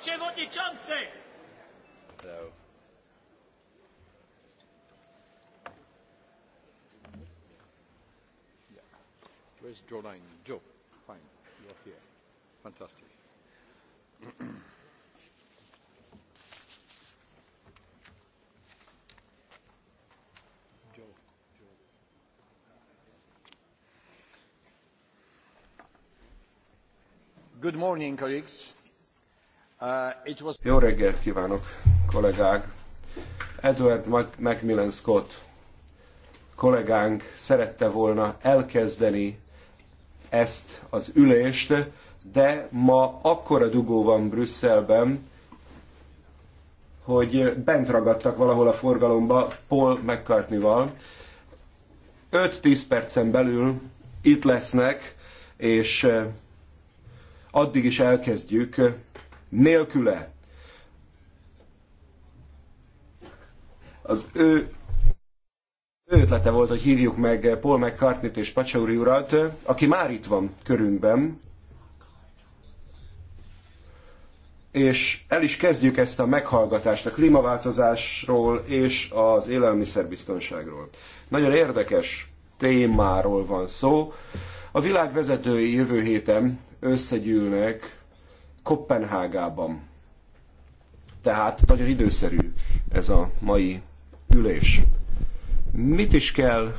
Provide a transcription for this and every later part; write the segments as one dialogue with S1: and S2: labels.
S1: przewodniczący! Hello. Yeah. Where's Jolene? Joe, fine, you're here. Fantastic.
S2: Good morning, colleagues. Uh, Jó reggelt kívánok, kollégák! Edward Macmillan Scott kollégánk szerette volna elkezdeni ezt az ülést, de ma akkora dugó van Brüsszelben, hogy bent ragadtak valahol a forgalomba Paul McCartney-val. 5-10 percen belül itt lesznek, és eh, addig is elkezdjük nélküle. Az ő ő ötlete volt, hogy hívjuk meg Paul McCartney-t és Pacsauri urat, aki már itt van körünkben, és el is kezdjük ezt a meghallgatást a klímaváltozásról és az élelmiszerbiztonságról. Nagyon érdekes témáról van szó. A világ vezetői jövő héten összegyűlnek Kopenhágában. Tehát nagyon időszerű ez a mai ülés. Mit is kell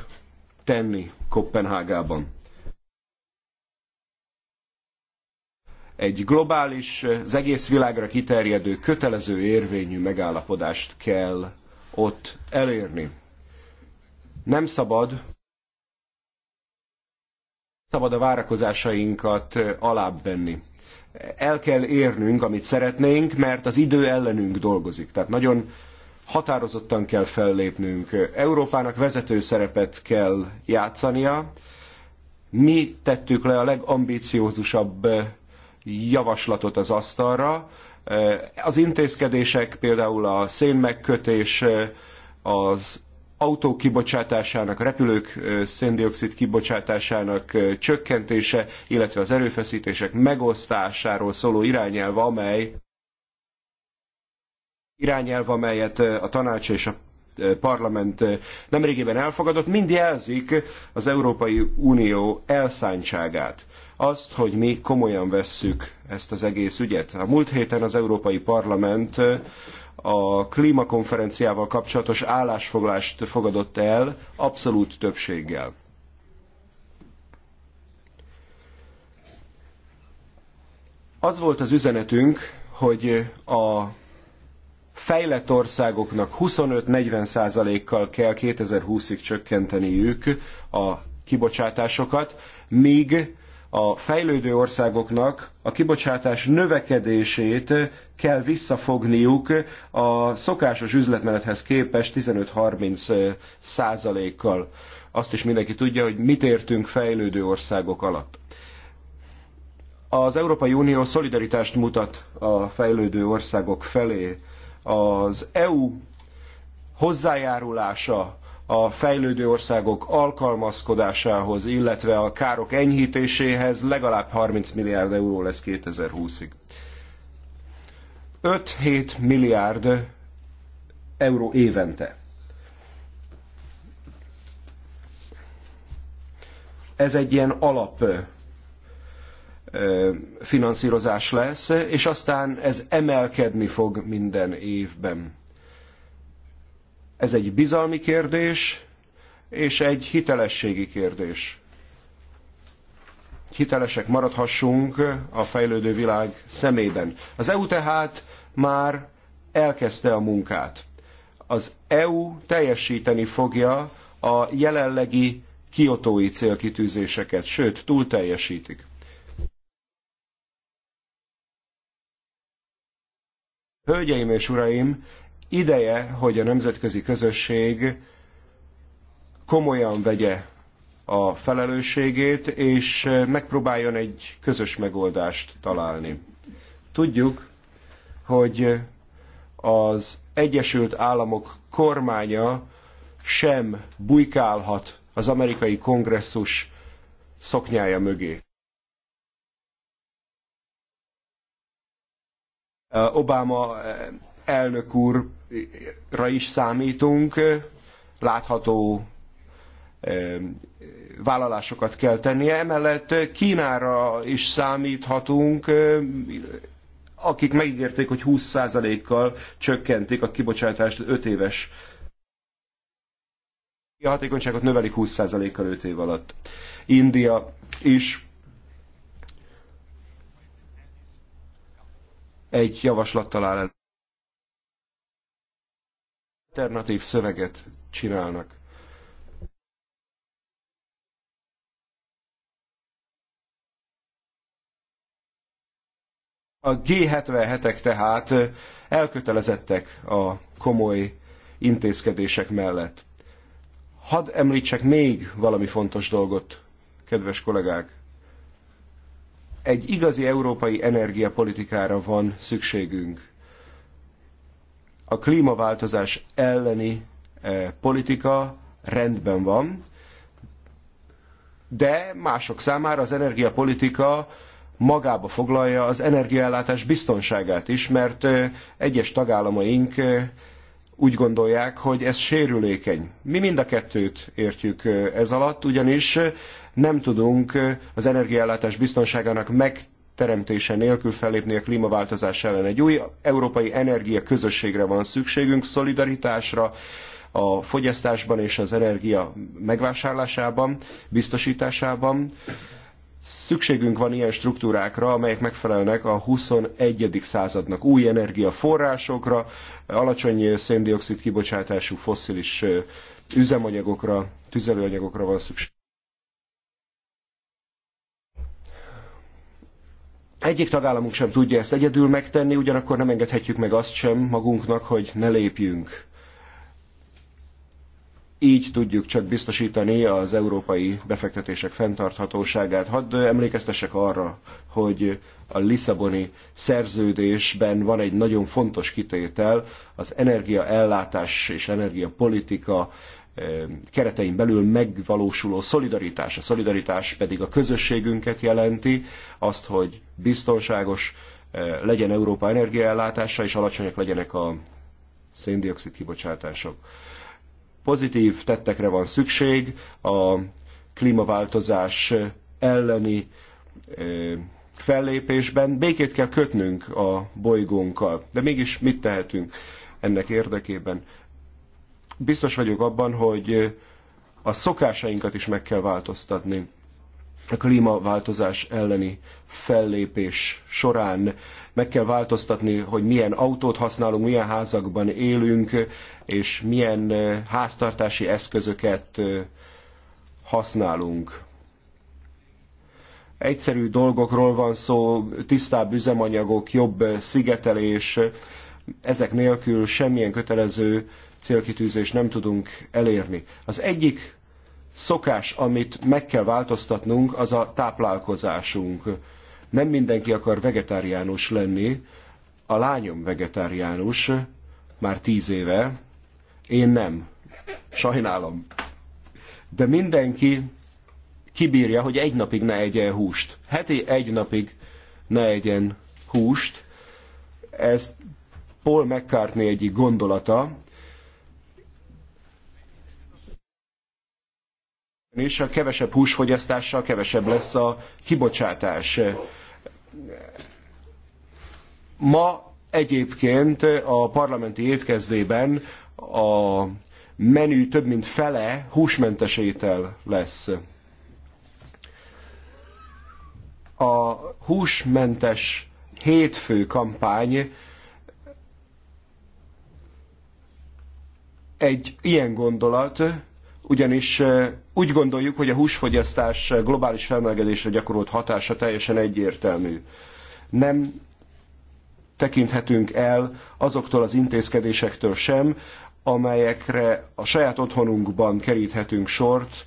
S2: tenni Kopenhágában? Egy globális, az egész világra kiterjedő, kötelező érvényű megállapodást kell ott elérni. Nem szabad szabad a várakozásainkat alább venni el kell érnünk, amit szeretnénk, mert az idő ellenünk dolgozik. Tehát nagyon határozottan kell fellépnünk. Európának vezető szerepet kell játszania. Mi tettük le a legambiciózusabb javaslatot az asztalra. Az intézkedések, például a szénmegkötés, az autók kibocsátásának, a repülők széndiokszid kibocsátásának csökkentése, illetve az erőfeszítések megosztásáról szóló irányelv, amely irányelv, amelyet a tanács és a parlament nemrégiben elfogadott, mind jelzik az Európai Unió elszántságát. Azt, hogy mi komolyan vesszük ezt az egész ügyet. A múlt héten az Európai Parlament a klímakonferenciával kapcsolatos állásfoglást fogadott el abszolút többséggel. Az volt az üzenetünk, hogy a fejlett országoknak 25-40%-kal kell 2020-ig csökkenteniük a kibocsátásokat, míg a fejlődő országoknak a kibocsátás növekedését kell visszafogniuk a szokásos üzletmenethez képest 15-30 százalékkal. Azt is mindenki tudja, hogy mit értünk fejlődő országok alatt. Az Európai Unió szolidaritást mutat a fejlődő országok felé. Az EU hozzájárulása a fejlődő országok alkalmazkodásához, illetve a károk enyhítéséhez legalább 30 milliárd euró lesz 2020-ig. 5-7 milliárd euró évente. Ez egy ilyen alap finanszírozás lesz, és aztán ez emelkedni fog minden évben. Ez egy bizalmi kérdés, és egy hitelességi kérdés. Hitelesek maradhassunk a fejlődő világ szemében. Az EU tehát már elkezdte a munkát. Az EU teljesíteni fogja a jelenlegi kiotói célkitűzéseket, sőt, túl teljesítik. Hölgyeim és uraim, ideje, hogy a nemzetközi közösség komolyan vegye a felelősségét, és megpróbáljon egy közös megoldást találni. Tudjuk, hogy az Egyesült Államok kormánya sem bujkálhat az amerikai kongresszus szoknyája mögé. Obama elnök úrra is számítunk, látható vállalásokat kell tennie. Emellett Kínára is számíthatunk, akik megígérték, hogy 20%-kal csökkentik a kibocsátást 5 éves a hatékonyságot növelik 20%-kal 5 év alatt. India is egy javaslattal áll elő alternatív szöveget csinálnak. A G77-ek tehát elkötelezettek a komoly intézkedések mellett. Hadd említsek még valami fontos dolgot, kedves kollégák. Egy igazi európai energiapolitikára van szükségünk a klímaváltozás elleni eh, politika rendben van, de mások számára az energiapolitika magába foglalja az energiaellátás biztonságát is, mert eh, egyes tagállamaink eh, úgy gondolják, hogy ez sérülékeny. Mi mind a kettőt értjük ez alatt, ugyanis nem tudunk az energiaellátás biztonságának meg teremtése nélkül fellépni a klímaváltozás ellen. Egy új európai energia közösségre van szükségünk, szolidaritásra, a fogyasztásban és az energia megvásárlásában, biztosításában. Szükségünk van ilyen struktúrákra, amelyek megfelelnek a 21. századnak új energiaforrásokra, alacsony széndiokszid kibocsátású fosszilis üzemanyagokra, tüzelőanyagokra van szükség. Egyik tagállamunk sem tudja ezt egyedül megtenni, ugyanakkor nem engedhetjük meg azt sem magunknak, hogy ne lépjünk. Így tudjuk csak biztosítani az európai befektetések fenntarthatóságát. Hadd emlékeztessek arra, hogy a Lisszaboni szerződésben van egy nagyon fontos kitétel, az energiaellátás és energiapolitika keretein belül megvalósuló szolidaritás. A szolidaritás pedig a közösségünket jelenti, azt, hogy biztonságos legyen Európa energiaellátása, és alacsonyak legyenek a széndiokszid kibocsátások. Pozitív tettekre van szükség a klímaváltozás elleni fellépésben. Békét kell kötnünk a bolygónkkal, de mégis mit tehetünk ennek érdekében? biztos vagyok abban, hogy a szokásainkat is meg kell változtatni. A klímaváltozás elleni fellépés során meg kell változtatni, hogy milyen autót használunk, milyen házakban élünk, és milyen háztartási eszközöket használunk egyszerű dolgokról van szó, tisztább üzemanyagok, jobb szigetelés, ezek nélkül semmilyen kötelező célkitűzést nem tudunk elérni. Az egyik szokás, amit meg kell változtatnunk, az a táplálkozásunk. Nem mindenki akar vegetáriánus lenni. A lányom vegetáriánus, már tíz éve, én nem. Sajnálom. De mindenki kibírja, hogy egy napig ne egyen húst. Heti egy napig ne egyen húst. Ez Paul McCartney egyik gondolata, ugyanis a kevesebb húsfogyasztással kevesebb lesz a kibocsátás. Ma egyébként a parlamenti étkezdében a menü több mint fele húsmentes étel lesz. A húsmentes hétfő kampány egy ilyen gondolat, ugyanis eh, úgy gondoljuk, hogy a húsfogyasztás globális felmelegedésre gyakorolt hatása teljesen egyértelmű. Nem tekinthetünk el azoktól az intézkedésektől sem, amelyekre a saját otthonunkban keríthetünk sort,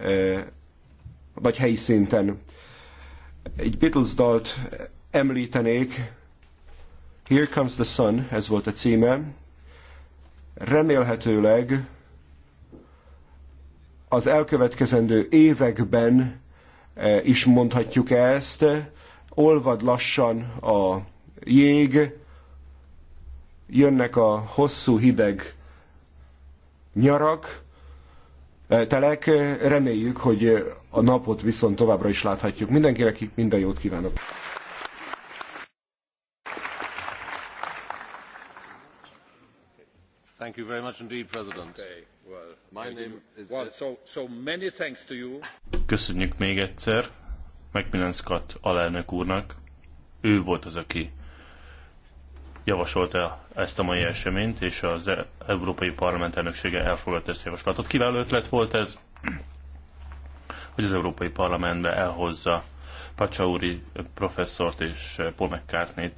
S2: eh, vagy helyi szinten. Egy Beatles dalt említenék, Here Comes the Sun, ez volt a címe. Remélhetőleg az elkövetkezendő években e, is mondhatjuk ezt, olvad lassan a jég, jönnek a hosszú hideg nyarak, e, telek, reméljük, hogy a napot viszont továbbra is láthatjuk. Mindenkinek minden jót kívánok! Thank you very much indeed, President. Okay.
S3: Köszönjük még egyszer Macmillan Scott alelnök úrnak. Ő volt az, aki javasolta ezt a mai eseményt, és az e- Európai Parlament elnöksége elfogadta ezt a javaslatot. Kiváló ötlet volt ez, hogy az Európai Parlamentbe elhozza Pacsauri professzort és Paul mccartney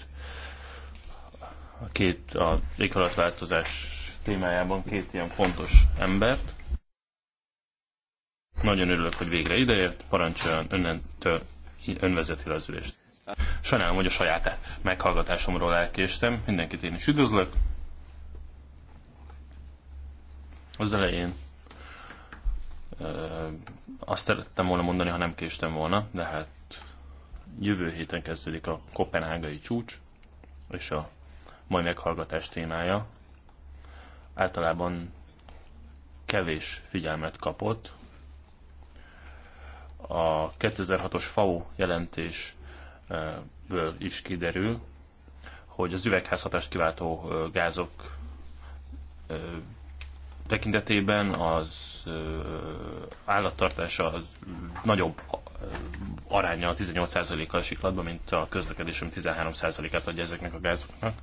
S3: a két az éghajlatváltozás témájában két ilyen fontos embert. Nagyon örülök, hogy végre ideért, parancsoljon önöntől önvezeti az ülést. Sajnálom, hogy a saját meghallgatásomról elkéstem. Mindenkit én is üdvözlök. Az elején azt szerettem volna mondani, ha nem késtem volna, de hát jövő héten kezdődik a kopenhágai csúcs, és a mai meghallgatás témája általában kevés figyelmet kapott. A 2006-os FAO jelentésből is kiderül, hogy az üvegházhatást kiváltó gázok tekintetében az állattartása az nagyobb aránya 18%-kal siklatban, mint a közlekedés, ami 13%-át adja ezeknek a gázoknak.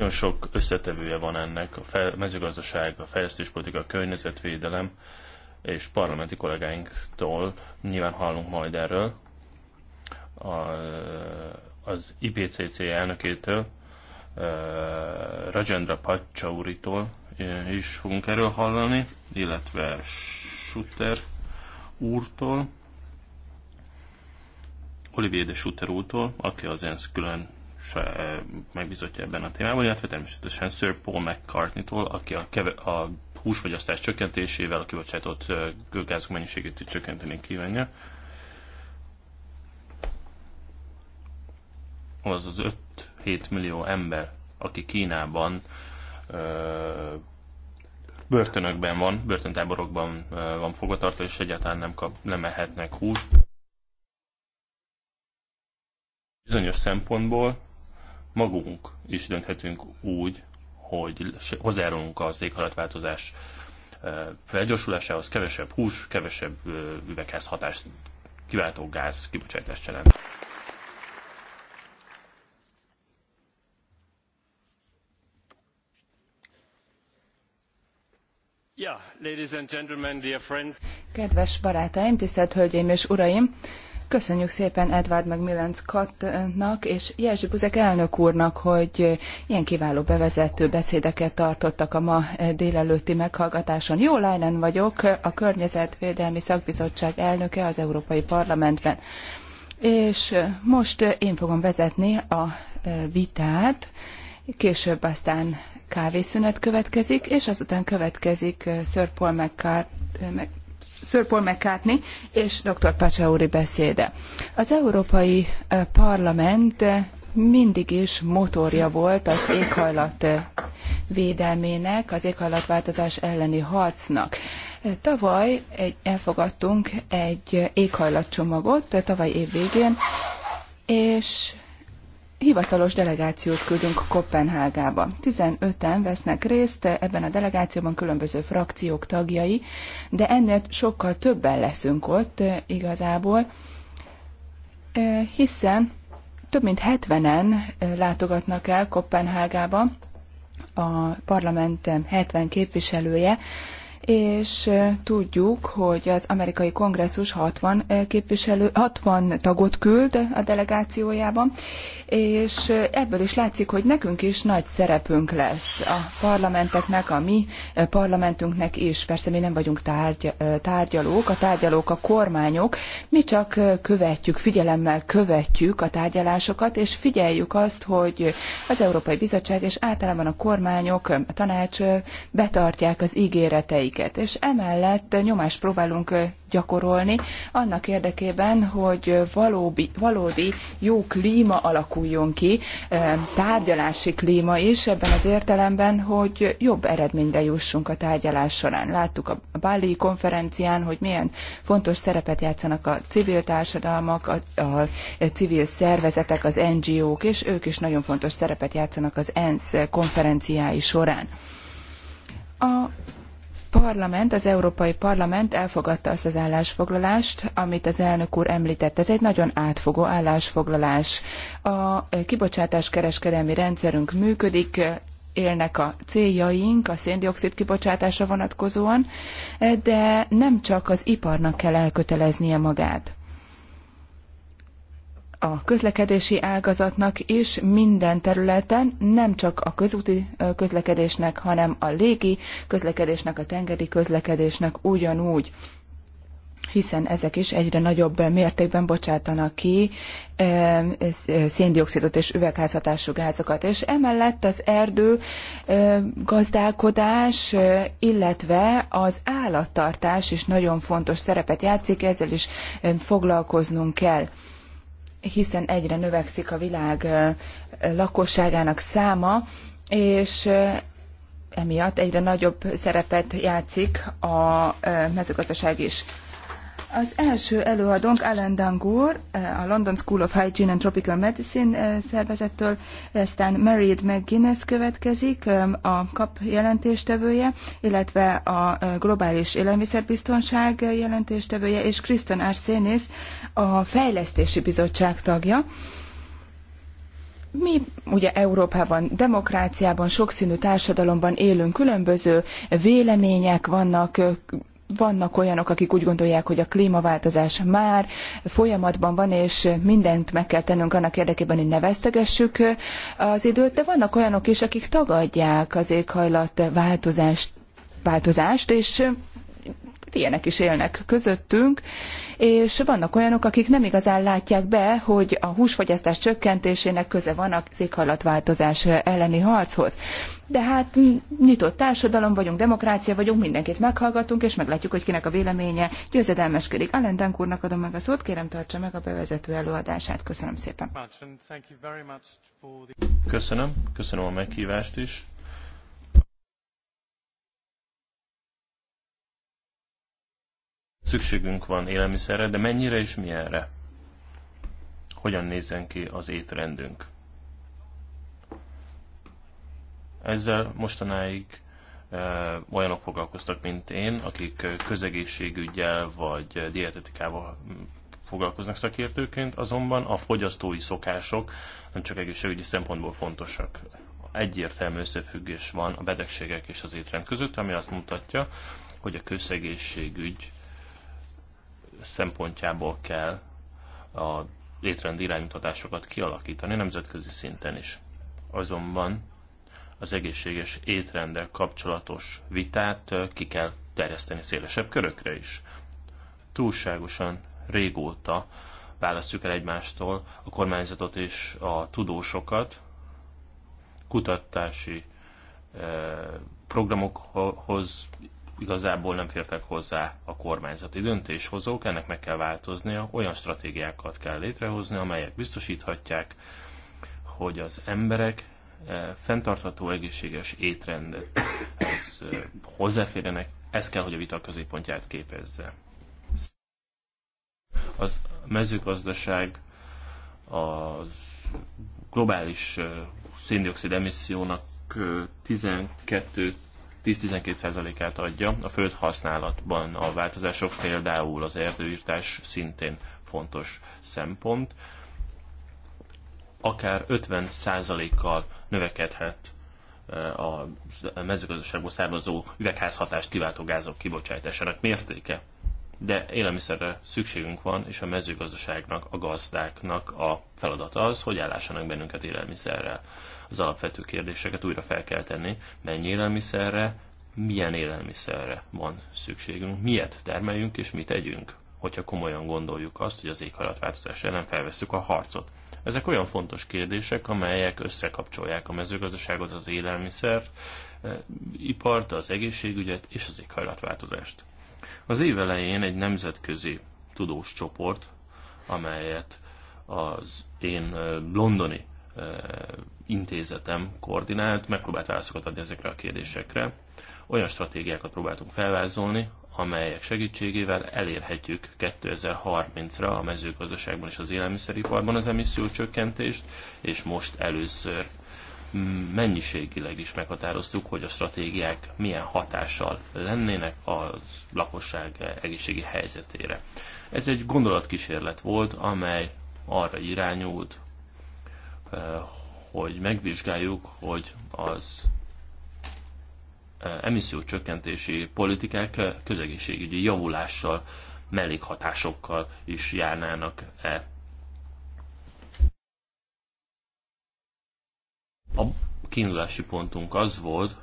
S3: Nagyon sok összetevője van ennek, a fel, mezőgazdaság, a fejlesztéspolitika, a környezetvédelem, és parlamenti kollégáinktól nyilván hallunk majd erről, a, az IPCC elnökétől, Rajendra Pachauritól is fogunk erről hallani, illetve Sutter úrtól, Olivier de Sutter úrtól, aki az ENSZ külön Eh, megbizotja ebben a témában, illetve természetesen Sir Paul McCartney-tól, aki a, keve, a húsfogyasztás csökkentésével a kibocsátott eh, gőgázok mennyiségét csökkenteni kívánja. Az az 5-7 millió ember, aki Kínában ö, eh, börtönökben van, börtöntáborokban ö, van fogvatartva, és egyáltalán nem, kap, nem ehetnek húst. Bizonyos szempontból magunk is dönthetünk úgy, hogy hozzájárulunk az éghajlatváltozás felgyorsulásához, kevesebb hús, kevesebb üvegházhatást kiváltó gáz kibocsátás jelent. Yeah, ladies and gentlemen, dear friends.
S1: Kedves barátaim, tisztelt hölgyeim és uraim! Köszönjük szépen Edward meg Milenc Kattnak és Jerzy Buzek elnök úrnak, hogy ilyen kiváló bevezető beszédeket tartottak a ma délelőtti meghallgatáson. Jó Lájlen vagyok, a Környezetvédelmi Szakbizottság elnöke az Európai Parlamentben. És most én fogom vezetni a vitát, később aztán kávészünet következik, és azután következik Sir Paul McCart, Sir Paul McCartney és dr. Pacsa beszéde. Az Európai Parlament mindig is motorja volt az éghajlat védelmének, az éghajlatváltozás elleni harcnak. Tavaly egy, elfogadtunk egy éghajlatcsomagot, tavaly év végén, és hivatalos delegációt küldünk Kopenhágába. 15-en vesznek részt ebben a delegációban különböző frakciók tagjai, de ennél sokkal többen leszünk ott eh, igazából, eh, hiszen több mint 70-en eh, látogatnak el Kopenhágába, a parlament 70 képviselője és tudjuk, hogy az amerikai kongresszus 60 képviselő, 60 tagot küld a delegációjában, és ebből is látszik, hogy nekünk is nagy szerepünk lesz a parlamenteknek, a mi parlamentünknek is. Persze mi nem vagyunk tárgy, tárgyalók, a tárgyalók a kormányok, mi csak követjük, figyelemmel követjük a tárgyalásokat, és figyeljük azt, hogy az Európai Bizottság és általában a kormányok, a tanács betartják az ígéreteik ügyeiket, és emellett nyomást próbálunk gyakorolni annak érdekében, hogy valóbi, valódi jó klíma alakuljon ki, tárgyalási klíma is ebben az értelemben, hogy jobb eredményre jussunk a tárgyalás során. Láttuk a Bali konferencián, hogy milyen fontos szerepet játszanak a civil társadalmak, a, a civil szervezetek, az NGO-k, és ők is nagyon fontos szerepet játszanak az ENSZ konferenciái során. A parlament, az Európai Parlament elfogadta azt az állásfoglalást, amit az elnök úr említett. Ez egy nagyon átfogó állásfoglalás. A kibocsátás kereskedelmi rendszerünk működik, élnek a céljaink a széndiokszid kibocsátásra vonatkozóan, de nem csak az iparnak kell elköteleznie magát a közlekedési ágazatnak is minden területen, nem csak a közúti közlekedésnek, hanem a légi közlekedésnek, a tengeri közlekedésnek ugyanúgy hiszen ezek is egyre nagyobb mértékben bocsátanak ki széndiokszidot és üvegházhatású gázokat. És emellett az erdő gazdálkodás, illetve az állattartás is nagyon fontos szerepet játszik, ezzel is foglalkoznunk kell hiszen egyre növekszik a világ lakosságának száma, és emiatt egyre nagyobb szerepet játszik a mezőgazdaság is. Az első előadónk Alan Dangour, a London School of Hygiene and Tropical Medicine szervezettől, aztán Married McGuinness következik, a KAP jelentéstevője, illetve a Globális Élelmiszerbiztonság jelentéstevője, és Kristen Arsenis, a Fejlesztési Bizottság tagja. Mi ugye Európában, demokráciában, sokszínű társadalomban élünk, különböző vélemények vannak, vannak olyanok, akik úgy gondolják, hogy a klímaváltozás már folyamatban van, és mindent meg kell tennünk annak érdekében, hogy ne vesztegessük az időt, de vannak olyanok is, akik tagadják az éghajlat változást, változást és hát ilyenek is élnek közöttünk, és vannak olyanok, akik nem igazán látják be, hogy a húsfogyasztás csökkentésének köze van az éghajlatváltozás elleni harchoz. De hát nyitott társadalom vagyunk, demokrácia vagyunk, mindenkit meghallgatunk, és meglátjuk, hogy kinek a véleménye győzedelmeskedik. Alendánk úrnak adom meg a szót, kérem tartsa meg a bevezető előadását. Köszönöm szépen.
S3: Köszönöm, köszönöm a meghívást is. Szükségünk van élelmiszerre, de mennyire és milyenre? Hogyan nézzen ki az étrendünk? Ezzel mostanáig e, olyanok foglalkoztak, mint én, akik közegészségügyel vagy dietetikával foglalkoznak szakértőként, azonban a fogyasztói szokások nem csak egészségügyi szempontból fontosak. Egyértelmű összefüggés van a betegségek és az étrend között, ami azt mutatja, hogy a közegészségügy szempontjából kell a létrendi iránymutatásokat kialakítani nemzetközi szinten is. Azonban az egészséges étrendel kapcsolatos vitát ki kell terjeszteni szélesebb körökre is. Túlságosan régóta választjuk el egymástól a kormányzatot és a tudósokat, kutatási programokhoz igazából nem fértek hozzá a kormányzati döntéshozók, ennek meg kell változnia, olyan stratégiákat kell létrehozni, amelyek biztosíthatják, hogy az emberek eh, fenntartható egészséges étrendet ez, eh, hozzáférjenek, ez kell, hogy a vita középpontját képezze. Az mezőgazdaság az globális eh, széndiokszid emissziónak 12 10-12%-át adja. A földhasználatban a változások, például az erdőírtás szintén fontos szempont. Akár 50%-kal növekedhet eh, a mezőgazdaságból származó üvegházhatást kiváltó gázok kibocsátásának mértéke de élelmiszerre szükségünk van, és a mezőgazdaságnak, a gazdáknak a feladata az, hogy állásanak bennünket élelmiszerrel. Az alapvető kérdéseket újra fel kell tenni, mennyi élelmiszerre, milyen élelmiszerre van szükségünk, miért termeljünk és mit tegyünk, hogyha komolyan gondoljuk azt, hogy az éghajlatváltozás ellen felvesszük a harcot. Ezek olyan fontos kérdések, amelyek összekapcsolják a mezőgazdaságot, az élelmiszer, eh, ipart, az egészségügyet és az éghajlatváltozást. Az év elején egy nemzetközi tudós csoport, amelyet az én londoni intézetem koordinált, megpróbált válaszokat adni ezekre a kérdésekre. Olyan stratégiákat próbáltunk felvázolni, amelyek segítségével elérhetjük 2030-ra a mezőgazdaságban és az élelmiszeriparban az emissziócsökkentést, és most először mennyiségileg is meghatároztuk, hogy a stratégiák milyen hatással lennének a lakosság egészségi helyzetére. Ez egy gondolatkísérlet volt, amely arra irányult, eh, hogy megvizsgáljuk, hogy az eh, emissziócsökkentési politikák eh, közegészségügyi javulással, mellékhatásokkal is járnának-e A kiindulási pontunk az volt,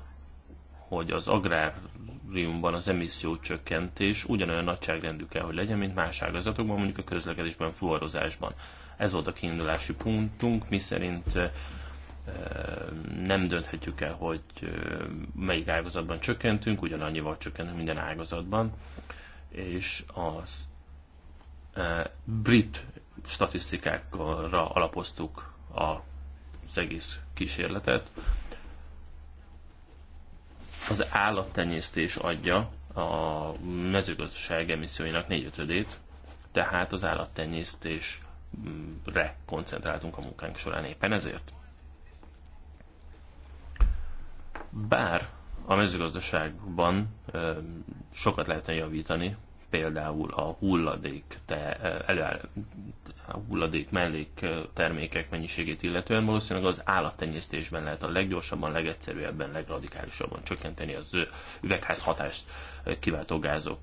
S3: hogy az agráriumban az emisszió csökkentés ugyanolyan nagyságrendű kell, hogy legyen, mint más ágazatokban, mondjuk a közlekedésben, fuvarozásban. Ez volt a kiindulási pontunk, mi szerint nem dönthetjük el, hogy melyik ágazatban csökkentünk, ugyanannyival csökkentünk minden ágazatban, és az brit statisztikákra alapoztuk a az egész kísérletet. Az állattenyésztés adja a mezőgazdaság emisszióinak négyötödét, tehát az állattenyésztésre koncentráltunk a munkánk során éppen ezért. Bár a mezőgazdaságban sokat lehetne javítani, például a hulladék, te, előáll, a hulladék mellék termékek mennyiségét illetően valószínűleg az állattenyésztésben lehet a leggyorsabban, legegyszerűbben, legradikálisabban csökkenteni az üvegház hatást kiváltó gázok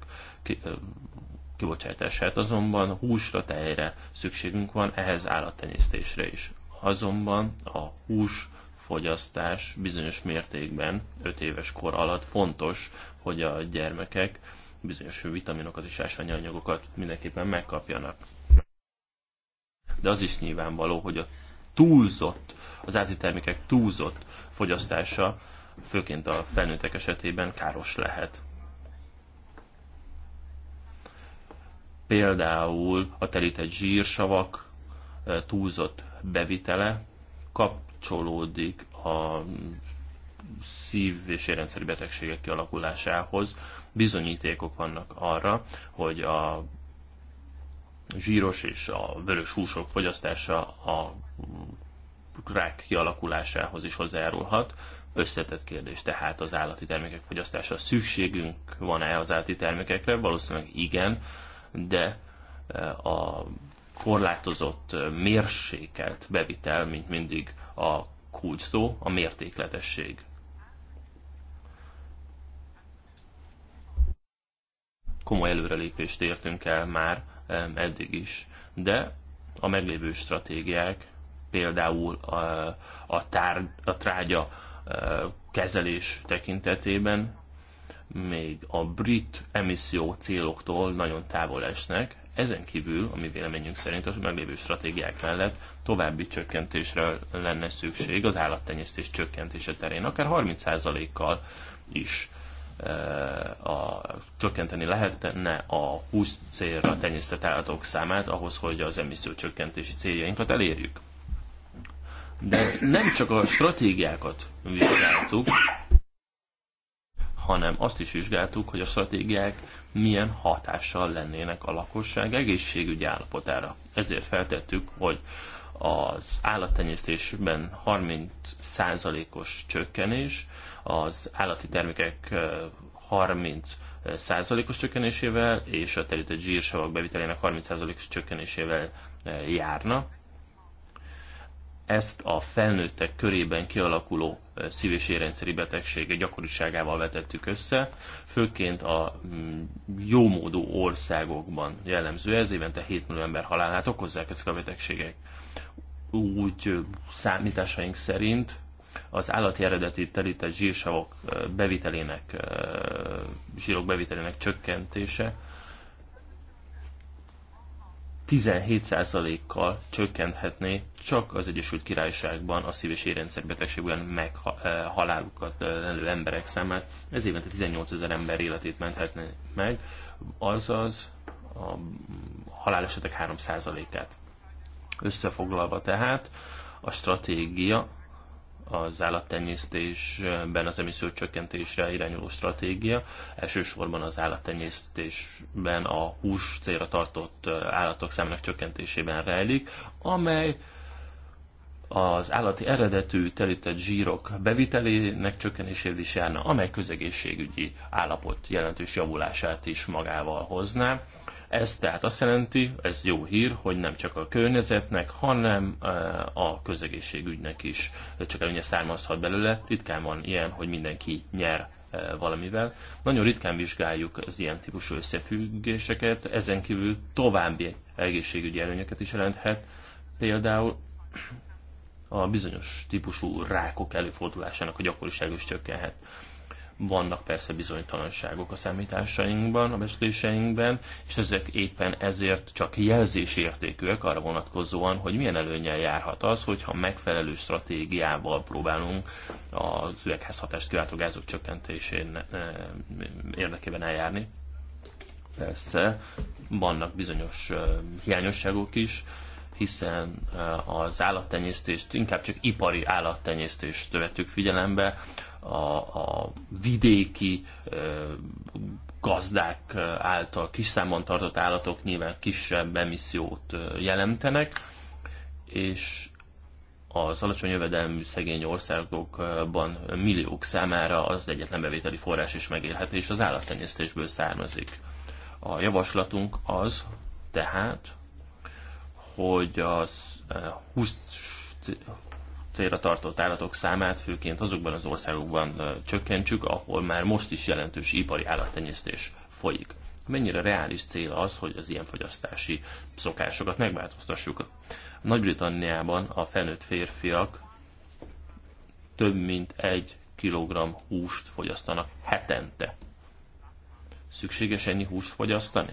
S3: kibocsátását. Azonban húsra, tejre szükségünk van, ehhez állattenyésztésre is. Azonban a hús fogyasztás bizonyos mértékben 5 éves kor alatt fontos, hogy a gyermekek bizonyos vitaminokat és ásványanyagokat mindenképpen megkapjanak. De az is nyilvánvaló, hogy a túlzott, az áti termékek túlzott fogyasztása, főként a felnőttek esetében káros lehet. Például a telített zsírsavak eh, túlzott bevitele kapcsolódik a szív- és érrendszeri betegségek kialakulásához, bizonyítékok vannak arra, hogy a zsíros és a vörös húsok fogyasztása a rák kialakulásához is hozzájárulhat. Összetett kérdés tehát az állati termékek fogyasztása. Szükségünk van-e az állati termékekre? Valószínűleg igen, de eh, a korlátozott, mérsékelt bevitel, mint mindig a kulcs szó, a mértékletesség komoly előrelépést értünk el már eddig is, de a meglévő stratégiák, például a, a, tár, a trágya e, kezelés tekintetében még a brit emisszió céloktól nagyon távol esnek. Ezen kívül, ami véleményünk szerint a meglévő stratégiák mellett további csökkentésre lenne szükség az állattenyésztés csökkentése terén, akár 30%-kal is a, csökkenteni lehetne a 20 célra tenyésztett állatok számát ahhoz, hogy az csökkentési céljainkat elérjük. De nem csak a stratégiákat vizsgáltuk, hanem azt is vizsgáltuk, hogy a stratégiák milyen hatással lennének a lakosság egészségügyi állapotára. Ezért feltettük, hogy az állattenyésztésben 30%-os csökkenés, az állati termékek 30 százalékos csökkenésével és a terített zsírsavak bevitelének 30 százalékos csökkenésével járna. Ezt a felnőttek körében kialakuló szív- és érrendszeri betegsége gyakoriságával vetettük össze, főként a mm, jómódú országokban jellemző, ez évente 7 millió ember halálát okozzák ezek a betegségek. Úgy számításaink szerint az állati eredeti telített zsírsavok bevitelének, zsírok bevitelének csökkentése 17%-kal csökkenthetné csak az Egyesült Királyságban a szív- és olyan meghalálukat lenő emberek számát. Ez évente 18 ezer ember életét menthetné meg, azaz a halálesetek 3%-át. Összefoglalva tehát, a stratégia az állattenyésztésben az emisszió csökkentésre irányuló stratégia, elsősorban az állattenyésztésben a hús célra tartott állatok számának csökkentésében rejlik, amely az állati eredetű telített zsírok bevitelének csökkenésére is járna, amely közegészségügyi állapot jelentős javulását is magával hozná. Ez tehát azt jelenti, ez jó hír, hogy nem csak a környezetnek, hanem eh, a közegészségügynek is csak előnye származhat belőle. Ritkán van ilyen, hogy mindenki nyer eh, valamivel. Nagyon ritkán vizsgáljuk az ilyen típusú összefüggéseket, ezen kívül további egészségügyi előnyöket is jelenthet. Például a bizonyos típusú rákok előfordulásának a gyakorisága is csökkenhet. Vannak persze bizonytalanságok a számításainkban, a beszéléseinkben, és ezek éppen ezért csak jelzésértékűek arra vonatkozóan, hogy milyen előnyel járhat az, hogyha megfelelő stratégiával próbálunk az hatást kiváltó gázok csökkentésén eh, érdekében eljárni. Persze vannak bizonyos eh, hiányosságok is, hiszen eh, az állattenyésztést inkább csak ipari állattenyésztést vettük figyelembe, a, a vidéki ö, eh, gazdák eh, által kis számon tartott állatok nyilván kisebb emissziót jelentenek, és az alacsony jövedelmű szegény országokban milliók számára az egyetlen bevételi forrás és megélhetés az állattenyésztésből származik. A javaslatunk az tehát, hogy az 20 eh, célra tartott állatok számát főként azokban az országokban eh, csökkentsük, ahol már most is jelentős ipari állattenyésztés folyik. Mennyire reális cél az, hogy az ilyen fogyasztási szokásokat megváltoztassuk? Nagy-Britanniában a felnőtt férfiak több mint egy kilogramm húst fogyasztanak hetente. Szükséges ennyi húst fogyasztani?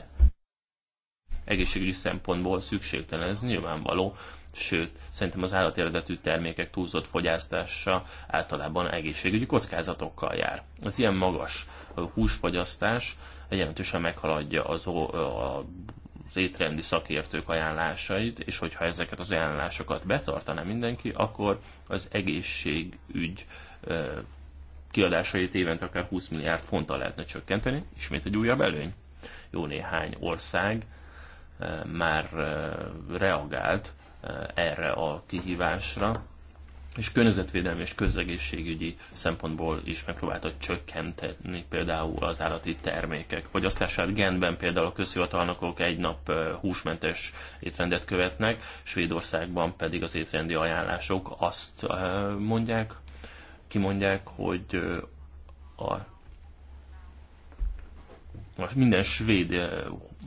S3: egészségügyi szempontból szükségtelen, ez nyilvánvaló, sőt, szerintem az állat termékek túlzott fogyasztása általában egészségügyi kockázatokkal jár. Az ilyen magas húsfogyasztás jelentősen meghaladja az, a az étrendi szakértők ajánlásait, és hogyha ezeket az ajánlásokat betartaná mindenki, akkor az egészségügy kiadásait évente akár 20 milliárd fonttal lehetne csökkenteni, ismét egy újabb előny. Jó néhány ország már reagált erre a kihívásra, és környezetvédelmi és közegészségügyi szempontból is megpróbálta csökkenteni például az állati termékek fogyasztását. Genben például a közhivatalnokok egy nap húsmentes étrendet követnek, Svédországban pedig az étrendi ajánlások azt mondják, kimondják, hogy a minden svéd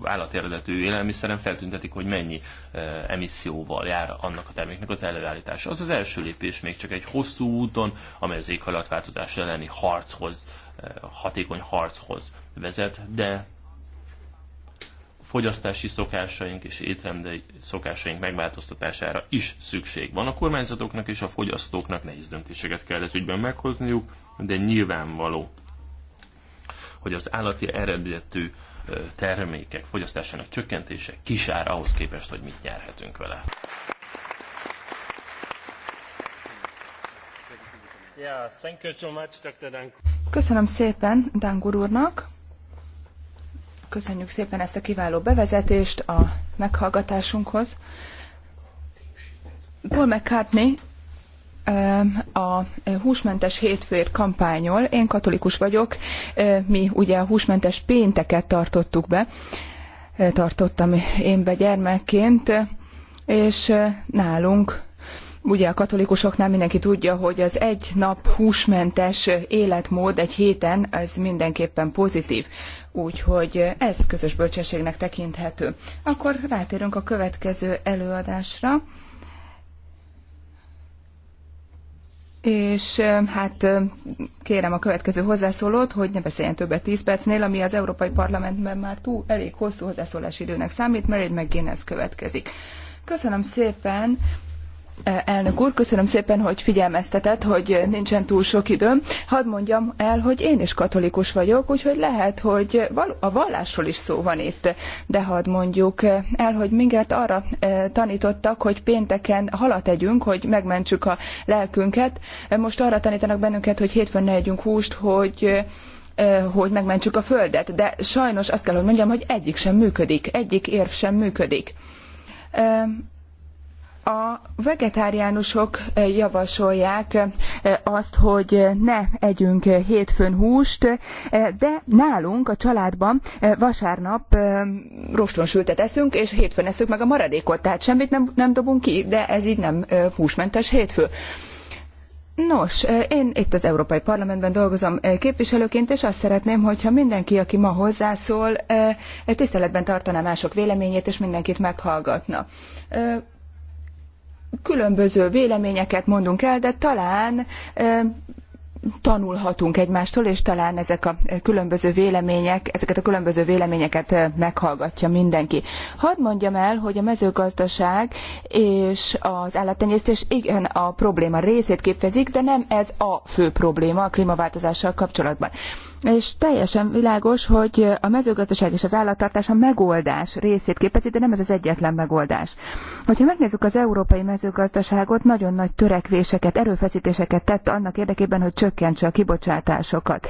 S3: állati eredetű élelmiszeren feltüntetik, hogy mennyi eh, emisszióval jár annak a terméknek az előállítása. Az az első lépés még csak egy hosszú úton, amely az éghajlatváltozás elleni harchoz, eh, hatékony harchoz vezet, de fogyasztási szokásaink és étrendi szokásaink megváltoztatására is szükség van. A kormányzatoknak és a fogyasztóknak nehéz döntéseket kell ez ügyben meghozniuk, de nyilvánvaló, hogy az állati eredetű termékek fogyasztásának csökkentése kisár ahhoz képest, hogy mit nyerhetünk vele.
S1: Köszönöm szépen Dangur úrnak. Köszönjük szépen ezt a kiváló bevezetést a meghallgatásunkhoz. Paul McCartney a húsmentes hétfőért kampányol. Én katolikus vagyok, mi ugye a húsmentes pénteket tartottuk be, tartottam én be gyermekként, és nálunk Ugye a katolikusoknál mindenki tudja, hogy az egy nap húsmentes életmód egy héten, ez mindenképpen pozitív. Úgyhogy ez közös bölcsességnek tekinthető. Akkor rátérünk a következő előadásra. És hát kérem a következő hozzászólót, hogy ne beszéljen többet 10 percnél, ami az Európai Parlamentben már túl elég hosszú hozzászólási időnek számít. Merid McGuinness következik. Köszönöm szépen, Elnök úr, köszönöm szépen, hogy figyelmeztetett, hogy nincsen túl sok időm. Hadd mondjam el, hogy én is katolikus vagyok, úgyhogy lehet, hogy a vallásról is szó van itt. De hadd mondjuk el, hogy minket arra eh, tanítottak, hogy pénteken halat együnk, hogy megmentsük a lelkünket. Most arra tanítanak bennünket, hogy hétfőn ne együnk húst, hogy eh, hogy megmentsük a földet, de sajnos azt kell, hogy mondjam, hogy egyik sem működik, egyik érv sem működik eh, a vegetáriánusok javasolják azt, hogy ne együnk hétfőn húst, de nálunk a családban vasárnap rostonsültet eszünk, és hétfőn eszünk meg a maradékot, tehát semmit nem, nem dobunk ki, de ez így nem húsmentes hétfő. Nos, én itt az Európai Parlamentben dolgozom képviselőként, és azt szeretném, hogyha mindenki, aki ma hozzászól, tiszteletben tartaná mások véleményét, és mindenkit meghallgatna különböző véleményeket mondunk el, de talán tanulhatunk egymástól, és talán ezek a különböző vélemények, ezeket a különböző véleményeket meghallgatja mindenki. Hadd mondjam el, hogy a mezőgazdaság és az állattenyésztés igen a probléma részét képezik, de nem ez a fő probléma a klímaváltozással kapcsolatban és teljesen világos, hogy a mezőgazdaság és az állattartás a megoldás részét képezi, de nem ez az egyetlen megoldás. Hogyha megnézzük az európai mezőgazdaságot, nagyon nagy törekvéseket, erőfeszítéseket tett annak érdekében, hogy csökkentse a kibocsátásokat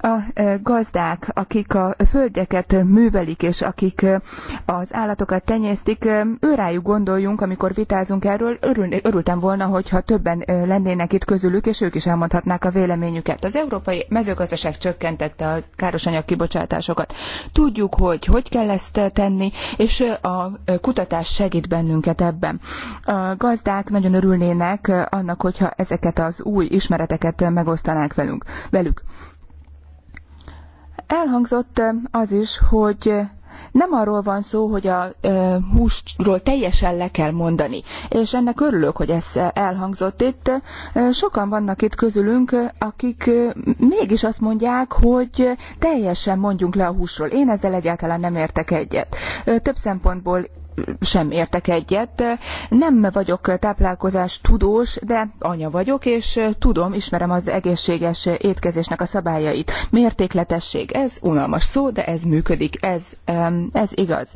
S1: a e, gazdák, akik a földeket művelik, és akik e, az állatokat tenyésztik, e, őrájuk gondoljunk, amikor vitázunk erről. Örül, örültem volna, hogyha többen lennének itt közülük, és ők is elmondhatnák a véleményüket. Az európai mezőgazdaság csökkentette a károsanyag kibocsátásokat. Tudjuk, hogy hogy kell ezt tenni, és a kutatás segít bennünket ebben. A gazdák nagyon örülnének annak, hogyha ezeket az új ismereteket megosztanák velünk, velük. Elhangzott az is, hogy nem arról van szó, hogy a e, húsról teljesen le kell mondani, és ennek örülök, hogy ez elhangzott itt. Sokan vannak itt közülünk, akik mégis azt mondják, hogy teljesen mondjunk le a húsról. Én ezzel egyáltalán nem értek egyet. Több szempontból sem értek egyet. Nem vagyok táplálkozás tudós, de anya vagyok, és tudom, ismerem az egészséges étkezésnek a szabályait. Mértékletesség, ez unalmas szó, de ez működik, ez, ez igaz.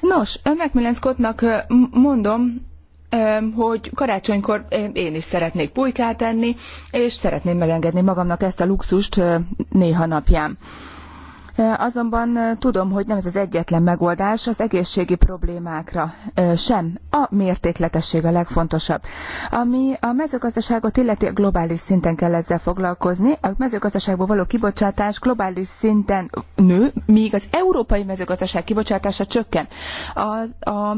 S1: Nos, Macmillan Scottnak mondom, hogy karácsonykor én is szeretnék pulykát enni, és szeretném megengedni magamnak ezt a luxust néha napján. Azonban tudom, hogy nem ez az egyetlen megoldás az egészségi problémákra sem. A mértékletesség a legfontosabb. Ami a mezőgazdaságot illeti, globális szinten kell ezzel foglalkozni. A mezőgazdaságból való kibocsátás globális szinten nő, míg az európai mezőgazdaság kibocsátása csökken. A, a,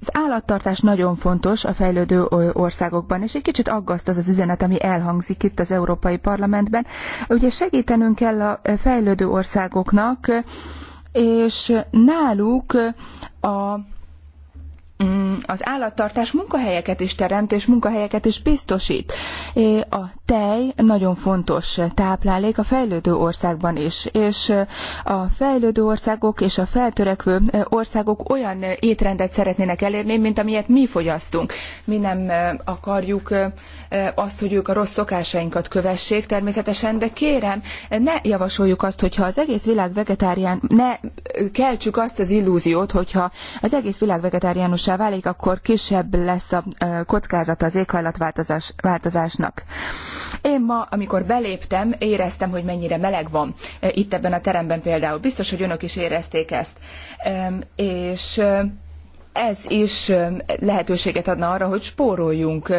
S1: az állattartás nagyon fontos a fejlődő országokban, és egy kicsit aggaszt az az üzenet, ami elhangzik itt az Európai Parlamentben. Ugye segítenünk kell a fejlődő országoknak, vannak, és náluk a Mm, az állattartás munkahelyeket is teremt, és munkahelyeket is biztosít. A tej nagyon fontos táplálék a fejlődő országban is, és a fejlődő országok és a feltörekvő országok olyan étrendet szeretnének elérni, mint amilyet mi fogyasztunk. Mi nem akarjuk azt, hogy ők a rossz szokásainkat kövessék természetesen, de kérem, ne javasoljuk azt, hogyha az egész világ vegetárián, ne keltsük azt az illúziót, hogyha az egész világ vegetáriánusá világossá válik, akkor kisebb lesz a kockázata az éghajlatváltozásnak. Én ma, amikor beléptem, éreztem, hogy mennyire meleg van itt ebben a teremben például. Biztos, hogy önök is érezték ezt. És ez is lehetőséget adna arra, hogy spóroljunk.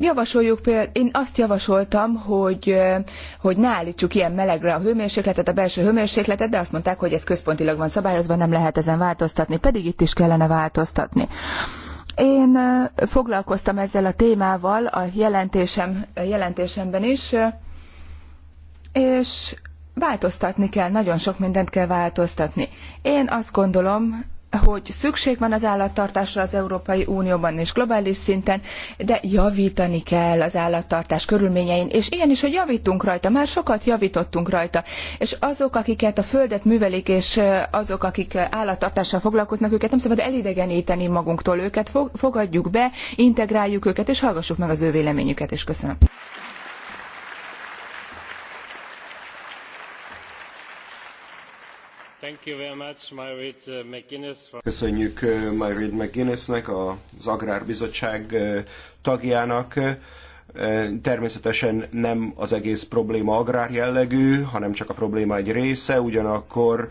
S1: Javasoljuk például, én azt javasoltam, hogy, hogy ne állítsuk ilyen melegre a hőmérsékletet, a belső hőmérsékletet, de azt mondták, hogy ez központilag van szabályozva, nem lehet ezen változtatni, pedig itt is kellene változtatni. Én foglalkoztam ezzel a témával a jelentésem, a jelentésemben is, és változtatni kell, nagyon sok mindent kell változtatni. Én azt gondolom, hogy szükség van az állattartásra az Európai Unióban és globális szinten, de javítani kell az állattartás körülményein, és igenis, hogy javítunk rajta, már sokat javítottunk rajta, és azok, akiket a földet művelik, és azok, akik állattartással foglalkoznak, őket nem szabad elidegeníteni magunktól, őket fogadjuk be, integráljuk őket, és hallgassuk meg az ő véleményüket, és köszönöm.
S3: Uh,
S2: Köszönjük uh, Myrid McGuinnessnek, az Agrárbizottság uh, tagjának. Természetesen nem az egész probléma agrár jellegű, hanem csak a probléma egy része, ugyanakkor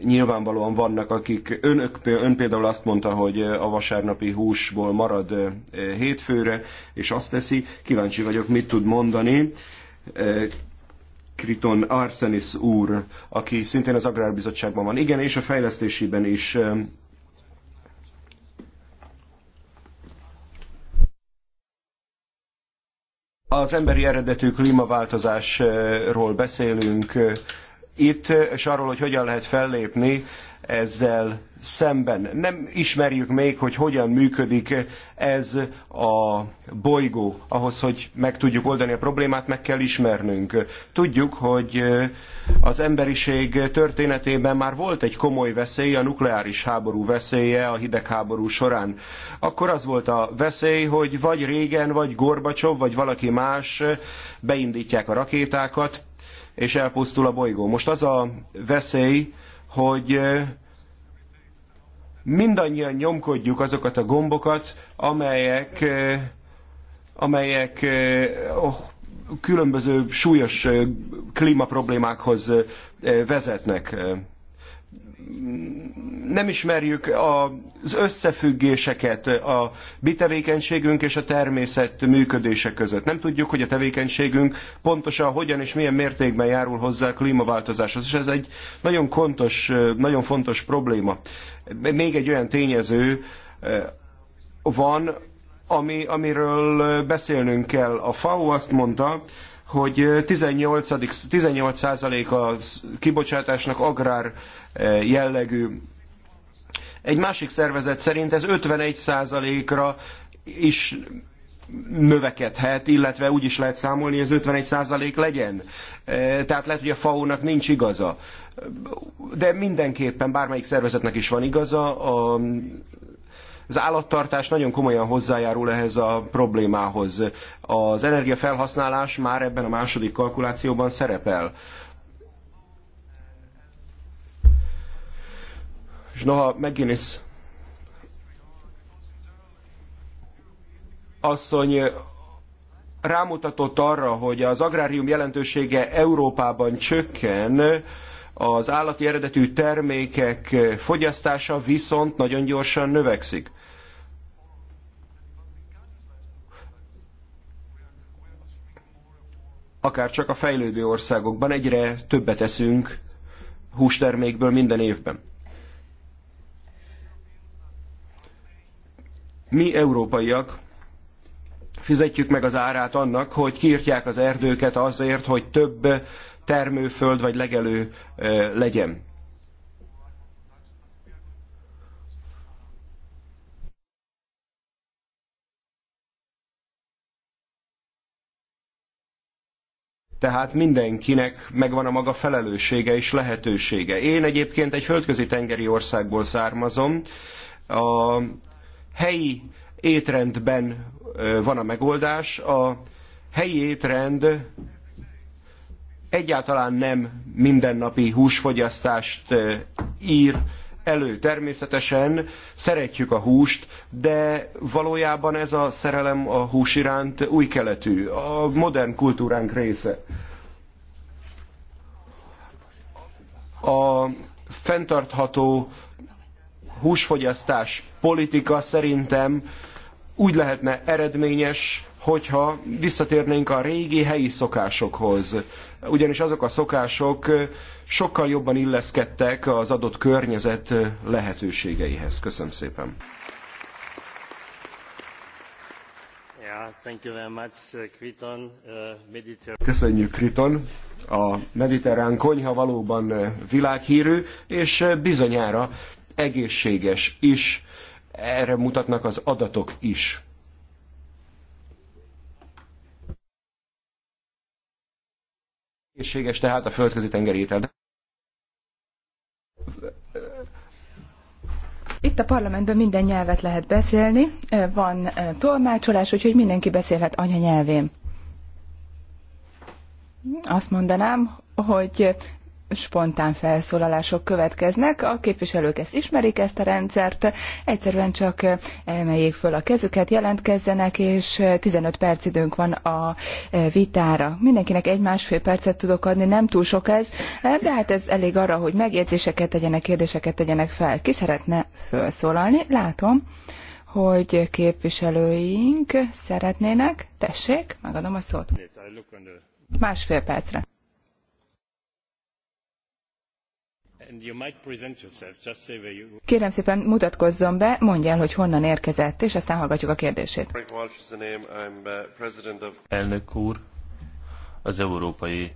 S2: nyilvánvalóan vannak, akik önök, ön például azt mondta, hogy a vasárnapi húsból marad hétfőre, és azt teszi. Kíváncsi vagyok, mit tud mondani Kriton Arsenis úr, aki szintén az Agrárbizottságban van. Igen, és a fejlesztésében is. Ehm, az emberi eredetű klímaváltozásról beszélünk, itt, és arról, hogy hogyan lehet fellépni ezzel szemben. Nem ismerjük még, hogy hogyan működik ez a bolygó. Ahhoz, hogy meg tudjuk oldani a problémát, meg kell ismernünk. Tudjuk, hogy az emberiség történetében már volt egy komoly veszély, a nukleáris háború veszélye a hidegháború során. Akkor az volt a veszély, hogy vagy Régen, vagy Gorbacsov, vagy valaki más beindítják a rakétákat, és elpusztul a bolygó. Most az a veszély, hogy mindannyian nyomkodjuk azokat a gombokat, amelyek, amelyek oh, különböző súlyos klímaproblémákhoz vezetnek nem ismerjük az összefüggéseket a mi tevékenységünk és a természet működése között. Nem tudjuk, hogy a tevékenységünk pontosan hogyan és milyen mértékben járul hozzá a klímaváltozáshoz, és ez egy nagyon, kontos, nagyon fontos probléma. Még egy olyan tényező eh, van, ami, amiről beszélnünk kell. A FAO azt mondta, hogy 18, 18 a kibocsátásnak agrár jellegű. Egy másik szervezet szerint ez 51 ra is növekedhet, illetve úgy is lehet számolni, hogy ez 51 százalék legyen. Tehát lehet, hogy a FAO-nak nincs igaza. De mindenképpen bármelyik szervezetnek is van igaza, a az állattartás nagyon komolyan hozzájárul ehhez a problémához. Az energiafelhasználás már ebben a második kalkulációban szerepel. És noha McGuinness asszony rámutatott arra, hogy az agrárium jelentősége Európában csökken, az állati eredetű termékek fogyasztása viszont nagyon gyorsan növekszik. akár csak a fejlődő országokban egyre többet eszünk hústermékből minden évben. Mi európaiak fizetjük meg az árát annak, hogy kiirtják az erdőket azért, hogy több termőföld vagy legelő legyen. Tehát mindenkinek megvan a maga felelőssége és lehetősége. Én egyébként egy földközi tengeri országból származom. A helyi étrendben van a megoldás. A helyi étrend egyáltalán nem mindennapi húsfogyasztást ír elő. Természetesen szeretjük a húst, de valójában ez a szerelem a hús iránt új keletű, a modern kultúránk része. A fenntartható húsfogyasztás politika szerintem úgy lehetne eredményes, hogyha visszatérnénk a régi helyi szokásokhoz ugyanis azok a szokások sokkal jobban illeszkedtek az adott környezet lehetőségeihez. Köszönöm szépen.
S3: Uh, uh,
S2: Köszönjük, Kriton! A mediterrán konyha valóban világhírű, és bizonyára egészséges is. Erre mutatnak az adatok is. egészséges tehát a földközi tengeri étel.
S1: Itt a parlamentben minden nyelvet lehet beszélni, van tolmácsolás, úgyhogy mindenki beszélhet anyanyelvén. Azt mondanám, hogy spontán felszólalások következnek. A képviselők ezt ismerik, ezt a rendszert. Egyszerűen csak emeljék föl a kezüket, jelentkezzenek, és 15 perc időnk van a vitára. Mindenkinek egy másfél percet tudok adni, nem túl sok ez, de hát ez elég arra, hogy megjegyzéseket tegyenek, kérdéseket tegyenek fel. Ki szeretne felszólalni? Látom, hogy képviselőink szeretnének. Tessék, megadom a szót. Másfél percre. Kérem szépen mutatkozzon be, mondja el, hogy honnan érkezett, és aztán hallgatjuk a kérdését.
S3: Uh, Elnök úr, az Európai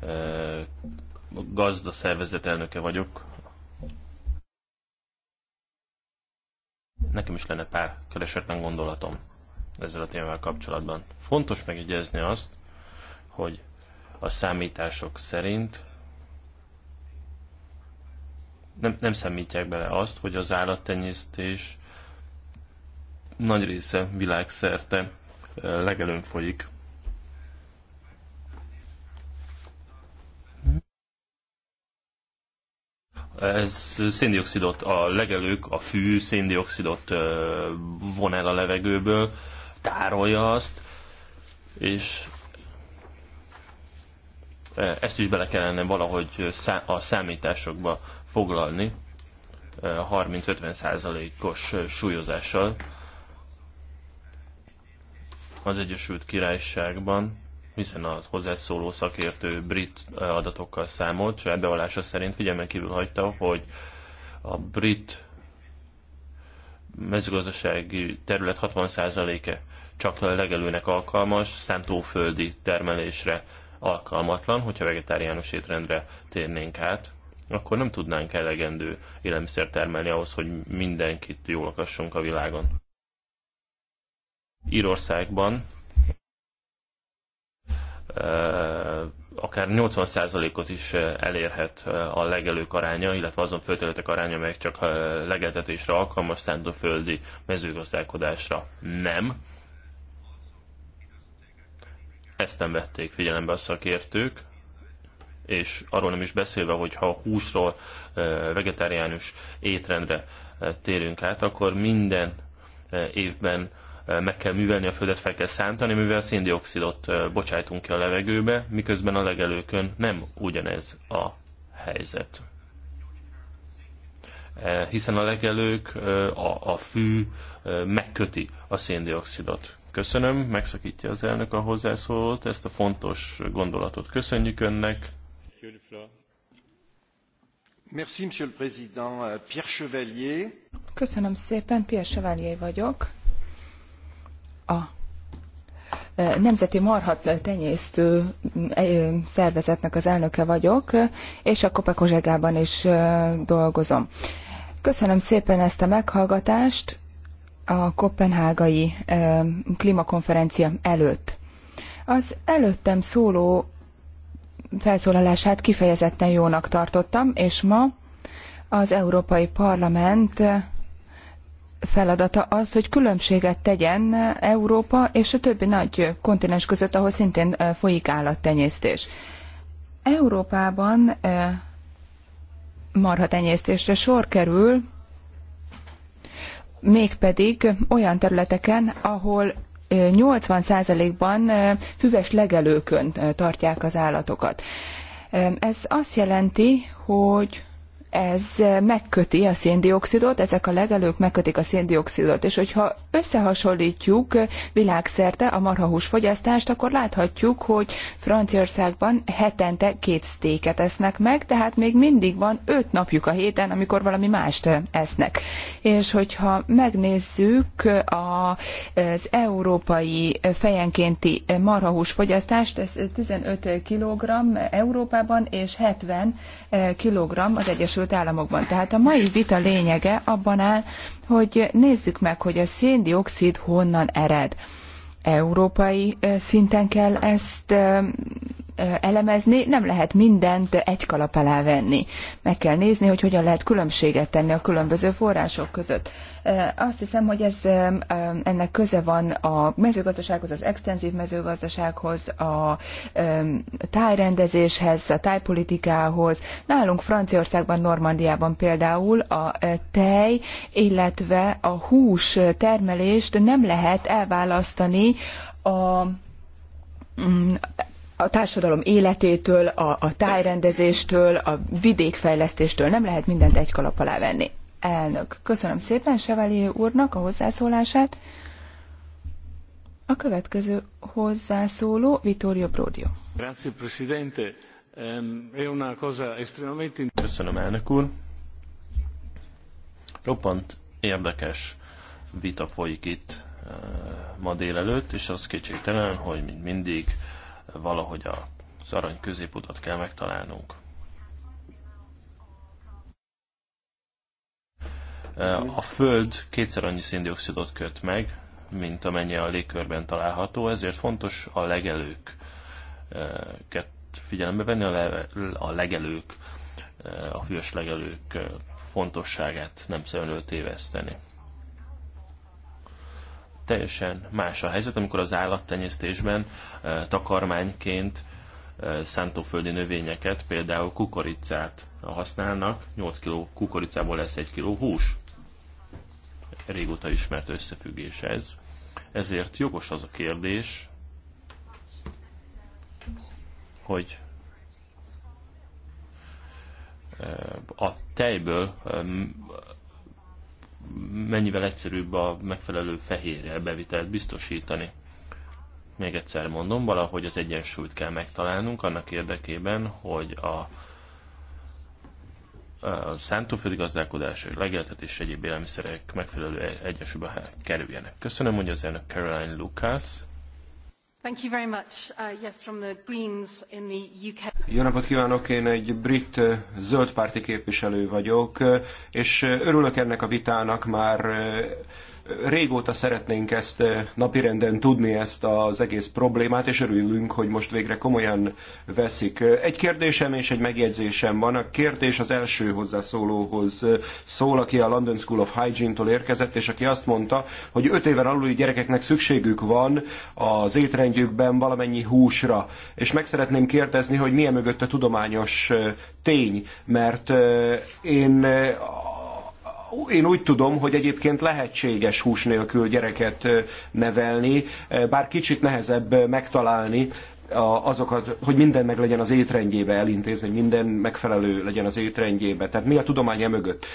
S3: eh, Gazda Szervezet elnöke vagyok. Nekem is lenne pár keresetlen gondolatom ezzel a témával kapcsolatban. Fontos megjegyezni azt, hogy a számítások szerint nem, nem számítják bele azt, hogy az állattenyésztés nagy része világszerte eh, legelőn folyik. Ez széndiokszidot, a legelők, a fű széndiokszidot eh, von el a levegőből, tárolja azt, és eh, ezt is bele kellene valahogy a számításokba foglalni 30-50 os súlyozással az Egyesült Királyságban, hiszen a hozzászóló szakértő brit adatokkal számolt, saját bevallása szerint figyelmen kívül hagyta, hogy a brit mezőgazdasági terület 60%-e csak a legelőnek alkalmas, szántóföldi termelésre alkalmatlan, hogyha vegetáriánus étrendre térnénk át akkor nem tudnánk elegendő élelmiszer termelni ahhoz, hogy mindenkit jól lakassunk a világon. Írországban eh, akár 80%-ot is eh, elérhet eh, a legelők aránya, illetve azon földterületek aránya, amelyek csak legeltetésre alkalmas földi mezőgazdálkodásra nem. Ezt nem vették figyelembe a szakértők, és arról nem is beszélve, hogy ha húsról vegetáriánus étrendre térünk át, akkor minden évben meg kell művelni a földet, fel kell szántani, mivel széndiokszidot bocsájtunk ki a levegőbe, miközben a legelőkön nem ugyanez a helyzet. Hiszen a legelők, a, a fű megköti a széndiokszidot. Köszönöm, megszakítja az elnök a hozzászólót, ezt a fontos gondolatot köszönjük önnek.
S2: Euh,
S1: Köszönöm szépen, Pierre Chevalier vagyok. A e, Nemzeti Marhat Tenyésztő e, e, Szervezetnek az elnöke vagyok, és a Kopekozsegában is dolgozom. Köszönöm szépen ezt a meghallgatást a kopenhágai klímakonferencia előtt. Az előttem szóló felszólalását kifejezetten jónak tartottam, és ma az Európai Parlament feladata az, hogy különbséget tegyen Európa és a többi nagy kontinens között, ahol szintén folyik állattenyésztés. Európában marhatenyésztésre sor kerül, mégpedig olyan területeken, ahol 80%-ban füves legelőkön tartják az állatokat. Ez azt jelenti, hogy ez megköti a széndiokszidot, ezek a legelők megkötik a széndiokszidot, és hogyha összehasonlítjuk világszerte a marhahús fogyasztást, akkor láthatjuk, hogy Franciaországban hetente két sztéket esznek meg, tehát még mindig van öt napjuk a héten, amikor valami mást esznek. És hogyha megnézzük a, az európai fejenkénti marhahús fogyasztást, ez 15 kg Európában, és 70 kg az Egyesült Egyesült Államokban. Tehát a mai vita lényege abban áll, hogy nézzük meg, hogy a széndiokszid honnan ered. Európai szinten kell ezt elemezni, nem lehet mindent egy kalap alá venni. Meg kell nézni, hogy hogyan lehet különbséget tenni a különböző források között. Azt hiszem, hogy ez, ennek köze van a mezőgazdasághoz, az extenzív mezőgazdasághoz, a tájrendezéshez, a tájpolitikához. Nálunk Franciaországban, Normandiában például a tej, illetve a hús termelést nem lehet elválasztani a mm, a társadalom életétől, a, a tájrendezéstől, a vidékfejlesztéstől nem lehet mindent egy kalap alá venni elnök. Köszönöm szépen Sevelié úrnak a hozzászólását. A következő hozzászóló Vittorio Prodio.
S3: Grazie, Presidente. Ehm, è una cosa estremamente... Köszönöm, elnök úr. Roppant érdekes vita folyik itt eh, ma délelőtt, és az kétségtelen, hogy mint mindig valahogy az arany középutat kell megtalálnunk. A Föld kétszer annyi széndiokszidot köt meg, mint amennyi a légkörben található, ezért fontos a legelőket figyelembe venni, a, le, a legelők, a füves legelők fontosságát nem szemlől téveszteni. Teljesen más a helyzet, amikor az állattenyésztésben takarmányként szántóföldi növényeket, például kukoricát használnak, 8 kg kukoricából lesz 1 kg hús régóta ismert összefüggés ez. Ezért jogos az a kérdés, hogy eh, a tejből eh, mennyivel egyszerűbb a megfelelő fehérje bevitelt biztosítani. Még egyszer mondom, valahogy az egyensúlyt kell megtalálnunk annak érdekében, hogy a a szántóföldi gazdálkodás, és legeltetés és egyéb élelmiszerek megfelelő e-
S2: egyesülbe kerüljenek. Köszönöm, hogy az elnök Caroline Lucas.
S1: Thank you very much. Uh, yes, from the Greens in the UK.
S2: Jó napot kívánok, én egy brit uh, zöldpárti képviselő vagyok, uh, és uh, örülök ennek a vitának, már Régóta szeretnénk ezt eh, napirenden tudni, ezt az egész problémát, és örülünk, hogy most végre komolyan veszik. Egy kérdésem és egy megjegyzésem van. A kérdés az első hozzászólóhoz eh, szól, aki a London School of Hygiene-tól érkezett, és aki azt mondta, hogy öt éven aluli gyerekeknek szükségük van az étrendjükben valamennyi húsra. És meg szeretném kérdezni, hogy milyen mögött a tudományos eh, tény, mert én én úgy tudom, hogy egyébként lehetséges hús nélkül gyereket nevelni, bár kicsit nehezebb megtalálni azokat, hogy minden meg legyen az étrendjébe elintézni, hogy minden megfelelő legyen az étrendjébe. Tehát mi a tudomány e mögött?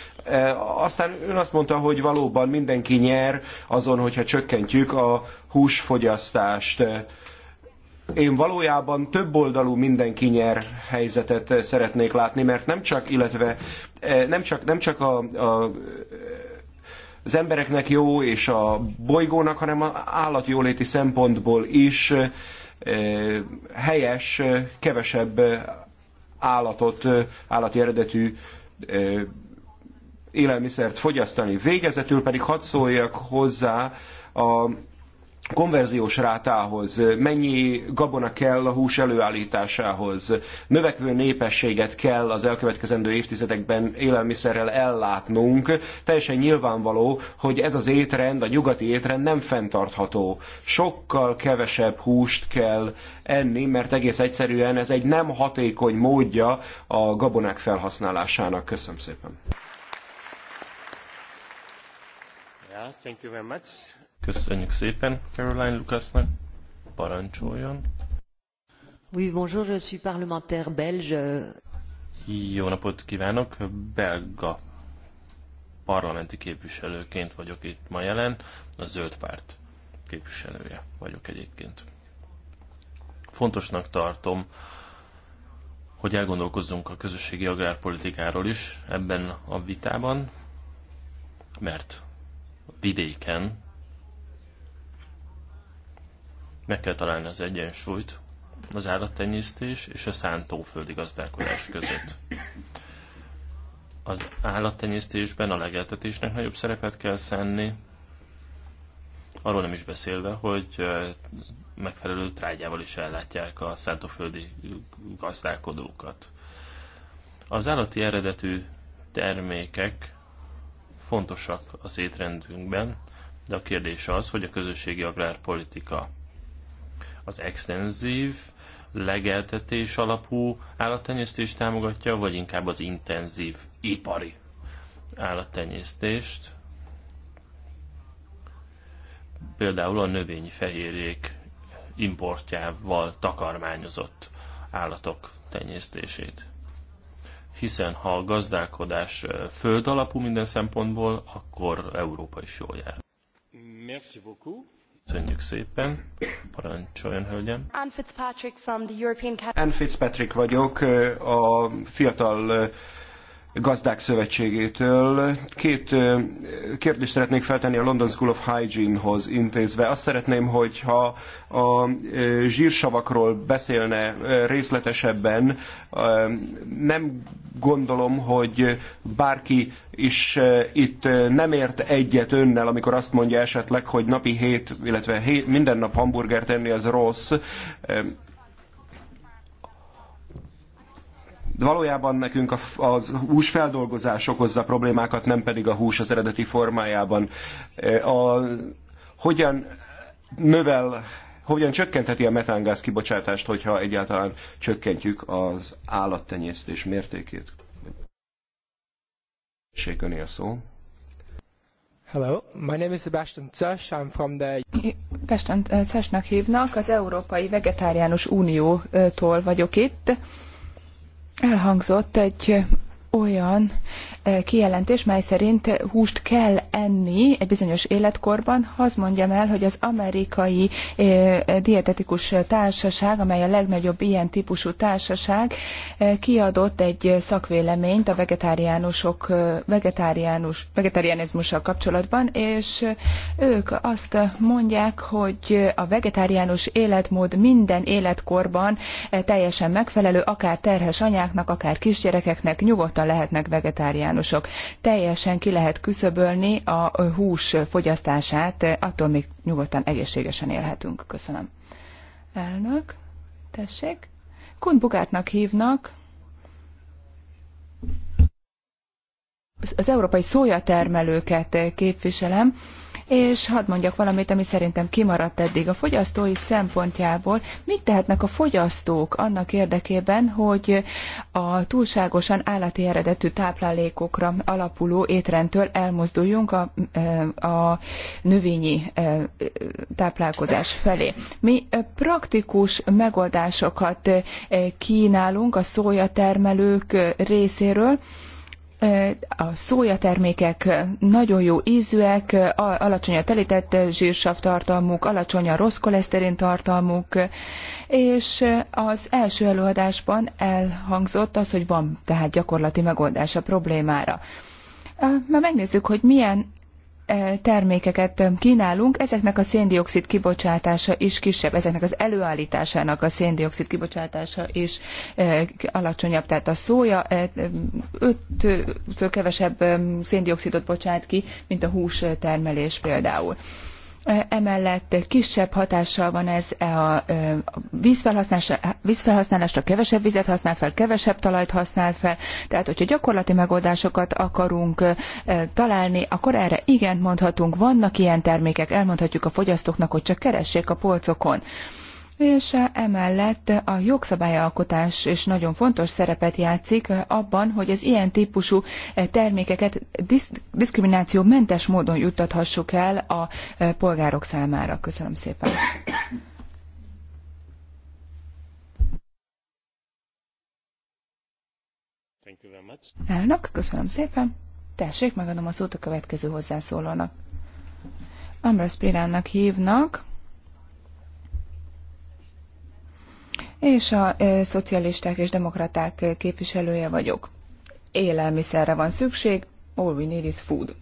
S2: Aztán ön azt mondta, hogy valóban mindenki nyer azon, hogyha csökkentjük a húsfogyasztást. Én valójában többoldalú mindenki nyer helyzetet szeretnék látni, mert nem csak, illetve eh, nem csak, nem csak a, a az embereknek jó és a bolygónak, hanem az állatjóléti szempontból is eh, helyes, kevesebb állatot, állati eredetű eh, élelmiszert fogyasztani. Végezetül pedig hadd szóljak hozzá a konverziós rátához, mennyi gabona kell a hús előállításához, növekvő népességet kell az elkövetkezendő évtizedekben élelmiszerrel ellátnunk, teljesen nyilvánvaló, hogy ez az étrend, a nyugati étrend nem fenntartható. Sokkal kevesebb húst kell enni, mert egész egyszerűen ez egy nem hatékony módja a gabonák felhasználásának. Köszönöm szépen. Yeah,
S3: Köszönjük szépen Caroline Lucasnak. Parancsoljon.
S2: Oui, bonjour, je suis parlementaire belge.
S3: Jó napot kívánok! Belga parlamenti képviselőként vagyok itt ma jelen, a Zöld Párt képviselője vagyok egyébként. Fontosnak tartom, hogy elgondolkozzunk a közösségi agrárpolitikáról is ebben a vitában, mert vidéken meg kell találni az egyensúlyt az állattenyésztés és a szántóföldi gazdálkodás között. Az állattenyésztésben a legeltetésnek nagyobb szerepet kell szenni, arról nem is beszélve, hogy megfelelő trágyával is ellátják a szántóföldi gazdálkodókat. Az állati eredetű termékek fontosak az étrendünkben, de a kérdés az, hogy a közösségi agrárpolitika az extenzív, legeltetés alapú állattenyésztést támogatja, vagy inkább az intenzív, ipari állattenyésztést. Például a növényi fehérjék importjával takarmányozott állatok tenyésztését. Hiszen ha a gazdálkodás földalapú minden szempontból, akkor Európa is jól jár.
S1: Merci beaucoup.
S2: Köszönjük szépen. Parancsoljon, hölgyem.
S1: Anne Fitzpatrick, from the European Anne
S2: Fitzpatrick vagyok, a fiatal Gazdák Szövetségétől. Két kérdést szeretnék feltenni a London School of Hygiene-hoz intézve. Azt szeretném, hogyha a zsírsavakról beszélne részletesebben. Nem gondolom, hogy bárki is itt nem ért egyet önnel, amikor azt mondja esetleg, hogy napi hét, illetve hét, minden nap hamburgert enni az rossz valójában nekünk a, az húsfeldolgozás okozza problémákat, nem pedig a hús az eredeti formájában. E, a, hogyan növel, hogyan csökkentheti a metángáz kibocsátást, hogyha egyáltalán csökkentjük az állattenyésztés mértékét? Séköné a szó.
S1: Hello, my name is Sebastian Czesz, I'm from the... Sebastian Czesznak hívnak, az Európai Vegetáriánus Uniótól vagyok itt. Elhangzott egy olyan e, kijelentés, mely szerint húst kell enni egy bizonyos életkorban. Azt mondjam el, hogy az amerikai e, dietetikus társaság, amely a legnagyobb ilyen típusú társaság, e, kiadott egy szakvéleményt a vegetáriánusok vegetáriánus, vegetáriánizmussal kapcsolatban, és ők azt mondják, hogy a vegetáriánus életmód minden életkorban teljesen megfelelő, akár terhes anyáknak, akár kisgyerekeknek nyugodtan nyugodtan lehetnek vegetáriánusok. Teljesen ki lehet küszöbölni a hús fogyasztását, attól még nyugodtan egészségesen élhetünk. Köszönöm. Elnök, tessék. Kun Bugártnak hívnak. Az európai szójatermelőket képviselem és hadd mondjak valamit, ami szerintem kimaradt eddig. A fogyasztói szempontjából mit tehetnek a fogyasztók annak érdekében, hogy a túlságosan állati eredetű táplálékokra alapuló étrendtől elmozduljunk a, a növényi táplálkozás felé. Mi praktikus megoldásokat kínálunk a szójatermelők részéről, a szójatermékek nagyon jó ízűek, alacsony a telített zsírsav tartalmuk, alacsony a rossz koleszterin tartalmuk, és az első előadásban elhangzott az, hogy van tehát gyakorlati megoldás a problémára. Már megnézzük, hogy milyen termékeket kínálunk, ezeknek a széndiokszid kibocsátása is kisebb, ezeknek az előállításának a széndiokszid kibocsátása is alacsonyabb. Tehát a szója ötször kevesebb széndiokszidot bocsát ki, mint a hús termelés például. Emellett kisebb hatással van ez e a vízfelhasználásra, kevesebb vizet használ fel, kevesebb talajt használ fel. Tehát, hogyha gyakorlati megoldásokat akarunk találni, akkor erre igent mondhatunk. Vannak ilyen termékek, elmondhatjuk a fogyasztóknak, hogy csak keressék a polcokon és emellett a jogszabályalkotás is nagyon fontos szerepet játszik abban, hogy az ilyen típusú termékeket diszkriminációmentes módon juttathassuk el a polgárok számára. Köszönöm szépen. Elnök, köszönöm szépen. Tessék, megadom a szót a következő hozzászólónak. Ambrose Pirának hívnak és a szocialisták és demokraták képviselője vagyok. Élelmiszerre van szükség, all we need is food.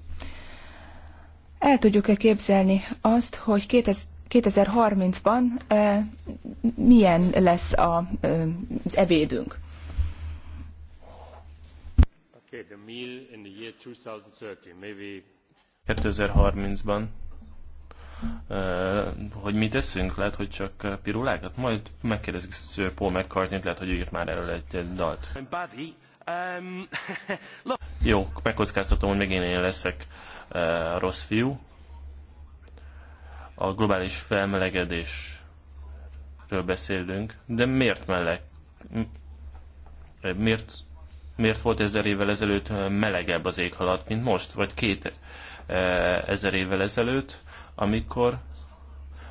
S1: El tudjuk-e képzelni azt, hogy 2030-ban e, milyen lesz a, e, az ebédünk.
S3: Okay, 2030-ban hogy mi teszünk, lehet, hogy csak pirulákat, majd megkérdezik Paul mccartney lehet, hogy ő írt már erről egy, egy dalt. Um, Jó, megkockáztatom, hogy megint én leszek a rossz fiú. A globális felmelegedésről beszélünk, de miért meleg? Miért, miért volt ezer évvel ezelőtt melegebb az éghalat, mint most, vagy két ezer évvel ezelőtt? amikor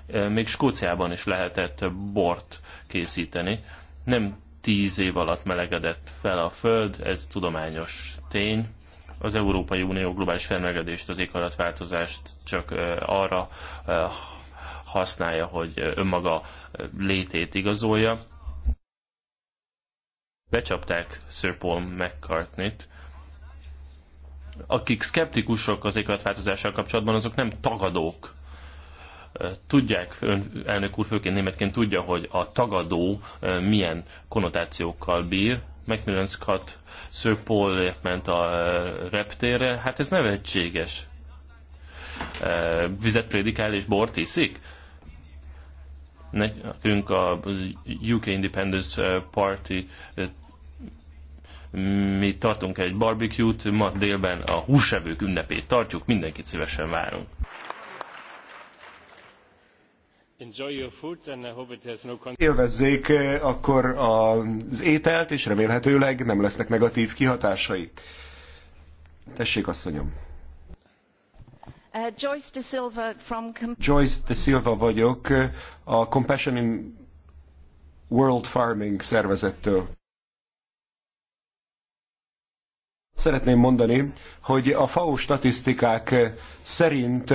S3: eh, még Skóciában is lehetett bort készíteni. Nem tíz év alatt melegedett fel a Föld, ez tudományos tény. Az Európai Unió globális felmelegedést, az éghajlatváltozást csak eh, arra eh, használja, hogy önmaga létét igazolja. Becsapták Sir Paul mccartney -t akik szkeptikusok az éghajlatváltozással kapcsolatban, azok nem tagadók. Tudják, ön, elnök úr főként németként tudja, hogy a tagadó milyen konnotációkkal bír. Macmillan Scott Sir Paul ment a reptérre. Hát ez nevetséges. Vizet prédikál és bort iszik? nekünk a UK Independence Party mi tartunk egy barbecue-t, ma délben a húsevők ünnepét tartjuk, mindenkit szívesen várunk.
S2: Élvezzék eh, akkor az ételt, és remélhetőleg nem lesznek negatív kihatásai. Tessék, asszonyom!
S1: Uh, Joyce, de Silva from...
S2: Joyce de Silva vagyok, eh, a Compassion in World Farming szervezettől. szeretném mondani, hogy a FAO statisztikák szerint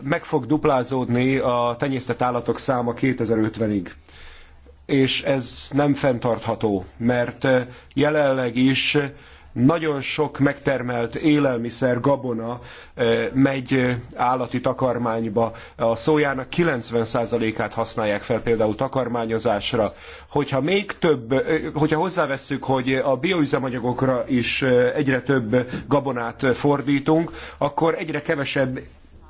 S2: meg fog duplázódni a tenyésztett állatok száma 2050-ig. És ez nem fenntartható, mert jelenleg is nagyon sok megtermelt élelmiszer, gabona eh, megy eh, állati takarmányba. A szójának 90%-át használják fel például takarmányozásra. Hogyha még több, eh, hogyha hozzávesszük, hogy a bioüzemanyagokra is egyre több gabonát fordítunk, akkor egyre kevesebb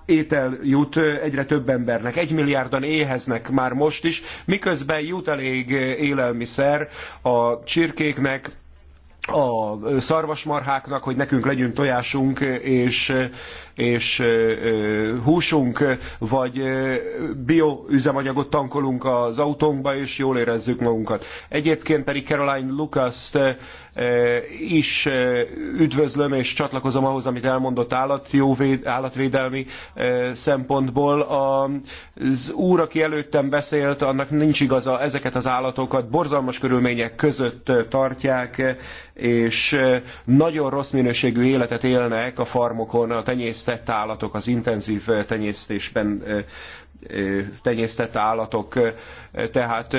S2: étel jut egyre több embernek. Egy milliárdan éheznek már most is, miközben jut elég élelmiszer a csirkéknek, a szarvasmarháknak, hogy nekünk legyünk tojásunk és, és húsunk, vagy bioüzemanyagot tankolunk az autónkba, és jól érezzük magunkat. Egyébként pedig Caroline Lucas-t is üdvözlöm és csatlakozom ahhoz, amit elmondott véd, állatvédelmi szempontból. Az úr, aki előttem beszélt, annak nincs igaza, ezeket az állatokat borzalmas körülmények között tartják, és nagyon rossz minőségű életet élnek a farmokon a tenyésztett állatok, az intenzív tenyésztésben tenyésztett állatok. Tehát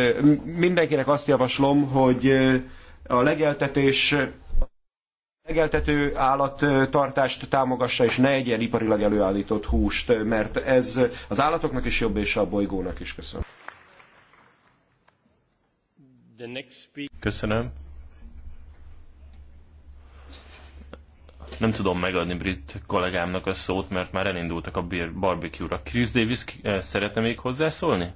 S2: mindenkinek azt javaslom, hogy a legeltetés legeltető állattartást támogassa, és ne egyen iparilag előállított húst, mert ez az állatoknak is jobb, és a bolygónak is. Köszönöm. Köszönöm.
S3: Nem tudom megadni brit kollégámnak a szót, mert már elindultak a barbecue-ra. Chris Davis eh, szeretne még hozzászólni?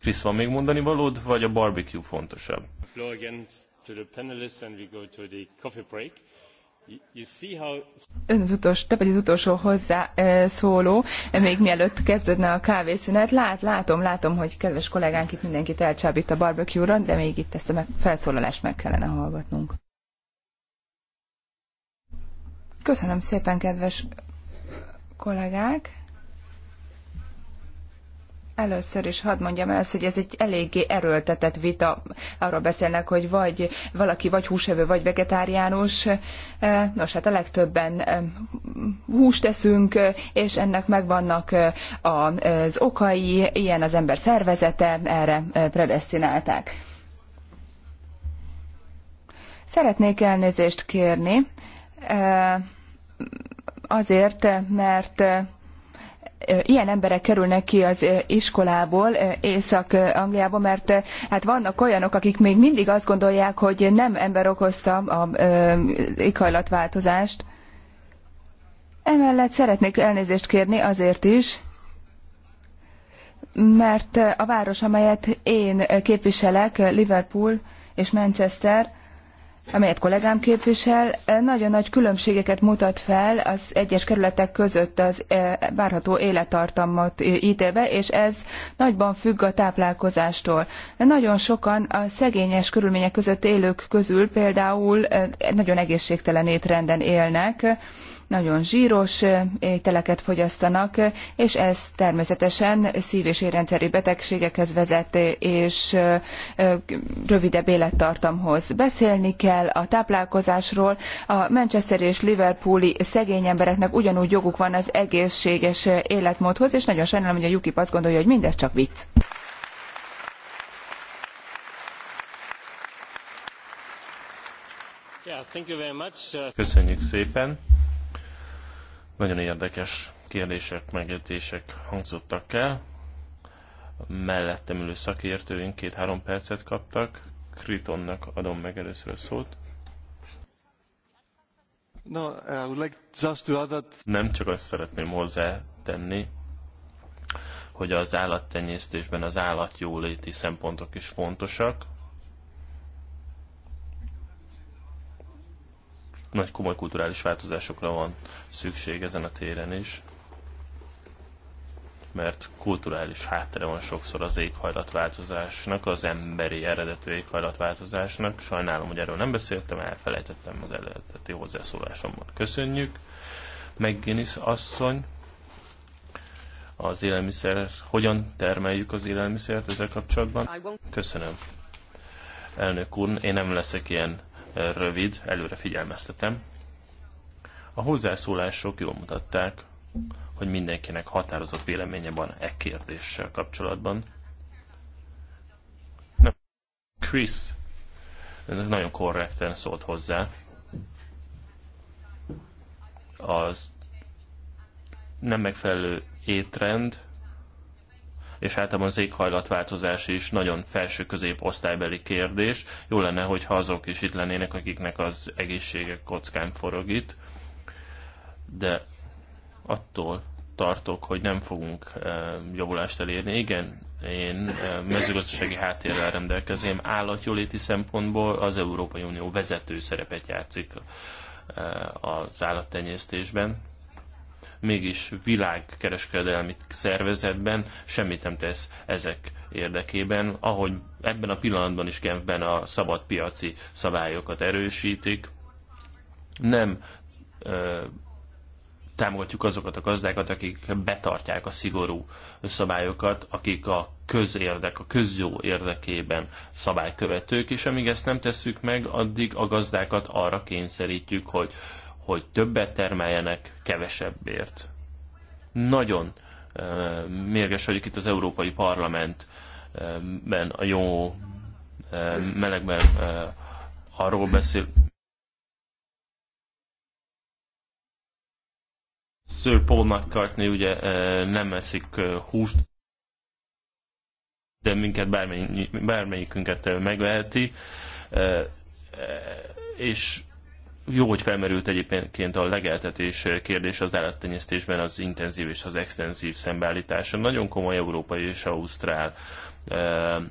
S3: Krisz, van még mondani valód, vagy a barbecue fontosabb?
S1: Ön az utolsó, te vagy az utolsó hozzá szóló, még mielőtt kezdődne a kávészünet. Lát, látom, látom, hogy kedves kollégánk itt mindenkit elcsábít a barbecue-ra, de még itt ezt a meg, felszólalást meg kellene hallgatnunk. Köszönöm szépen, kedves kollégák! Először is hadd mondjam el, hogy ez egy eléggé erőltetett vita. Arról beszélnek, hogy vagy valaki vagy húsevő, vagy vegetáriánus. E, nos, hát a legtöbben e, húst eszünk, e, és ennek megvannak az okai, ilyen az ember szervezete, erre predestinálták. Szeretnék elnézést kérni azért, mert ilyen emberek kerülnek ki az iskolából Észak-Angliába, mert hát vannak olyanok, akik még mindig azt gondolják, hogy nem ember okozta az éghajlatváltozást. Emellett szeretnék elnézést kérni azért is, mert a város, amelyet én képviselek, Liverpool és Manchester, amelyet kollégám képvisel, nagyon nagy különbségeket mutat fel az egyes kerületek között az várható élettartamot ítélve, és ez nagyban függ a táplálkozástól. Nagyon sokan a szegényes körülmények között élők közül például nagyon egészségtelen étrenden élnek, nagyon zsíros eh, ételeket fogyasztanak, és ez természetesen szív- és érrendszeri betegségekhez vezet, és eh, eh, rövidebb élettartamhoz. Beszélni kell a táplálkozásról. A Manchester és Liverpooli szegény embereknek ugyanúgy joguk van az egészséges életmódhoz, és nagyon sajnálom, hogy a UKIP azt gondolja, hogy mindez csak vicc. Köszönjük
S3: szépen! Nagyon érdekes kérdések, megjegyzések hangzottak el. Mellettem ülő szakértőink két-három percet kaptak. Kritonnak adom meg először a szót. No, I would like just to add that... Nem csak azt szeretném hozzátenni, hogy az állattenyésztésben az állatjóléti szempontok is fontosak, nagy komoly kulturális változásokra van szükség ezen a téren is, mert kulturális háttere van sokszor az éghajlatváltozásnak, az emberi eredetű éghajlatváltozásnak. Sajnálom, hogy erről nem beszéltem, elfelejtettem az eredeti hozzászólásomban. Köszönjük. McGinnis asszony, az élelmiszer, hogyan termeljük az élelmiszert ezzel kapcsolatban? Köszönöm. Elnök úr, én nem leszek ilyen rövid, előre figyelmeztetem. A hozzászólások jól mutatták, hogy mindenkinek határozott véleménye van e kérdéssel kapcsolatban. Chris nagyon korrekten szólt hozzá. Az nem megfelelő étrend és általában az éghajlatváltozás is nagyon felső közép osztálybeli kérdés. Jó lenne, hogyha azok is itt lennének, akiknek az egészsége kockán forog itt, de attól tartok, hogy nem fogunk eh, javulást elérni. Igen, én eh, mezőgazdasági háttérrel rendelkezem, állatjóléti szempontból az Európai Unió vezető szerepet játszik eh, az állattenyésztésben mégis világkereskedelmi szervezetben semmit nem tesz ezek érdekében, ahogy ebben a pillanatban is Genfben a szabadpiaci szabályokat erősítik. Nem ö, támogatjuk azokat a gazdákat, akik betartják a szigorú szabályokat, akik a közérdek, a közjó érdekében szabálykövetők, és amíg ezt nem tesszük meg, addig a gazdákat arra kényszerítjük, hogy hogy többet termeljenek kevesebbért. Nagyon mérges vagyok itt az Európai Parlamentben a jó melegben arról beszél. Sir Paul McCartney ugye nem eszik húst, de minket bármely, bármelyikünket megveheti, és jó, hogy felmerült egyébként a legeltetés kérdés az állattenyésztésben az intenzív és az extenzív szembeállítása. Nagyon komoly európai és ausztrál eh, eh,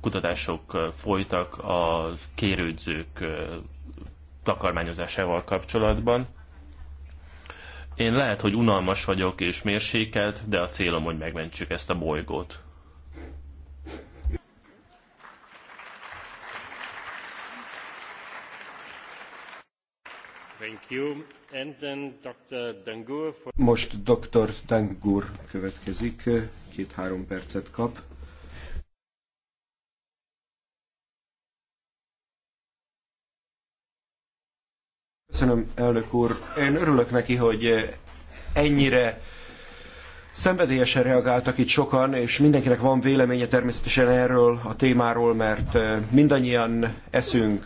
S3: kutatások folytak a kérődzők eh, takarmányozásával kapcsolatban. Én lehet, hogy unalmas vagyok és mérsékelt, de a célom, hogy megmentsük ezt a bolygót.
S2: Most dr. Dangur következik, két-három percet kap. Köszönöm, elnök úr. Én örülök neki, hogy ennyire szenvedélyesen reagáltak itt sokan, és mindenkinek van véleménye természetesen erről a témáról, mert mindannyian eszünk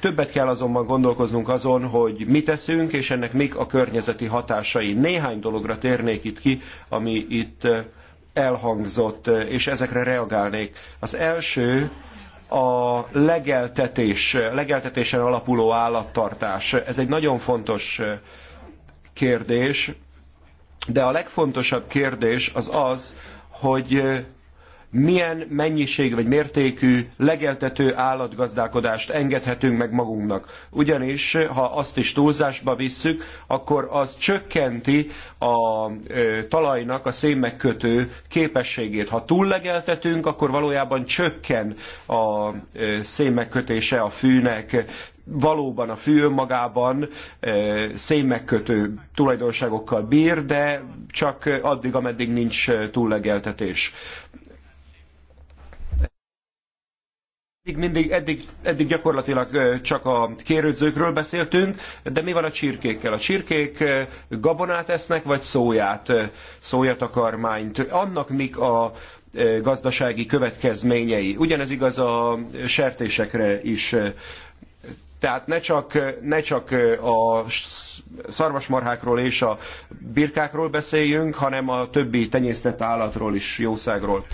S2: Többet kell azonban gondolkoznunk azon, hogy mit teszünk, és ennek mik a környezeti hatásai. Néhány dologra térnék itt ki, ami itt eh, elhangzott, eh, és ezekre reagálnék. Az első a legeltetés, legeltetésen alapuló állattartás. Ez egy nagyon fontos eh, kérdés, de a legfontosabb kérdés az az, hogy milyen mennyiség vagy mértékű legeltető állatgazdálkodást engedhetünk meg magunknak. Ugyanis, ha azt is túlzásba visszük, akkor az csökkenti a talajnak a szénmegkötő képességét. Ha túllegeltetünk, akkor valójában csökken a ö, szénmegkötése a fűnek, valóban a fű önmagában szénmegkötő tulajdonságokkal bír, de csak addig, ameddig nincs túllegeltetés. Mindig, eddig, eddig gyakorlatilag csak a kérődzőkről beszéltünk, de mi van a csirkékkel? A csirkék gabonát esznek, vagy szóját, szójatakarmányt? Annak mik a gazdasági következményei? Ugyanez igaz a sertésekre is. Tehát ne csak, ne csak a szarvasmarhákról és a birkákról beszéljünk, hanem a többi tenyésztett állatról is, jószágról.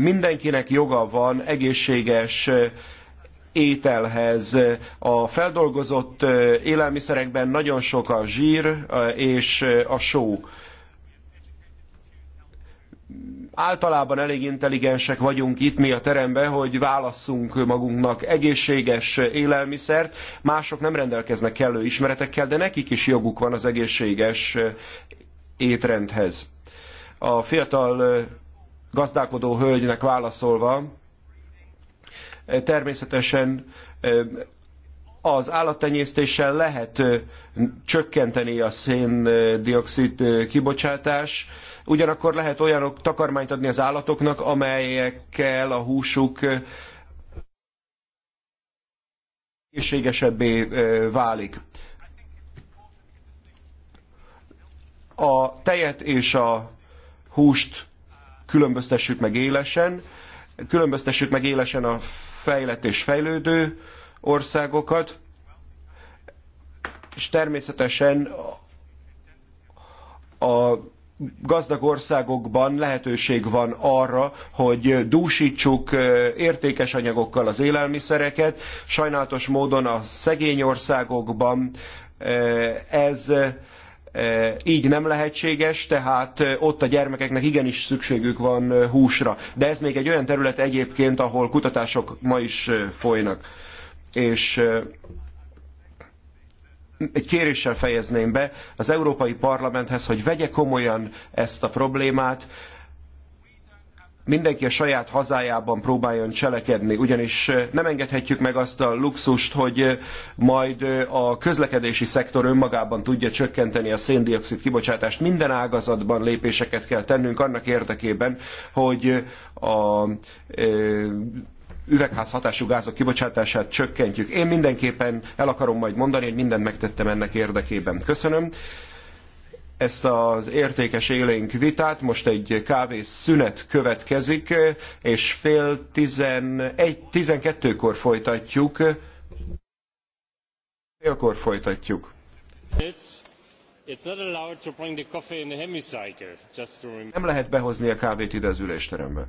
S2: Mindenkinek joga van egészséges ételhez. A feldolgozott élelmiszerekben nagyon sok a zsír és a só általában elég intelligensek vagyunk itt mi a teremben, hogy válasszunk magunknak egészséges élelmiszert. Mások nem rendelkeznek kellő ismeretekkel, de nekik is joguk van az egészséges étrendhez. A fiatal gazdálkodó hölgynek válaszolva, természetesen az állattenyésztéssel lehet csökkenteni a széndiokszid kibocsátás, ugyanakkor lehet olyanok takarmányt adni az állatoknak, amelyekkel a húsuk egészségesebbé válik. A tejet és a húst különböztessük meg élesen, különböztessük meg élesen a fejlett és fejlődő országokat, és természetesen a gazdag országokban lehetőség van arra, hogy dúsítsuk értékes anyagokkal az élelmiszereket. Sajnálatos módon a szegény országokban ez így nem lehetséges, tehát ott a gyermekeknek igenis szükségük van húsra. De ez még egy olyan terület egyébként, ahol kutatások ma is folynak. És egy kéréssel fejezném be az Európai Parlamenthez, hogy vegye komolyan ezt a problémát, mindenki a saját hazájában próbáljon cselekedni, ugyanis nem engedhetjük meg azt a luxust, hogy majd a közlekedési szektor önmagában tudja csökkenteni a széndiokszid kibocsátást. Minden ágazatban lépéseket kell tennünk annak érdekében, hogy a üvegházhatású gázok kibocsátását csökkentjük. Én mindenképpen el akarom majd mondani, hogy mindent megtettem ennek érdekében. Köszönöm ezt az értékes élénk vitát. Most egy kávés szünet következik, és fél 11, 12-kor folytatjuk. Félkor folytatjuk. Nem lehet behozni a kávét ide az ülésterembe.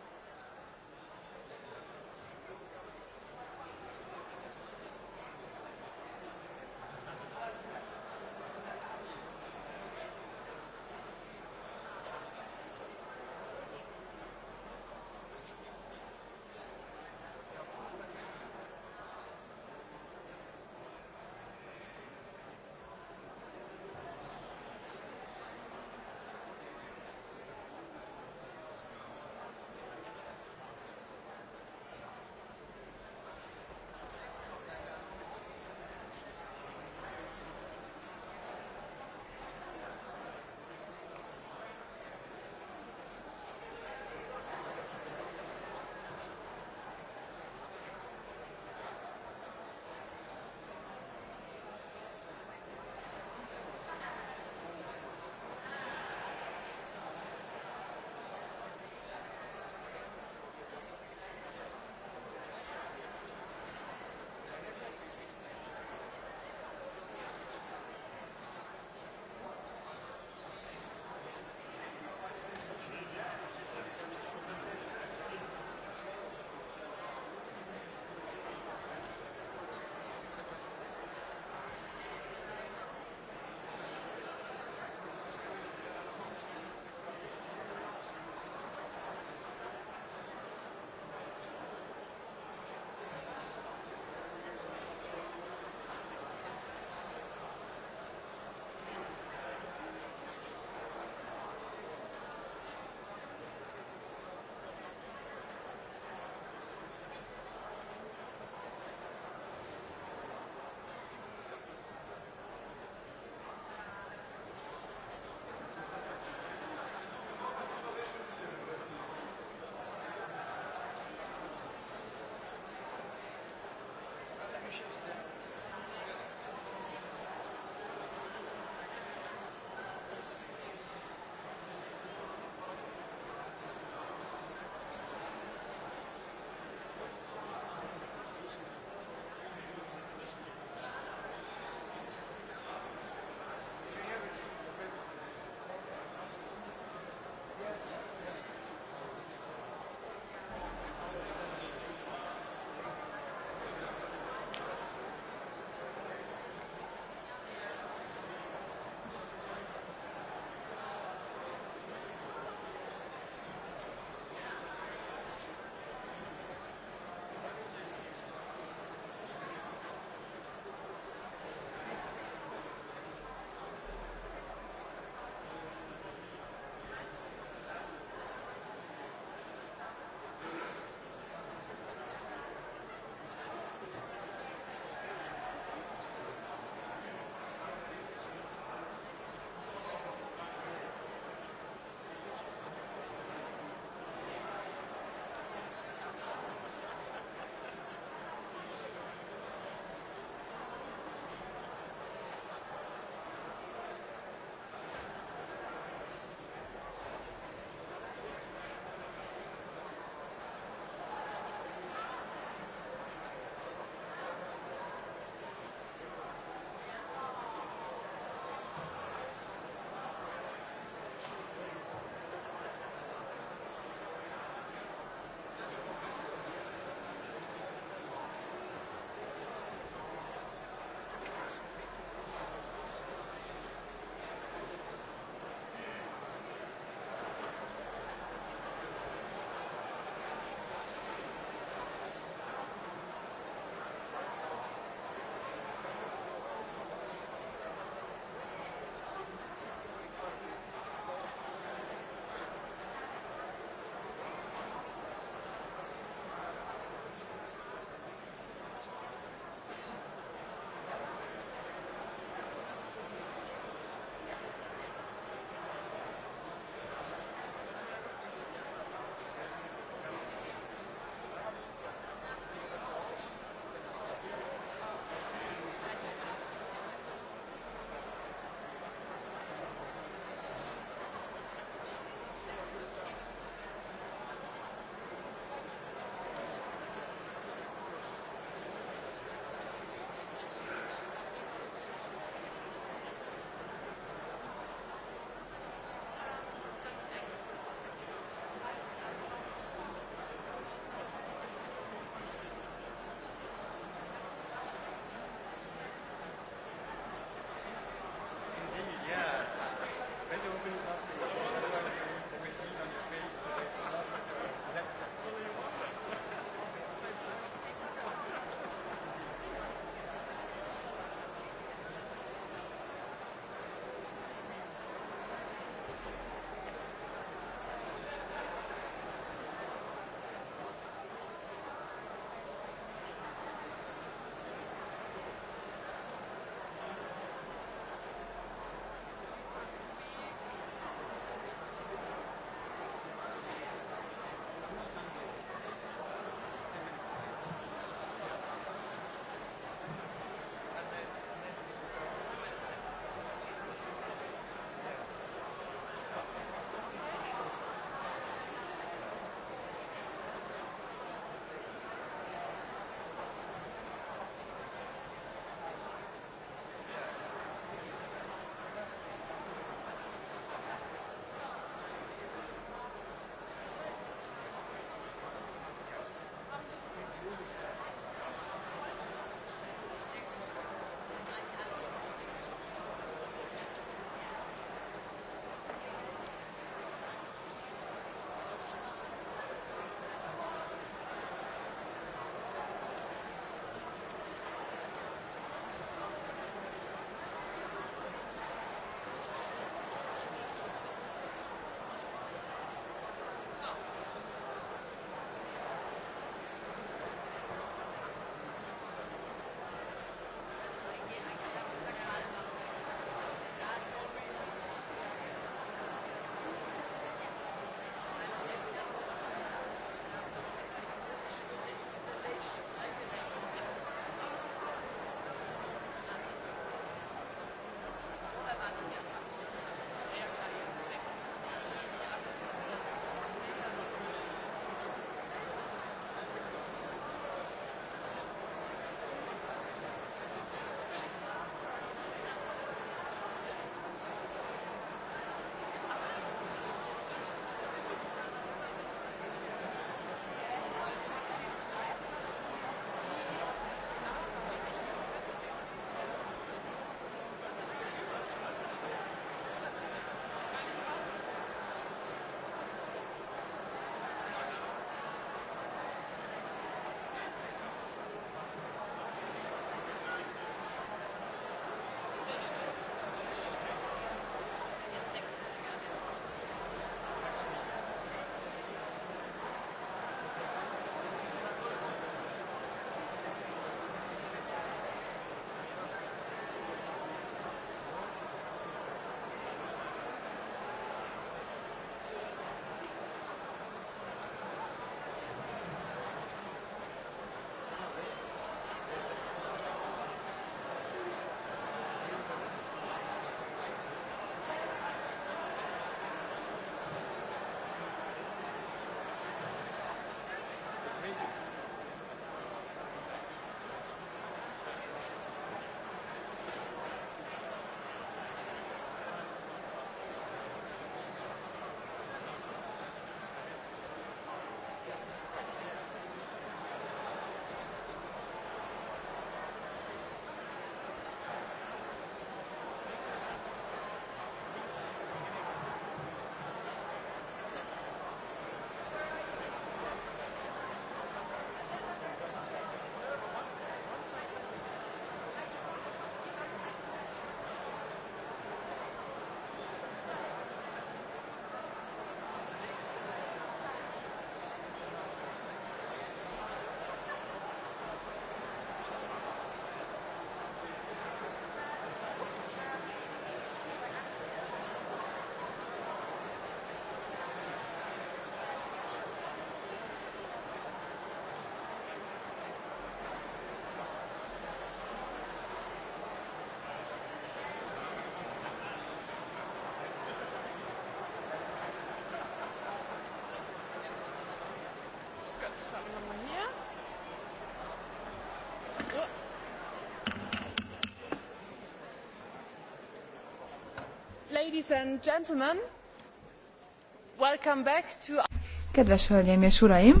S1: Kedves hölgyeim és uraim!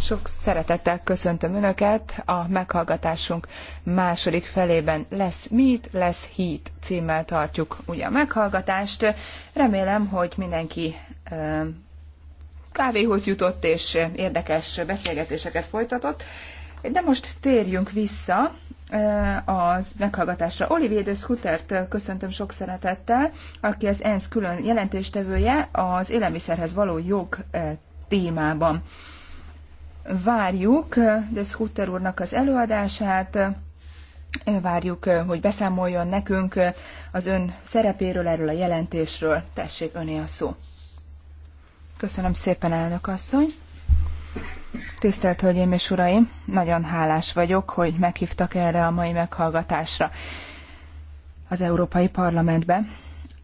S1: Sok szeretettel köszöntöm Önöket a meghallgatásunk második felében lesz mit, lesz hit címmel tartjuk ugye a meghallgatást. Remélem, hogy mindenki kávéhoz jutott és érdekes beszélgetéseket folytatott. De most térjünk vissza az meghallgatásra. Olivier de Scootert köszöntöm sok szeretettel, aki az ENSZ külön jelentéstevője az élelmiszerhez való jog témában. Várjuk de Scooter úrnak az előadását, várjuk, hogy beszámoljon nekünk az ön szerepéről, erről a jelentésről. Tessék, öné a szó. Köszönöm szépen, elnök asszony. Tisztelt Hölgyeim és Uraim, nagyon hálás vagyok, hogy meghívtak erre a mai meghallgatásra az Európai Parlamentbe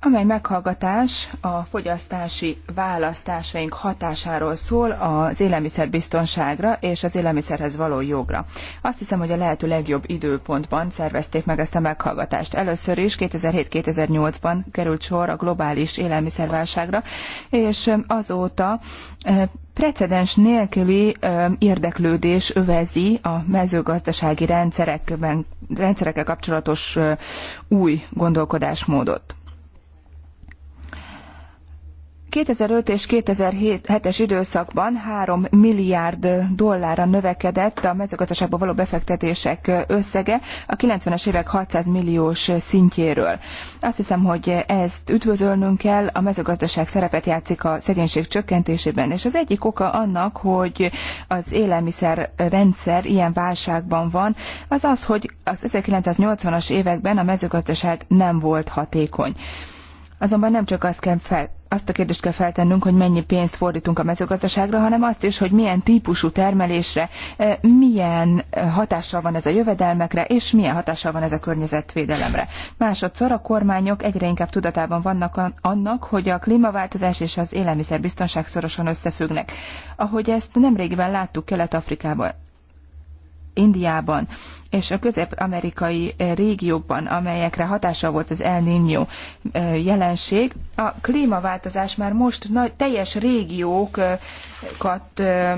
S1: amely meghallgatás a fogyasztási választásaink hatásáról szól az élelmiszerbiztonságra és az élelmiszerhez való jogra. Azt hiszem, hogy a lehető legjobb időpontban szervezték meg ezt a meghallgatást. Először is 2007-2008-ban került sor a globális élelmiszerválságra, és azóta precedens nélküli érdeklődés övezi a mezőgazdasági rendszerekben, rendszerekkel kapcsolatos új gondolkodásmódot. 2005 és 2007-es időszakban 3 milliárd dollárra növekedett a mezőgazdaságban való befektetések összege a 90-es évek 600 milliós szintjéről. Azt hiszem, hogy ezt üdvözölnünk kell, a mezőgazdaság szerepet játszik a szegénység csökkentésében, és az egyik oka annak, hogy az élelmiszer rendszer ilyen válságban van, az az, hogy az 1980-as években a mezőgazdaság nem volt hatékony. Azonban nem csak azt kell fel azt a kérdést kell feltennünk, hogy mennyi pénzt fordítunk a mezőgazdaságra, hanem azt is, hogy milyen típusú termelésre, eh, milyen eh, hatással van ez a jövedelmekre, és milyen hatással van ez a környezetvédelemre. Másodszor a kormányok egyre inkább tudatában vannak annak, hogy a klímaváltozás és az élelmiszerbiztonság szorosan összefüggnek. Ahogy ezt nemrégiben láttuk Kelet-Afrikában, Indiában, és a közép-amerikai eh, régiókban, amelyekre hatása volt az El Niño eh, jelenség, a klímaváltozás már most nagy, teljes régiókat eh,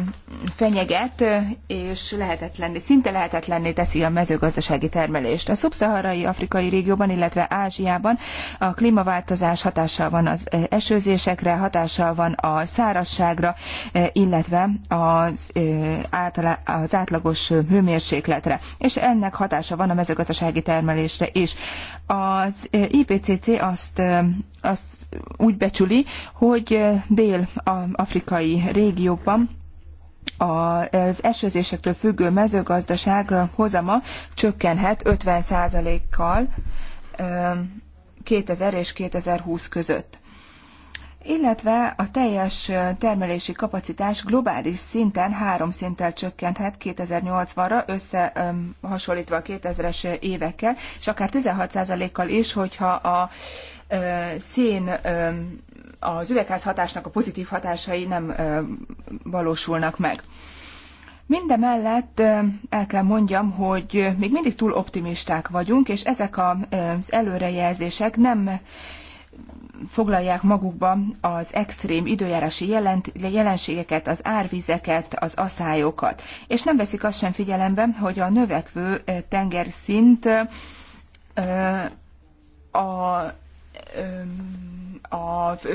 S1: fenyeget, és lehetetlenné, szinte lehetetlenné teszi a mezőgazdasági termelést. A szubszaharai afrikai régióban, illetve Ázsiában a klímaváltozás hatással van az esőzésekre, hatással van a szárazságra, illetve az, általá, az átlagos hőmérsékletre. És ennek hatása van a mezőgazdasági termelésre is. Az IPCC azt, azt úgy becsüli, hogy dél-afrikai régióban az esőzésektől függő mezőgazdaság hozama csökkenhet 50%-kal 2000 és 2020 között illetve a teljes termelési kapacitás globális szinten három szinttel csökkenthet 2080-ra, összehasonlítva a 2000-es évekkel, és akár 16%-kal is, hogyha a szén az üvegház hatásnak a pozitív hatásai nem valósulnak meg. Mindemellett el kell mondjam, hogy még mindig túl optimisták vagyunk, és ezek az előrejelzések nem foglalják magukba az extrém időjárási jelenségeket, az árvizeket, az aszályokat. És nem veszik azt sem figyelembe, hogy a növekvő tengerszint a az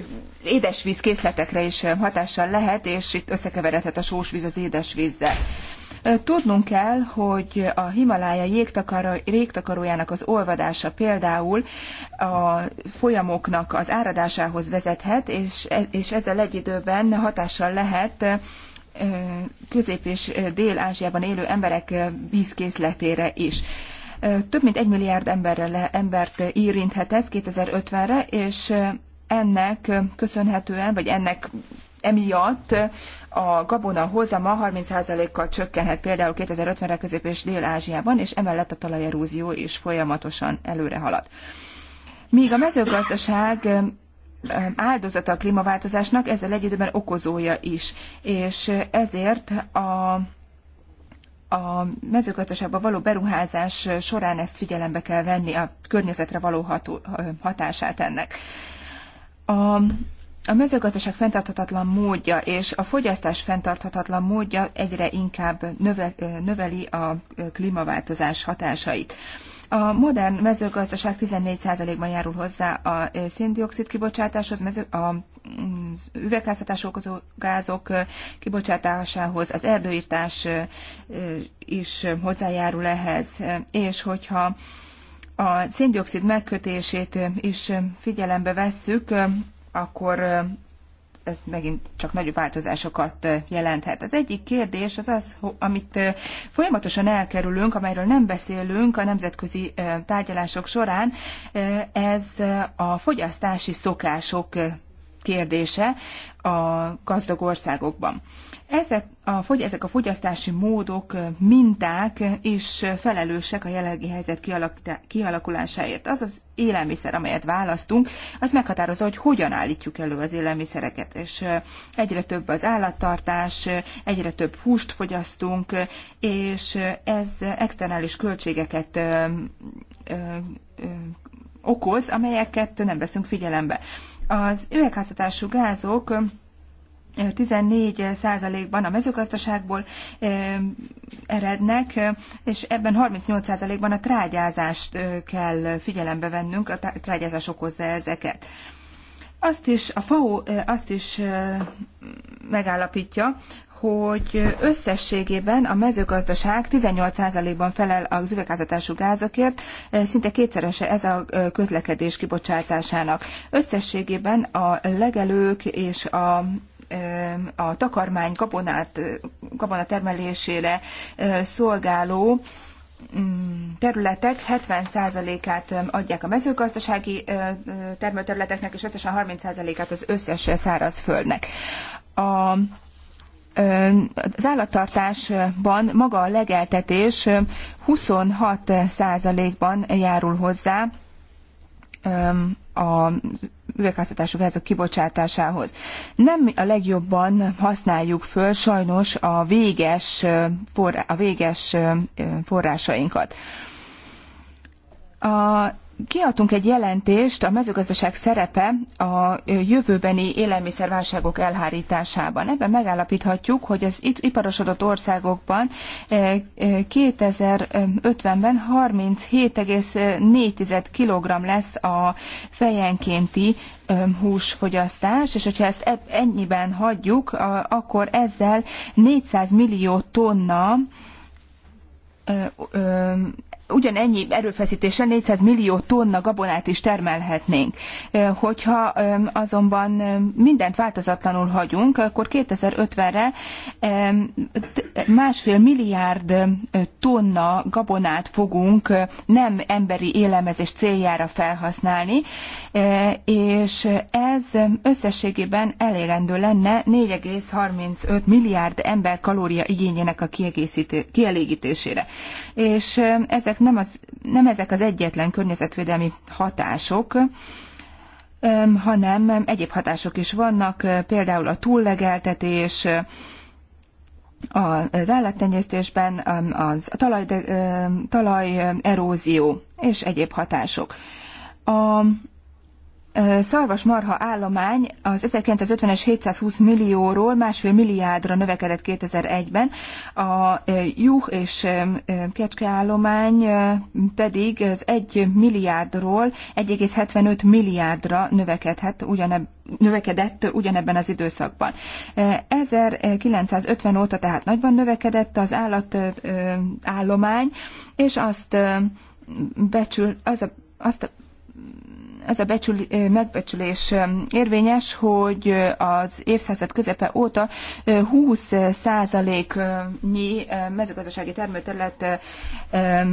S1: édesvíz készletekre is hatással lehet, és itt összekeveredhet a sós víz az édesvízzel. Tudnunk kell, hogy a Himalája jégtakarójának az olvadása például a folyamoknak az áradásához vezethet, és, e- és ezzel egy időben hatással lehet Közép- és Dél-Ázsiában élő emberek vízkészletére is. Több mint egy milliárd emberre, embert érinthet ez 2050-re, és ennek köszönhetően, vagy ennek emiatt a gabona hozama 30%-kal csökkenhet például 2050-re Közép- és Dél-Ázsiában, és emellett a talajerúzió is folyamatosan előre halad. Míg a mezőgazdaság áldozata a klímaváltozásnak, ezzel egy időben okozója is, és ezért a a mezőgazdaságba való beruházás során ezt figyelembe kell venni, a környezetre való hatását ennek. A a mezőgazdaság fenntarthatatlan módja és a fogyasztás fenntarthatatlan módja egyre inkább növeli a klímaváltozás hatásait. A modern mezőgazdaság 14%-ban járul hozzá a széndiokszid kibocsátáshoz, a üvegházhatás okozó gázok kibocsátásához, az erdőírtás is hozzájárul ehhez, és hogyha a széndiokszid megkötését is figyelembe vesszük, akkor ez megint csak nagy változásokat jelenthet. Az egyik kérdés az az, amit folyamatosan elkerülünk, amelyről nem beszélünk a nemzetközi tárgyalások során, ez a fogyasztási szokások kérdése a gazdag országokban. Ezek a, ezek a fogyasztási módok, minták is felelősek a jelenlegi helyzet kialakulásáért. Az az élelmiszer, amelyet választunk, az meghatározza, hogy hogyan állítjuk elő az élelmiszereket. És egyre több az állattartás, egyre több húst fogyasztunk, és ez externális költségeket okoz, amelyeket nem veszünk figyelembe. Az üvegházhatású gázok 14%-ban a mezőgazdaságból erednek, és ebben 38%-ban a trágyázást kell figyelembe vennünk, a trágyázás okozza ezeket. Azt is, a FAO azt is megállapítja, hogy összességében a mezőgazdaság 18%-ban felel az üvegházatású gázokért, eh, szinte kétszerese ez a eh, közlekedés kibocsátásának. Összességében a legelők és a eh, a takarmány kaponát, kabona termelésére szolgáló mm, területek 70%-át adják a mezőgazdasági termőterületeknek, és összesen 30%-át az összes szárazföldnek. A az állattartásban maga a legeltetés 26 százalékban járul hozzá a üvegházhatású gázok kibocsátásához. Nem a legjobban használjuk föl sajnos a véges, a véges forrásainkat. A Kiadtunk egy jelentést a mezőgazdaság szerepe a jövőbeni élelmiszerválságok elhárításában. Ebben megállapíthatjuk, hogy az itt iparosodott országokban 2050-ben 37,4 kg lesz a fejenkénti eh, húsfogyasztás, és hogyha ezt ennyiben hagyjuk, akkor ezzel 400 millió tonna eh, ugyanennyi erőfeszítéssel 400 millió tonna gabonát is termelhetnénk. Hogyha azonban mindent változatlanul hagyunk, akkor 2050-re másfél milliárd tonna gabonát fogunk nem emberi élelmezés céljára felhasználni, és ez összességében elérendő lenne 4,35 milliárd ember kalória igényének a kielégítésére. És ezek ezek nem, az, nem ezek az egyetlen környezetvédelmi hatások, hanem egyéb hatások is vannak, például a túllegeltetés, az állattenyésztésben az, a talaj, talaj erózió és egyéb hatások. A szarvasmarha állomány az 1950-es 720 millióról másfél milliárdra növekedett 2001-ben, a juh és kecske állomány pedig az 1 milliárdról 1,75 milliárdra növekedhet ugyanebb növekedett ugyanebben az időszakban. 1950 óta tehát nagyban növekedett az állat állomány és azt becsül, az a, azt a az a becsül, megbecsülés érvényes, hogy az évszázad közepe óta 20 nyi mezőgazdasági termőterület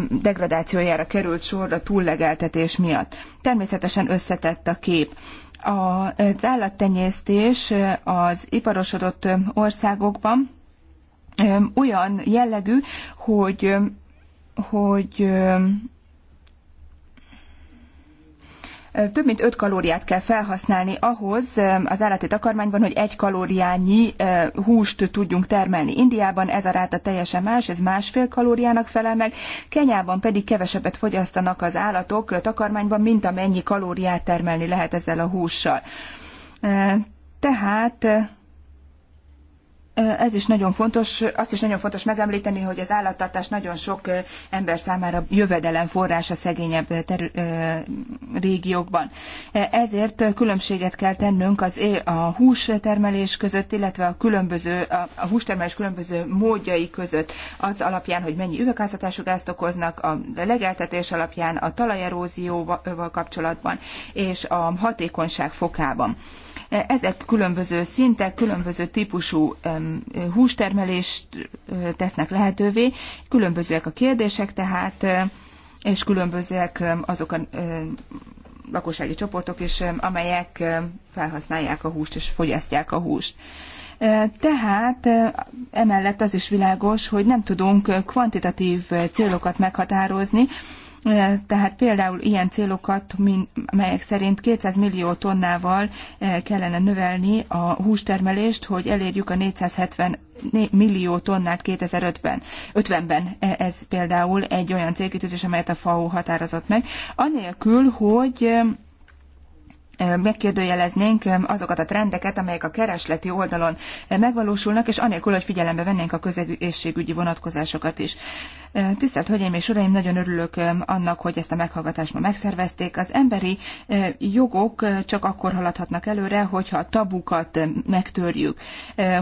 S1: degradációjára került sor a túllegeltetés miatt. Természetesen összetett a kép. Az állattenyésztés az iparosodott országokban olyan jellegű, hogy hogy több mint 5 kalóriát kell felhasználni ahhoz az állati takarmányban, hogy egy kalóriányi húst tudjunk termelni. Indiában ez a ráta teljesen más, ez másfél kalóriának felel meg, Kenyában pedig kevesebbet fogyasztanak az állatok takarmányban, mint amennyi kalóriát termelni lehet ezzel a hússal. Tehát ez is nagyon fontos, azt is nagyon fontos megemlíteni, hogy az állattartás nagyon sok ember számára jövedelem forrása szegényebb terü- régiókban. E, ezért különbséget kell tennünk az a hústermelés között, illetve a különböző a hústermelés különböző módjai között, az alapján, hogy mennyi üvegházhatású gázt okoznak, a legeltetés alapján, a talajerózióval kapcsolatban és a hatékonyság fokában. Ezek különböző szintek, különböző típusú hústermelést tesznek lehetővé, különbözőek a kérdések tehát, és különbözőek azok a lakossági csoportok is, amelyek felhasználják a húst és fogyasztják a húst. Tehát emellett az is világos, hogy nem tudunk kvantitatív célokat meghatározni, tehát például ilyen célokat, melyek szerint 200 millió tonnával kellene növelni a hústermelést, hogy elérjük a 470 millió tonnát 2050-ben. 50-ben e, ez például egy olyan célkitűzés, amelyet a FAO határozott meg. Anélkül, hogy megkérdőjeleznénk azokat a trendeket, amelyek a keresleti oldalon megvalósulnak, és anélkül, hogy figyelembe vennénk a közegészségügyi vonatkozásokat is. Tisztelt Hölgyeim és Uraim, nagyon örülök annak, hogy ezt a meghallgatást ma megszervezték. Az emberi jogok csak akkor haladhatnak előre, hogyha a tabukat megtörjük,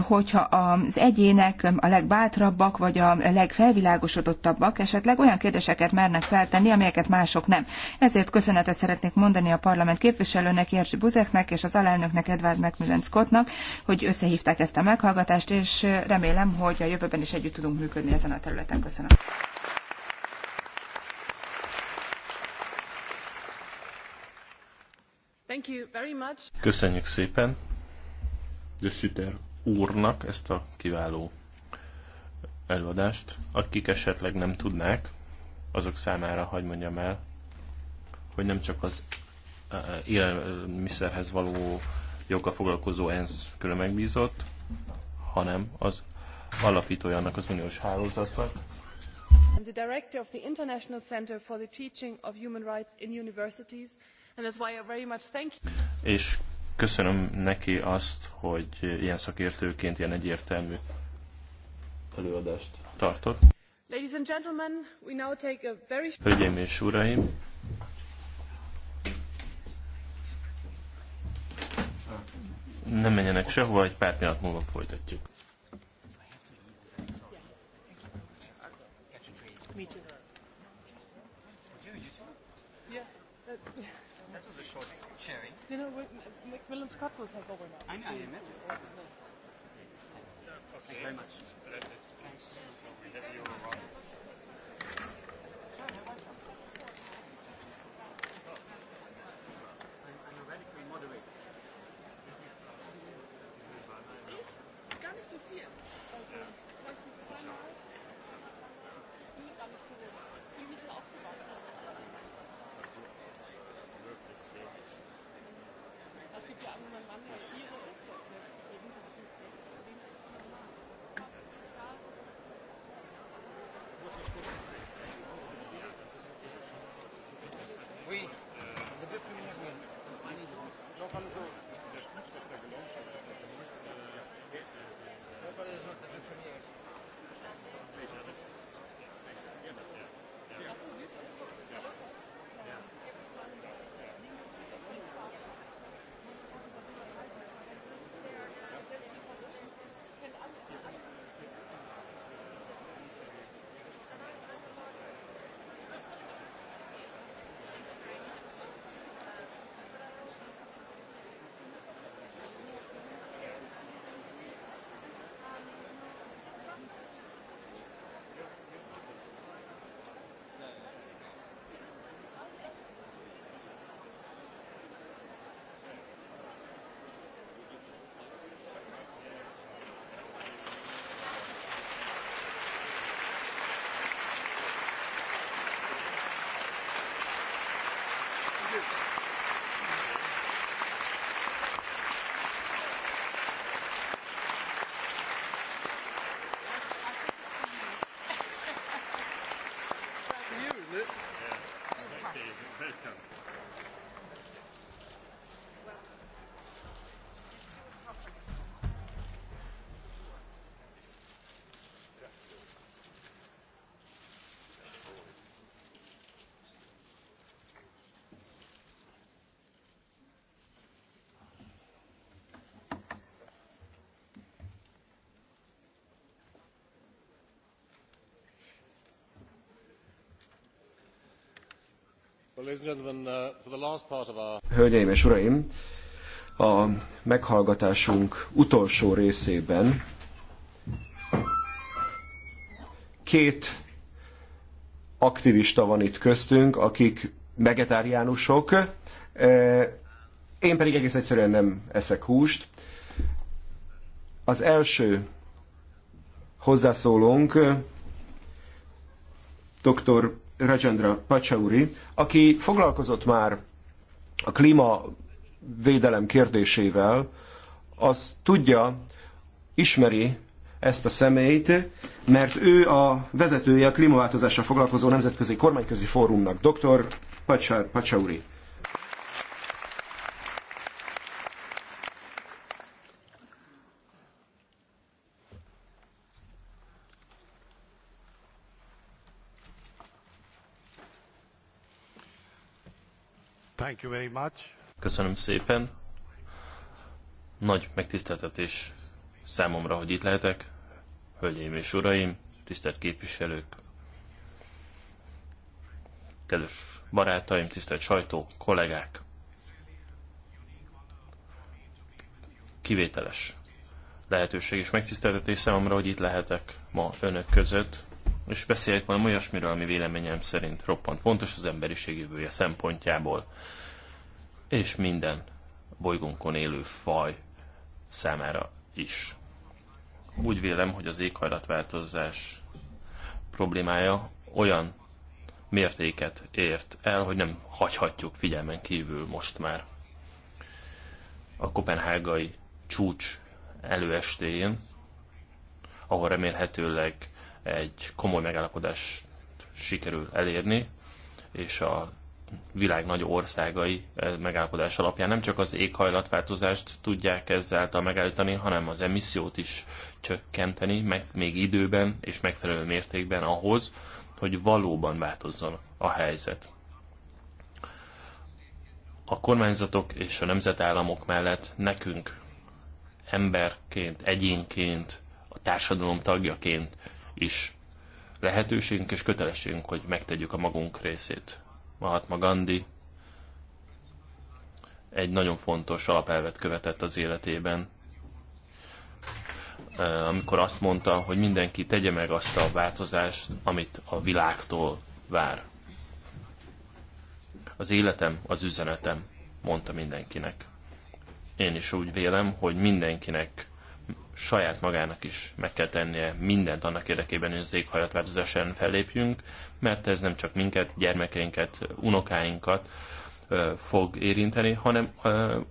S1: hogyha az egyének a legbátrabbak vagy a legfelvilágosodottabbak esetleg olyan kérdéseket mernek feltenni, amelyeket mások nem. Ezért köszönetet szeretnék mondani a parlament képviselőnek, elnöknek, Jerzy Buzeknek és az alelnöknek, Edward McMillan Scottnak, hogy összehívták ezt a meghallgatást, és remélem, hogy a jövőben is együtt tudunk működni ezen a területen. Köszönöm. Köszönjük
S3: szépen de Süter úrnak ezt a kiváló előadást. Akik esetleg nem tudnák, azok számára hagy mondjam el, hogy nem csak az élelmiszerhez való joggal foglalkozó ENSZ külön megbízott, hanem az alapítója annak az uniós hálózatnak.
S1: And the director of the International Center for the Teaching of Human Rights in Universities, and that's why I very much thank you.
S3: És köszönöm neki azt, hogy ilyen szakértőként ilyen egyértelmű előadást tartott.
S2: Ladies and gentlemen, we now take a very... Hölgyeim
S3: és uraim, Nem menjenek sehova, egy pár pillanat múlva folytatjuk. You Thanks. Uh, Hölgyeim és
S2: uraim, a meghallgatásunk utolsó részében két aktivista van itt köztünk, akik vegetáriánusok, e, én pedig egész egyszerűen nem eszek húst. Az első hozzászólónk dr. Rajendra Pachauri, aki foglalkozott már a klímavédelem kérdésével, az tudja, ismeri ezt a személyt, mert ő a vezetője a klímaváltozással foglalkozó nemzetközi kormányközi fórumnak, dr. Pachauri.
S3: you very much. Köszönöm szépen. Nagy megtiszteltetés számomra, hogy itt lehetek. Hölgyeim és uraim, tisztelt képviselők, kedves barátaim, tisztelt sajtó, kollégák. Kivételes lehetőség és megtiszteltetés számomra, hogy itt lehetek ma önök között, és beszéljek valami olyasmiről, ami véleményem szerint roppant fontos az emberiség jövője szempontjából és minden bolygónkon élő faj számára is. Úgy vélem, hogy az éghajlatváltozás problémája olyan mértéket ért el, hogy nem hagyhatjuk figyelmen kívül most már. A kopenhágai csúcs előestéjén, ahol remélhetőleg egy komoly megállapodást sikerül elérni, és a világ nagy országai eh, megállapodás alapján nem csak az éghajlatváltozást tudják a megállítani, hanem az emissziót is csökkenteni, meg még időben és megfelelő mértékben ahhoz, hogy valóban változzon a helyzet. A kormányzatok és a nemzetállamok mellett nekünk emberként, egyénként, a társadalom tagjaként is lehetőségünk és kötelességünk, hogy megtegyük a magunk részét Mahatma Gandhi egy nagyon fontos alapelvet követett az életében, amikor azt mondta, hogy mindenki tegye meg azt a változást, amit a világtól vár. Az életem, az üzenetem, mondta mindenkinek. Én is úgy vélem, hogy mindenkinek saját magának is meg kell tennie mindent annak érdekében, hogy az éghajlatváltozás ellen fellépjünk, mert ez nem csak minket, gyermekeinket, unokáinkat fog érinteni, hanem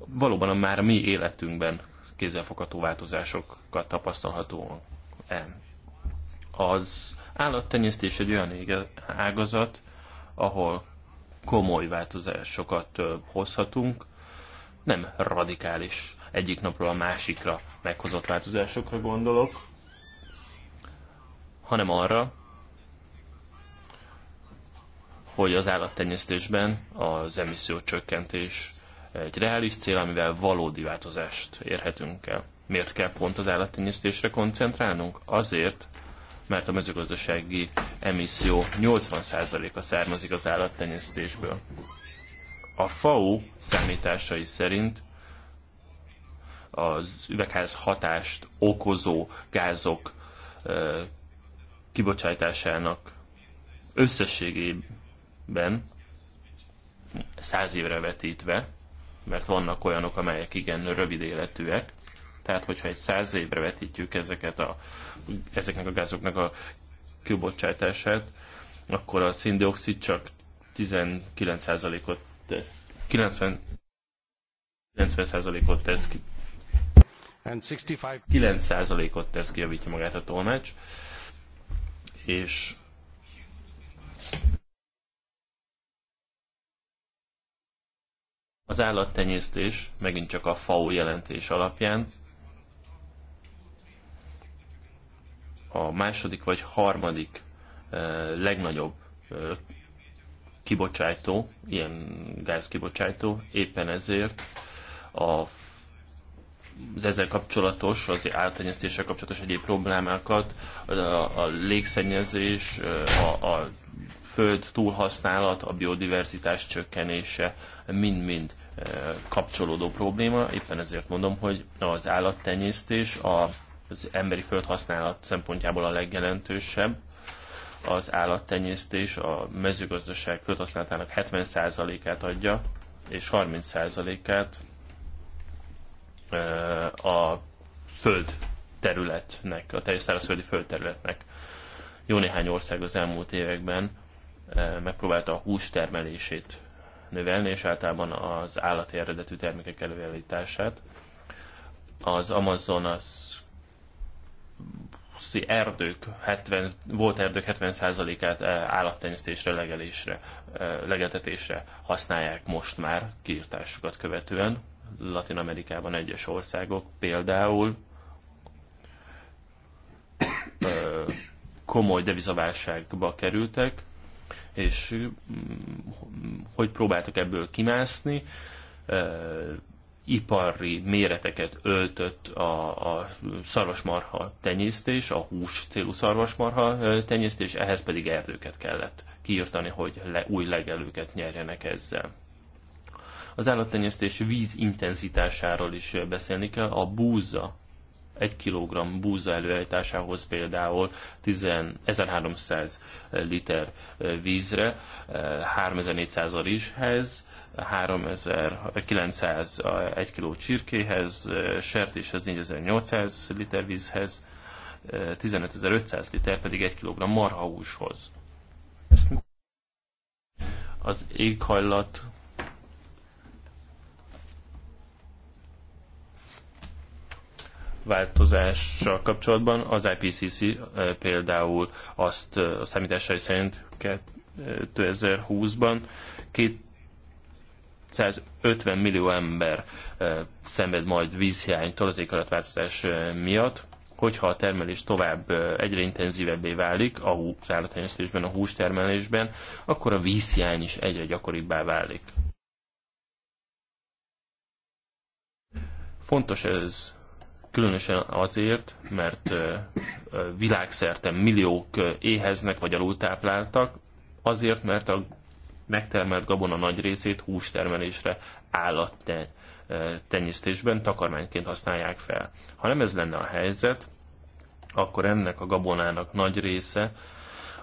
S3: valóban a már mi életünkben kézzelfogható változásokat tapasztalható el. Az állattenyésztés egy olyan ágazat, ahol komoly változásokat hozhatunk, nem radikális egyik napról a másikra meghozott változásokra gondolok, hanem arra, hogy az állattenyésztésben az csökkentés egy reális cél, amivel valódi változást érhetünk el. Miért kell pont az állattenyésztésre koncentrálnunk? Azért, mert a mezőgazdasági emisszió 80%-a származik az állattenyésztésből. A FAO számításai szerint az üvegház hatást okozó gázok kibocsátásának összességében száz évre vetítve, mert vannak olyanok, amelyek igen rövid életűek, tehát hogyha egy száz évre vetítjük ezeket a, ezeknek a gázoknak a kibocsátását, akkor a szindioxid csak 19%-ot tesz, 90, 90%-ot tesz ki 9%-ot tesz ki, javítja magát a tolmács, és az állattenyésztés megint csak a FAO jelentés alapján a második vagy harmadik eh, legnagyobb eh, kibocsátó, ilyen gázkibocsátó, éppen ezért a az ezzel kapcsolatos, az állatenyésztéssel kapcsolatos egyéb problémákat, a, a légszennyezés, a, a föld túlhasználat, a biodiverzitás csökkenése mind-mind e, kapcsolódó probléma. Éppen ezért mondom, hogy az állattenyésztés az emberi földhasználat szempontjából a legjelentősebb. Az állattenyésztés a mezőgazdaság földhasználatának 70%-át adja, és 30%-át a föld területnek, a teljes szárazföldi földterületnek. Jó néhány ország az elmúlt években megpróbálta a hús termelését növelni, és általában az állati eredetű termékek előállítását. Az az erdők 70, volt erdők 70%-át állattenyésztésre, legelésre, legeltetésre használják most már kiirtásukat követően. Latin Amerikában egyes országok, például ö, komoly devizaválságba kerültek, és mm, hogy próbáltak ebből kimászni, ö, ipari méreteket öltött a, a szarvasmarha tenyésztés, a hús célú szarvasmarha tenyésztés, ehhez pedig erdőket kellett kiirtani, hogy le, új legelőket nyerjenek ezzel. Az állattenyésztés víz intenzitásáról is beszélni kell. A búza, egy kilogramm búza előállításához például 1300 liter vízre, 3400 a rizshez, 3900 egy kiló csirkéhez, sertéshez 4800 liter vízhez, 15500 liter pedig 1 kg marhahúshoz. Ezt az éghajlat változással kapcsolatban az IPCC eh, például azt eh, a számításai szerint 2020-ban 250 millió ember eh, szenved majd vízhiánytól az éghajlatváltozás miatt, hogyha a termelés tovább egyre intenzívebbé válik, a hús állattenyésztésben, a hústermelésben, akkor a vízhiány is egyre gyakoribbá válik. Fontos ez Különösen azért, mert világszerte milliók éheznek vagy alultápláltak, azért, mert a megtermelt gabona nagy részét hústermelésre, tenyésztésben takarmányként használják fel. Ha nem ez lenne a helyzet, akkor ennek a gabonának nagy része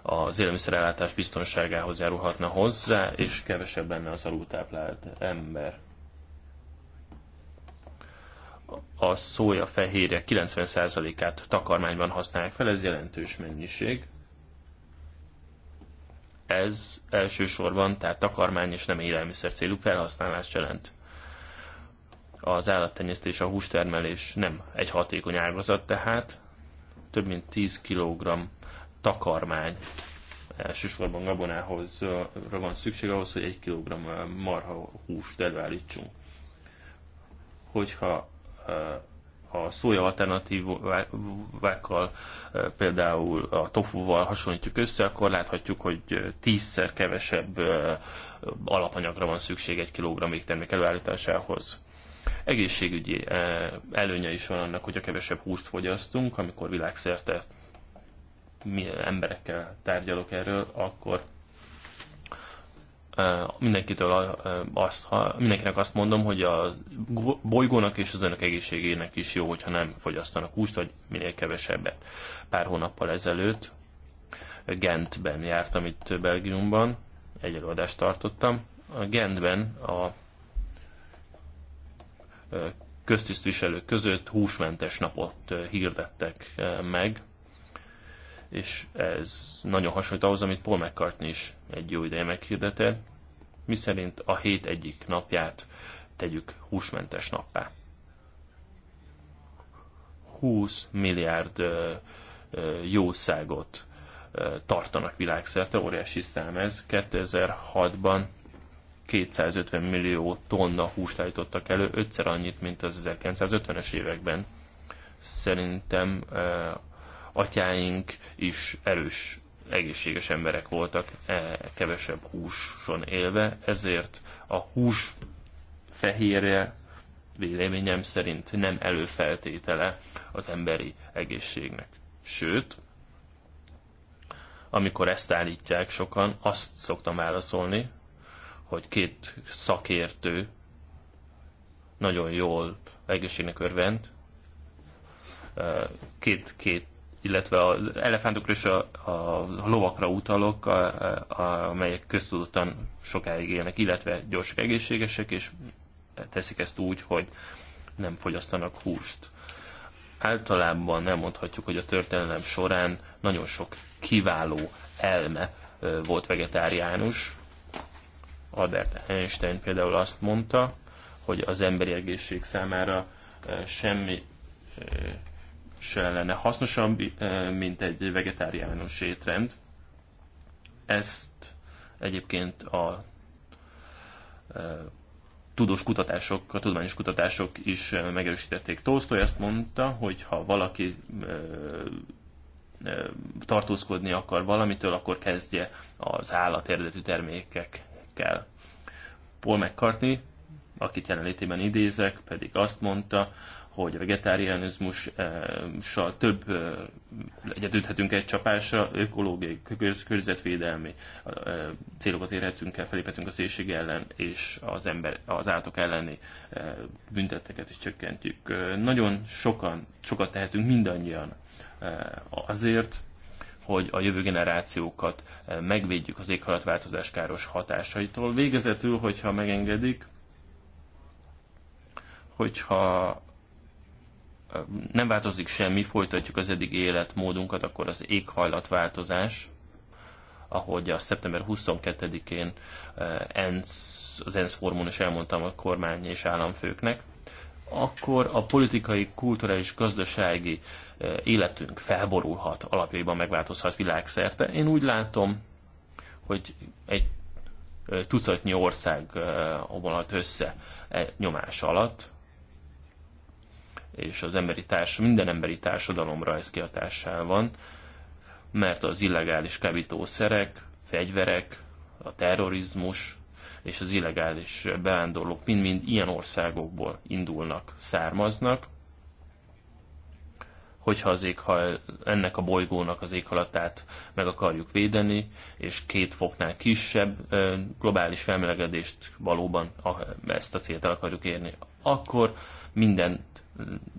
S3: az élelmiszerellátás biztonságához járulhatna hozzá, és kevesebb lenne az alultáplált ember a szója fehérje 90%-át takarmányban használják fel, ez jelentős mennyiség. Ez elsősorban, tehát takarmány és nem élelmiszer célú felhasználás jelent. Az állattenyésztés, a hústermelés nem egy hatékony ágazat, tehát több mint 10 kg takarmány elsősorban gabonához van szükség ahhoz, hogy 1 kg marha húst előállítsunk. Hogyha a szója alternatívákkal, e, például a tofuval hasonlítjuk össze, akkor láthatjuk, hogy tízszer kevesebb e, alapanyagra van szükség egy kilogramm termék előállításához. Egészségügyi e, előnye is van annak, hogy a kevesebb húst fogyasztunk, amikor világszerte mi emberekkel tárgyalok erről, akkor mindenkitől azt, ha, mindenkinek azt mondom, hogy a bolygónak és az önök egészségének is jó, hogyha nem fogyasztanak húst, vagy minél kevesebbet. Pár hónappal ezelőtt Gentben jártam itt Belgiumban, egy előadást tartottam. A Gentben a köztisztviselők között húsmentes napot hirdettek meg, és ez nagyon hasonlít ahhoz, amit Paul McCartney is egy jó ideje meghirdetett, miszerint a hét egyik napját tegyük húsmentes nappá. 20 milliárd ö, ö, jószágot ö, tartanak világszerte, óriási szám ez. 2006-ban 250 millió tonna húst állítottak elő, ötszer annyit, mint az 1950-es években. Szerintem atyáink is erős, egészséges emberek voltak, e, kevesebb húson élve, ezért a hús fehérje véleményem szerint nem előfeltétele az emberi egészségnek. Sőt, amikor ezt állítják sokan, azt szoktam válaszolni, hogy két szakértő nagyon jól egészségnek örvend, két-két e, illetve az elefántokra és a, a lovakra utalok, a, a, amelyek köztudottan sokáig élnek, illetve gyorsak, egészségesek, és teszik ezt úgy, hogy nem fogyasztanak húst. Általában nem mondhatjuk, hogy a történelem során nagyon sok kiváló elme volt vegetáriánus. Albert Einstein például azt mondta, hogy az emberi egészség számára semmi se lenne hasznosabb, eh, mint egy vegetáriánus étrend. Ezt egyébként a eh, tudós kutatások, a tudományos kutatások is eh, megerősítették. Tolstoy azt mondta, hogy ha valaki tartózkodni akar valamitől, akkor kezdje az állat eredetű termékekkel. Paul McCartney, akit jelenlétében idézek, pedig azt mondta, hogy a vegetáriánizmussal eh, több eh, egyedülhetünk egy csapásra, ökológiai, környezetvédelmi eh, célokat érhetünk el, feléphetünk a szélség ellen, és az, ember, az állatok elleni büntetteket is csökkentjük. Nagyon sokan, sokat tehetünk mindannyian azért, hogy a jövő generációkat megvédjük az éghajlatváltozás káros hatásaitól. Végezetül, hogyha megengedik, hogyha nem változik semmi, folytatjuk az eddig életmódunkat, akkor az éghajlatváltozás, ahogy a szeptember 22-én eh, ENSZ, az ENSZ formon is elmondtam a kormány és államfőknek, akkor a politikai, kulturális, gazdasági eh, életünk felborulhat, alapjában megváltozhat világszerte. Én úgy látom, hogy egy eh, tucatnyi ország omolhat össze nyomás alatt, és az emberi társ, minden emberi társadalomra ez kihatással van, mert az illegális kábítószerek, fegyverek, a terrorizmus és az illegális bevándorlók mind-mind ilyen országokból indulnak, származnak, hogyha az éghajl, ennek a bolygónak az éghalatát meg akarjuk védeni, és két foknál kisebb globális felmelegedést valóban ezt a célt el akarjuk érni, akkor mindent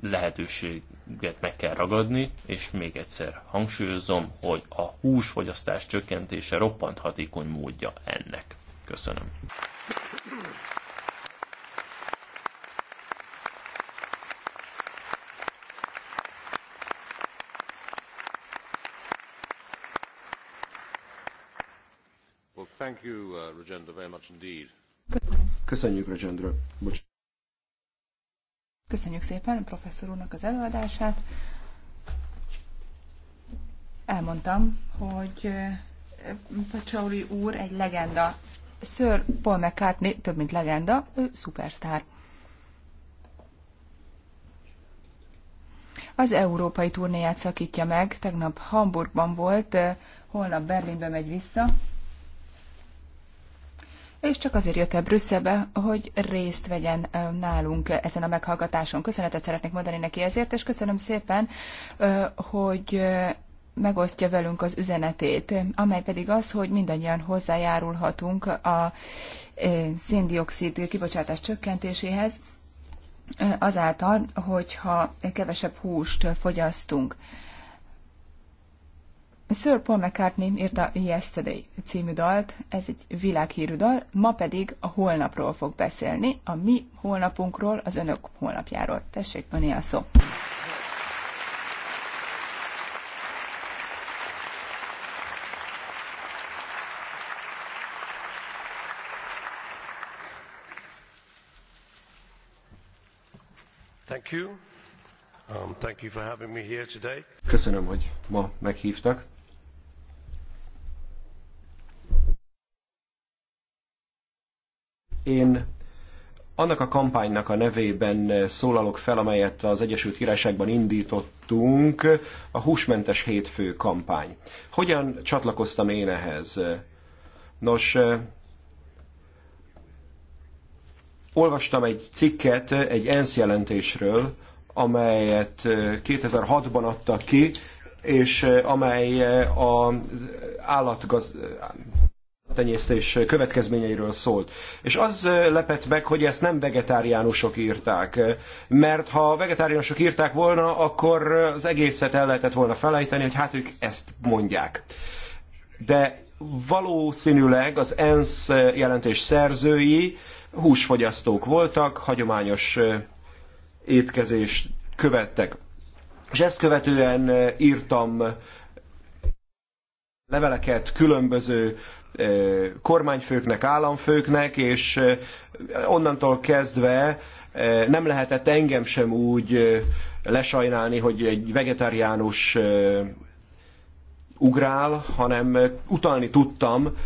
S3: lehetőséget meg kell ragadni, és még egyszer hangsúlyozom, hogy a húsfogyasztás csökkentése roppant hatékony módja ennek. Köszönöm.
S2: thank you, uh, Rajendra, very much indeed. Köszönjük, Rajendra. Bocsánat.
S1: Köszönjük szépen a professzor úrnak az előadását. Elmondtam, hogy Pacsauli úr egy legenda. Sir Paul McCartney több mint legenda, ő szupersztár. Az európai turnéját szakítja meg, tegnap Hamburgban volt, holnap Berlinbe megy vissza és csak azért jött el Brüsszelbe, hogy részt vegyen nálunk ezen a meghallgatáson. Köszönetet szeretnék mondani neki ezért, és köszönöm szépen, hogy megosztja velünk az üzenetét, amely pedig az, hogy mindannyian hozzájárulhatunk a széndiokszid kibocsátás csökkentéséhez, azáltal, hogyha kevesebb húst fogyasztunk. Sir Paul McCartney írta Yesterday című dalt, ez egy világhírű dal, ma pedig a holnapról fog beszélni, a mi holnapunkról, az önök holnapjáról. Tessék, Pani a szó. Thank you. Um, thank you for having me here today.
S2: Köszönöm, hogy ma meghívtak. Én annak a kampánynak a nevében szólalok fel, amelyet az Egyesült Királyságban indítottunk, a Húsmentes Hétfő kampány. Hogyan csatlakoztam én ehhez? Nos, eh, olvastam egy cikket egy ENSZ jelentésről, amelyet 2006-ban eh, adtak ki, és eh, amely az állatgaz tenyésztés következményeiről szólt. És az lepett meg, hogy ezt nem vegetáriánusok írták, mert ha vegetáriánusok írták volna, akkor az egészet el lehetett volna felejteni, hogy hát ők ezt mondják. De valószínűleg az ENSZ jelentés szerzői húsfogyasztók voltak, hagyományos étkezést követtek. És ezt követően írtam leveleket különböző kormányfőknek, államfőknek, és onnantól kezdve nem lehetett engem sem úgy lesajnálni, hogy egy vegetáriánus ugrál, hanem utalni tudtam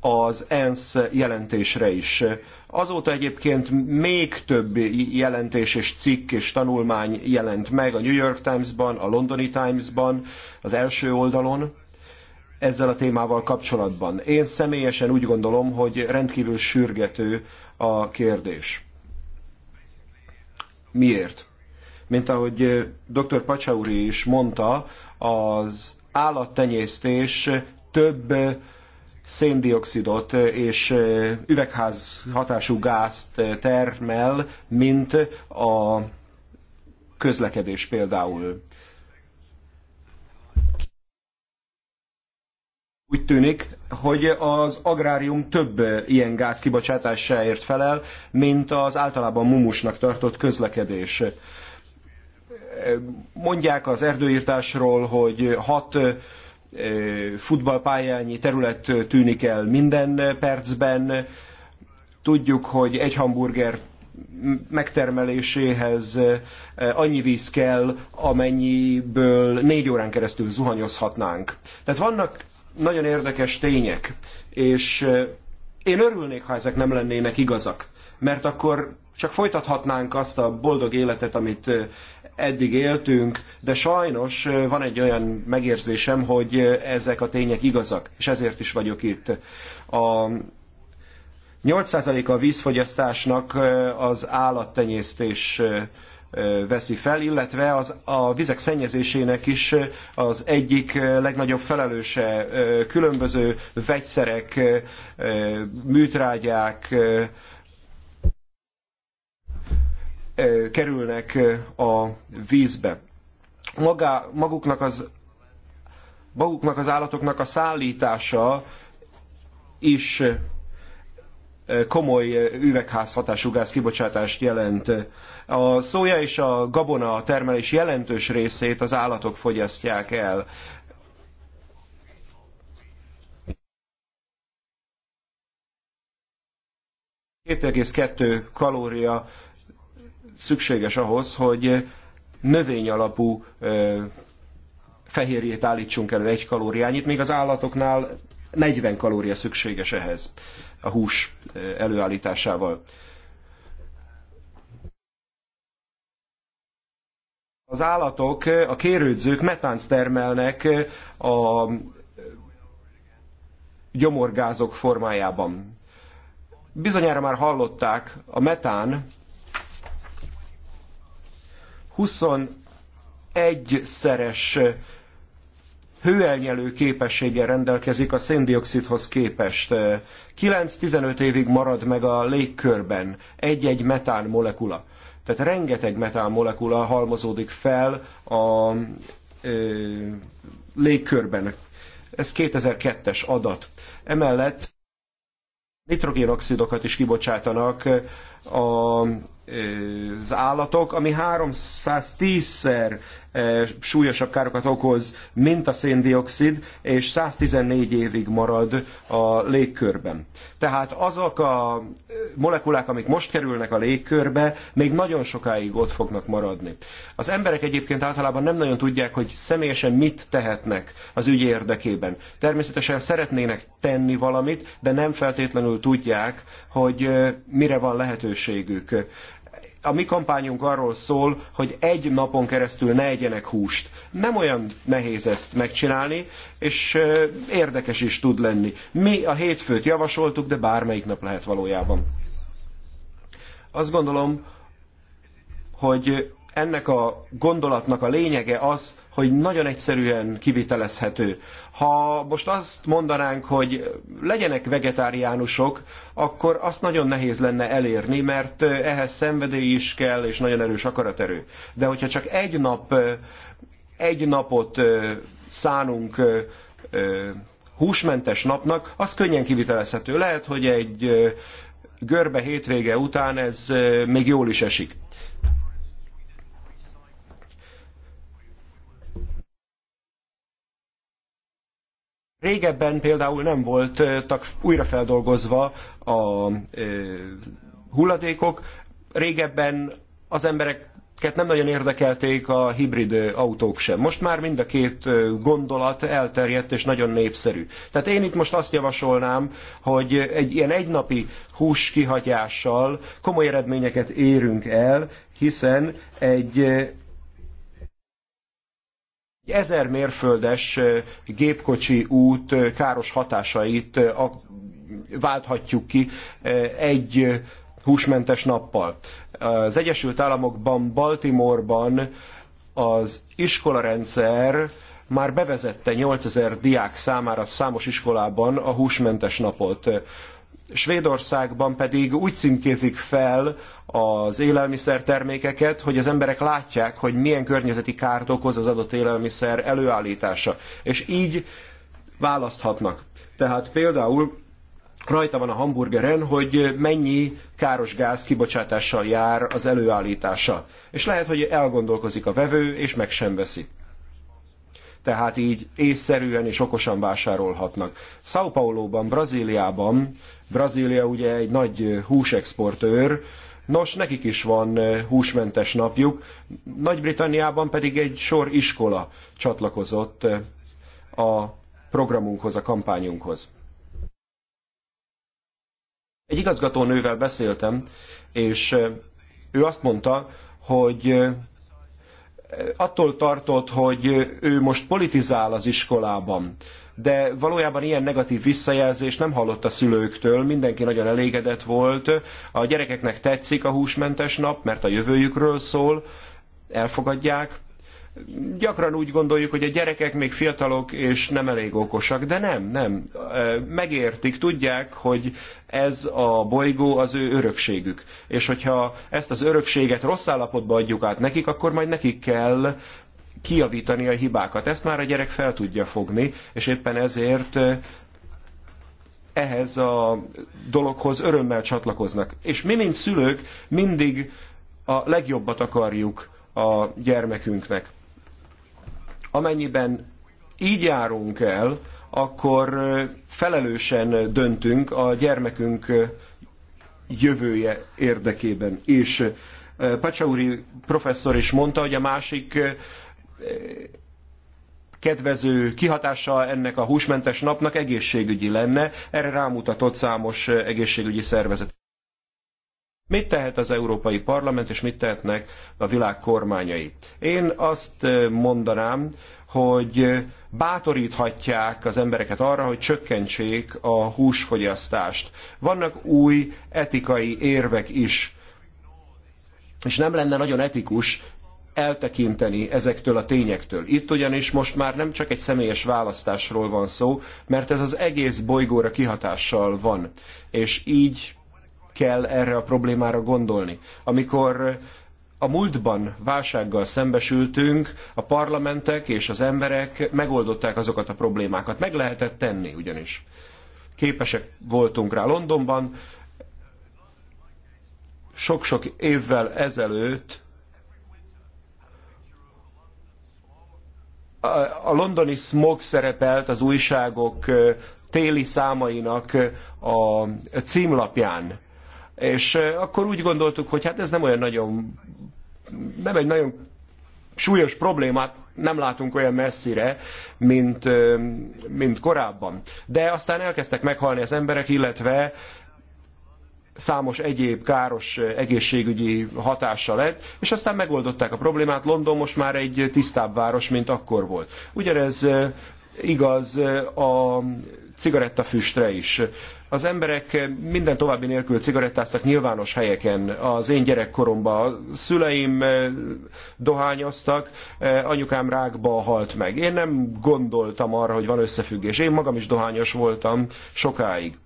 S2: az ENSZ jelentésre is. Azóta egyébként még több jelentés és cikk és tanulmány jelent meg a New York Times-ban, a Londoni Times-ban, az első oldalon ezzel a témával kapcsolatban. Én személyesen úgy gondolom, hogy rendkívül sürgető a kérdés. Miért? Mint ahogy dr. Pacsauri is mondta, az állattenyésztés több széndiokszidot és üvegház hatású gázt termel, mint a közlekedés például. úgy tűnik, hogy az agrárium több ilyen gáz kibocsátásáért felel, mint az általában mumusnak tartott közlekedés. Mondják az erdőírtásról, hogy hat futballpályányi terület tűnik el minden percben. Tudjuk, hogy egy hamburger megtermeléséhez annyi víz kell, amennyiből négy órán keresztül zuhanyozhatnánk. Tehát vannak nagyon érdekes tények, és eh, én örülnék, ha ezek nem lennének igazak, mert akkor csak folytathatnánk azt a boldog életet, amit eh, eddig éltünk, de sajnos eh, van egy olyan megérzésem, hogy ezek a tények igazak, és ezért is vagyok itt. A 8%-a a vízfogyasztásnak az állattenyésztés veszi fel, illetve az, a vizek szennyezésének is az egyik legnagyobb felelőse különböző vegyszerek, műtrágyák kerülnek a vízbe. Maga, maguknak az maguknak az állatoknak a szállítása is komoly üvegházhatású gáz kibocsátást jelent. A szója és a gabona termelés jelentős részét az állatok fogyasztják el. ...2,2 kalória szükséges ahhoz, hogy növényalapú fehérjét állítsunk elő egy kalóriányit, még az állatoknál 40 kalória szükséges ehhez a hús előállításával. Az állatok, a kérődzők metánt termelnek a gyomorgázok formájában. Bizonyára már hallották, a metán 21-szeres hőelnyelő képességgel rendelkezik a széndiokszidhoz képest. 9-15 évig marad meg a légkörben egy-egy metán molekula. Tehát rengeteg metán molekula halmozódik fel a ö, légkörben. Ez 2002-es adat. Emellett nitrogénoxidokat is kibocsátanak a, az állatok, ami 310-szer súlyosabb károkat okoz, mint a széndiokszid, és 114 évig marad a légkörben. Tehát azok a molekulák, amik most kerülnek a légkörbe, még nagyon sokáig ott fognak maradni. Az emberek egyébként általában nem nagyon tudják, hogy személyesen mit tehetnek az ügy érdekében. Természetesen szeretnének tenni valamit, de nem feltétlenül tudják, hogy mire van lehetőségük a mi kampányunk arról szól, hogy egy napon keresztül ne egyenek húst. Nem olyan nehéz ezt megcsinálni, és érdekes is tud lenni. Mi a hétfőt javasoltuk, de bármelyik nap lehet valójában. Azt gondolom, hogy ennek a gondolatnak a lényege az, hogy nagyon egyszerűen kivitelezhető. Ha most azt mondanánk, hogy legyenek vegetáriánusok, akkor azt nagyon nehéz lenne elérni, mert ehhez szenvedély is kell, és nagyon erős akaraterő. De hogyha csak egy nap, egy napot szánunk húsmentes napnak, az könnyen kivitelezhető. Lehet, hogy egy görbe hétvége után ez még jól is esik. Régebben például nem voltak újrafeldolgozva a hulladékok, régebben az embereket nem nagyon érdekelték a hibrid autók sem. Most már mind a két gondolat elterjedt és nagyon népszerű. Tehát én itt most azt javasolnám, hogy egy ilyen egynapi hús kihagyással komoly eredményeket érünk el, hiszen egy egy ezer mérföldes gépkocsi út káros hatásait válthatjuk ki egy húsmentes nappal. Az Egyesült Államokban, Baltimoreban az iskolarendszer már bevezette 8000 diák számára számos iskolában a húsmentes napot. Svédországban pedig úgy címkézik fel az élelmiszertermékeket, hogy az emberek látják, hogy milyen környezeti kárt okoz az adott élelmiszer előállítása. És így választhatnak. Tehát például rajta van a hamburgeren, hogy mennyi káros gáz kibocsátással jár az előállítása. És lehet, hogy elgondolkozik a vevő, és meg sem veszi. Tehát így észszerűen és okosan vásárolhatnak. São Paulo-ban, Brazíliában Brazília ugye egy nagy húsexportőr, Nos, nekik is van húsmentes napjuk, Nagy-Britanniában pedig egy sor iskola csatlakozott a programunkhoz, a kampányunkhoz. Egy igazgatónővel beszéltem, és ő azt mondta, hogy attól tartott, hogy ő most politizál az iskolában de valójában ilyen negatív visszajelzés nem hallott a szülőktől, mindenki nagyon elégedett volt, a gyerekeknek tetszik a húsmentes nap, mert a jövőjükről szól, elfogadják, gyakran úgy gondoljuk, hogy a gyerekek még fiatalok és nem elég okosak, de nem, nem. Megértik, tudják, hogy ez a bolygó az ő örökségük. És hogyha ezt az örökséget rossz állapotba adjuk át nekik, akkor majd nekik kell kijavítani a hibákat. Ezt már a gyerek fel tudja fogni, és éppen ezért ehhez a dologhoz örömmel csatlakoznak. És mi, mint szülők, mindig a legjobbat akarjuk a gyermekünknek. Amennyiben így járunk el, akkor felelősen döntünk a gyermekünk jövője érdekében. És Pacsauri professzor is mondta, hogy a másik kedvező kihatása ennek a húsmentes napnak egészségügyi lenne, erre rámutatott számos egészségügyi szervezet. Mit tehet az Európai Parlament, és mit tehetnek a világ kormányai? Én azt mondanám, hogy bátoríthatják az embereket arra, hogy csökkentsék a húsfogyasztást. Vannak új etikai érvek is, és nem lenne nagyon etikus eltekinteni ezektől a tényektől. Itt ugyanis most már nem csak egy személyes választásról van szó, mert ez az egész bolygóra kihatással van, és így kell erre a problémára gondolni. Amikor a múltban válsággal szembesültünk, a parlamentek és az emberek megoldották azokat a problémákat. Meg lehetett tenni ugyanis. Képesek voltunk rá Londonban, sok-sok évvel ezelőtt a londoni smog szerepelt az újságok téli számainak a címlapján. És akkor úgy gondoltuk, hogy hát ez nem olyan nagyon, nem egy nagyon súlyos problémát nem látunk olyan messzire, mint, mint korábban. De aztán elkezdtek meghalni az emberek, illetve számos egyéb káros egészségügyi hatása lett, és aztán megoldották a problémát. London most már egy tisztább város, mint akkor volt. Ugyanez igaz a cigarettafüstre is. Az emberek minden további nélkül cigarettáztak nyilvános helyeken. Az én gyerekkoromban a szüleim dohányoztak, anyukám rákba halt meg. Én nem gondoltam arra, hogy van összefüggés. Én magam is dohányos voltam sokáig.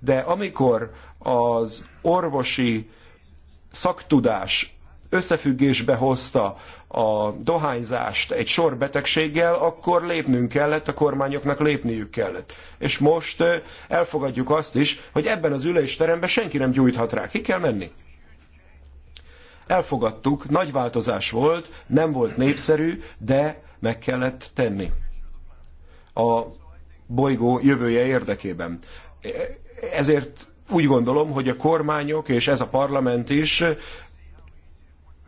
S2: De amikor az orvosi szaktudás összefüggésbe hozta a dohányzást egy sor betegséggel, akkor lépnünk kellett, a kormányoknak lépniük kellett. És most elfogadjuk azt is, hogy ebben az ülésteremben senki nem gyújthat rá. Ki kell menni? Elfogadtuk, nagy változás volt, nem volt népszerű, de meg kellett tenni. A bolygó jövője érdekében. E, ezért úgy gondolom, hogy a kormányok és ez a parlament is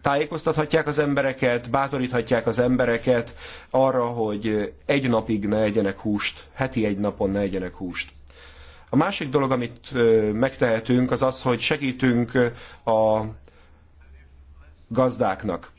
S2: tájékoztathatják az embereket, bátoríthatják az embereket arra, hogy egy napig ne egyenek húst, heti egy napon ne egyenek húst. A másik dolog, amit megtehetünk, az az, hogy segítünk a gazdáknak.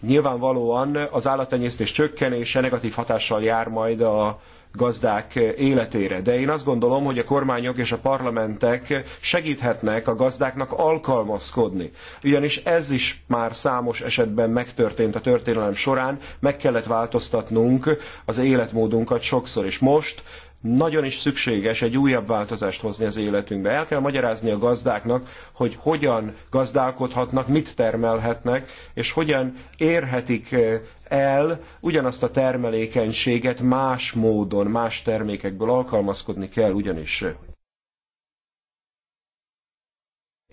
S2: Nyilvánvalóan az állattenyésztés csökkenése negatív hatással jár majd a gazdák eh, életére. De én azt gondolom, hogy a kormányok és a parlamentek segíthetnek a gazdáknak alkalmazkodni. Ugyanis ez is már számos esetben megtörtént a történelem során, meg kellett változtatnunk az életmódunkat sokszor. És most nagyon is szükséges egy újabb változást hozni az életünkbe. El kell magyarázni a gazdáknak, hogy hogyan gazdálkodhatnak, mit termelhetnek, és hogyan érhetik eh, el ugyanazt a termelékenységet más módon, más termékekből alkalmazkodni kell ugyanis. Eh,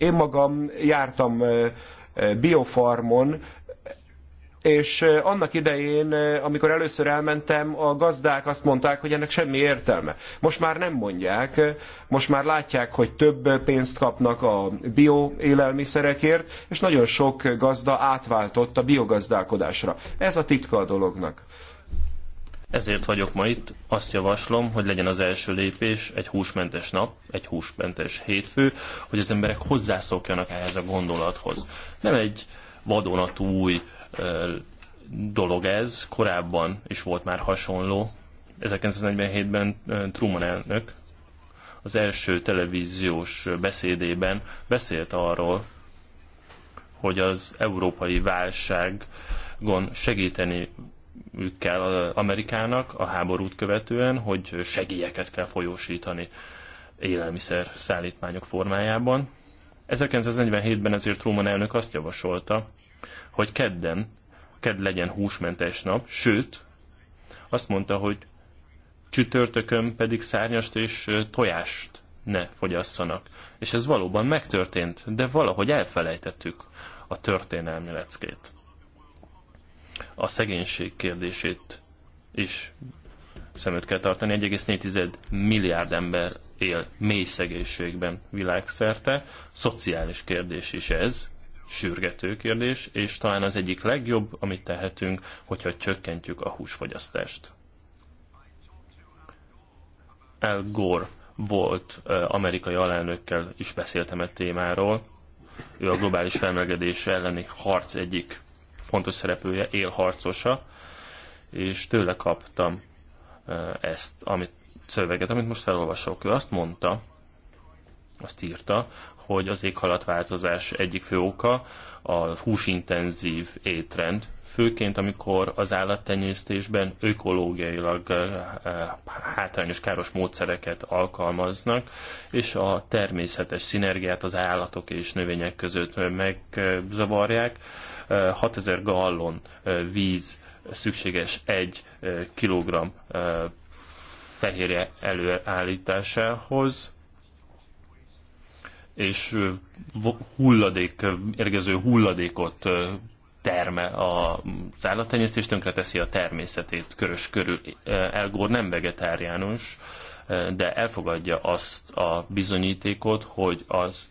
S2: én magam jártam eh, biofarmon, és annak idején, amikor először elmentem, a gazdák azt mondták, hogy ennek semmi értelme. Most már nem mondják, most már látják, hogy több pénzt kapnak a bio élelmiszerekért, és nagyon sok gazda átváltott a biogazdálkodásra. Ez a titka a dolognak.
S3: Ezért vagyok ma itt, azt javaslom, hogy legyen az első lépés egy húsmentes nap, egy húsmentes hétfő, hogy az emberek hozzászokjanak ehhez a gondolathoz. Nem egy vadonatúj dolog ez, korábban is volt már hasonló. 1947-ben Truman elnök az első televíziós beszédében beszélt arról, hogy az európai válságon segíteni kell Amerikának a háborút követően, hogy segélyeket kell folyósítani élelmiszer szállítmányok formájában. 1947-ben ezért Truman elnök azt javasolta, hogy kedden, kedd legyen húsmentes nap, sőt, azt mondta, hogy csütörtökön pedig szárnyast és tojást ne fogyasszanak. És ez valóban megtörtént, de valahogy elfelejtettük a történelmi leckét. A szegénység kérdését is szem kell tartani. 1,4 milliárd ember él mély szegénységben világszerte. Szociális kérdés is ez, sürgető kérdés, és talán az egyik legjobb, amit tehetünk, hogyha csökkentjük a húsfogyasztást. Al Gore volt amerikai alelnökkel is beszéltem egy témáról. Ő a globális felmelegedés elleni harc egyik fontos szereplője, élharcosa, és tőle kaptam ezt, amit szöveget, amit most felolvasok. Ő azt mondta, azt írta, hogy az éghajlatváltozás egyik fő oka a húsintenzív étrend, főként amikor az állattenyésztésben ökológiailag eh, eh, hátrányos, káros módszereket alkalmaznak, és a természetes szinergiát az állatok és növények között eh, megzavarják. 6000 gallon víz szükséges egy kilogramm fehérje előállításához, és hulladék, érgező hulladékot terme a állattenyésztés, tönkreteszi a természetét körös körül. Elgór nem vegetáriánus, de elfogadja azt a bizonyítékot, hogy az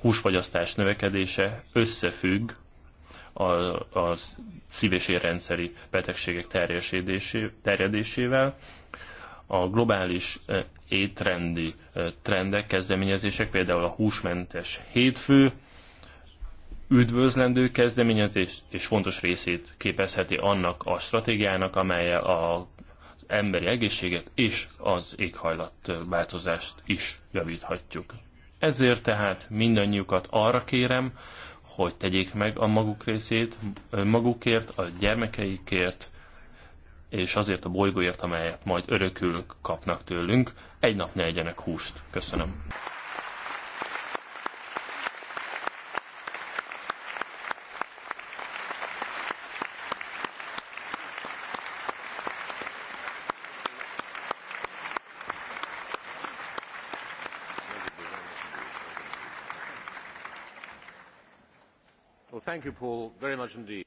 S3: húsfogyasztás növekedése összefügg a, a szív- és érrendszeri betegségek terjedésével, a globális e, étrendi e, trendek, kezdeményezések, például a húsmentes hétfő, üdvözlendő kezdeményezés, és fontos részét képezheti annak a stratégiának, amely az emberi egészséget és az éghajlat változást is javíthatjuk. Ezért tehát mindannyiukat arra kérem, hogy tegyék meg a maguk részét, magukért, a gyermekeikért, és azért a bolygóért, amelyet majd örökül kapnak tőlünk, egy nap ne egyenek húst. Köszönöm.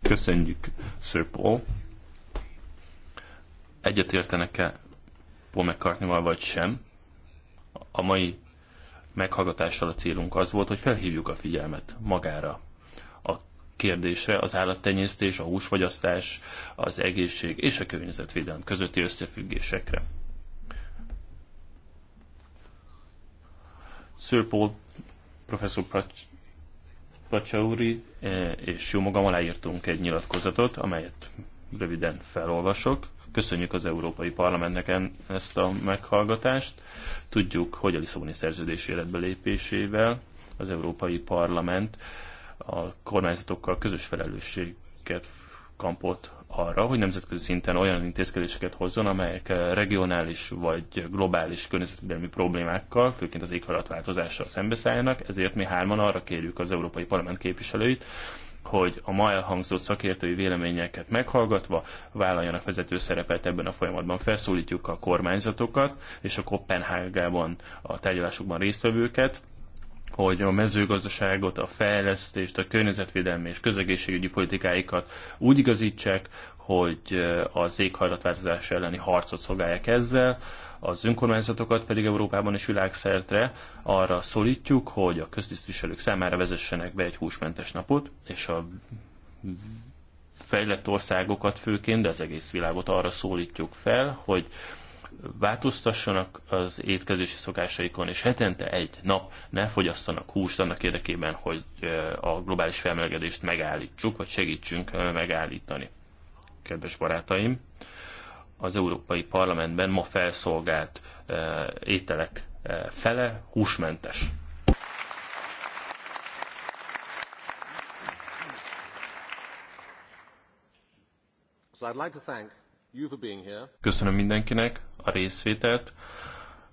S3: Köszönjük, Sir Paul egyetértenek-e Paul mccartney vagy sem. A mai meghallgatással a célunk az volt, hogy felhívjuk a figyelmet magára a kérdésre, az állattenyésztés, a húsfogyasztás, az egészség és a környezetvédelem közötti összefüggésekre. Sir Paul, professzor Pacsauri eh, és jó magam aláírtunk egy nyilatkozatot, amelyet röviden felolvasok. Köszönjük az Európai Parlamentnek ezt a meghallgatást. Tudjuk, hogy a Lisszaboni szerződés életbe lépésével az Európai Parlament a kormányzatokkal közös felelősséget kampott arra, hogy nemzetközi szinten olyan intézkedéseket hozzon, amelyek regionális vagy globális környezetvédelmi problémákkal, főként az éghajlatváltozással szembeszálljanak, ezért mi hárman arra kérjük az Európai Parlament képviselőit, hogy a ma elhangzott szakértői véleményeket meghallgatva vállaljanak vezető szerepet ebben a folyamatban. Felszólítjuk a kormányzatokat és a Kopenhágában a tárgyalásokban résztvevőket, hogy a mezőgazdaságot, a fejlesztést, a környezetvédelmi és közegészségügyi politikáikat úgy igazítsák, hogy az éghajlatváltozás elleni harcot szolgálják ezzel, az önkormányzatokat pedig Európában és világszerte arra szólítjuk, hogy a köztisztviselők számára vezessenek be egy húsmentes napot, és a fejlett országokat főként, de az egész világot arra szólítjuk fel, hogy változtassanak az étkezési szokásaikon, és hetente egy nap ne fogyasszanak húst annak érdekében, hogy a globális felmelegedést megállítsuk, vagy segítsünk megállítani. Kedves barátaim, az Európai Parlamentben ma felszolgált eh, ételek eh, fele húsmentes. Köszönöm mindenkinek a részvételt.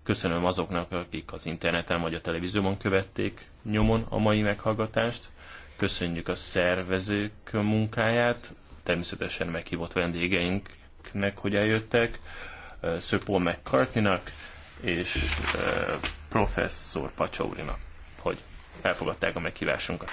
S3: Köszönöm azoknak, akik az interneten vagy a televízióban követték nyomon a mai meghallgatást. Köszönjük a szervezők munkáját. Természetesen meghívott vendégeink Nek, hogy eljöttek, eh, Sir Paul McCartney-nak és eh, professzor Pacsaurinak, hogy elfogadták a meghívásunkat.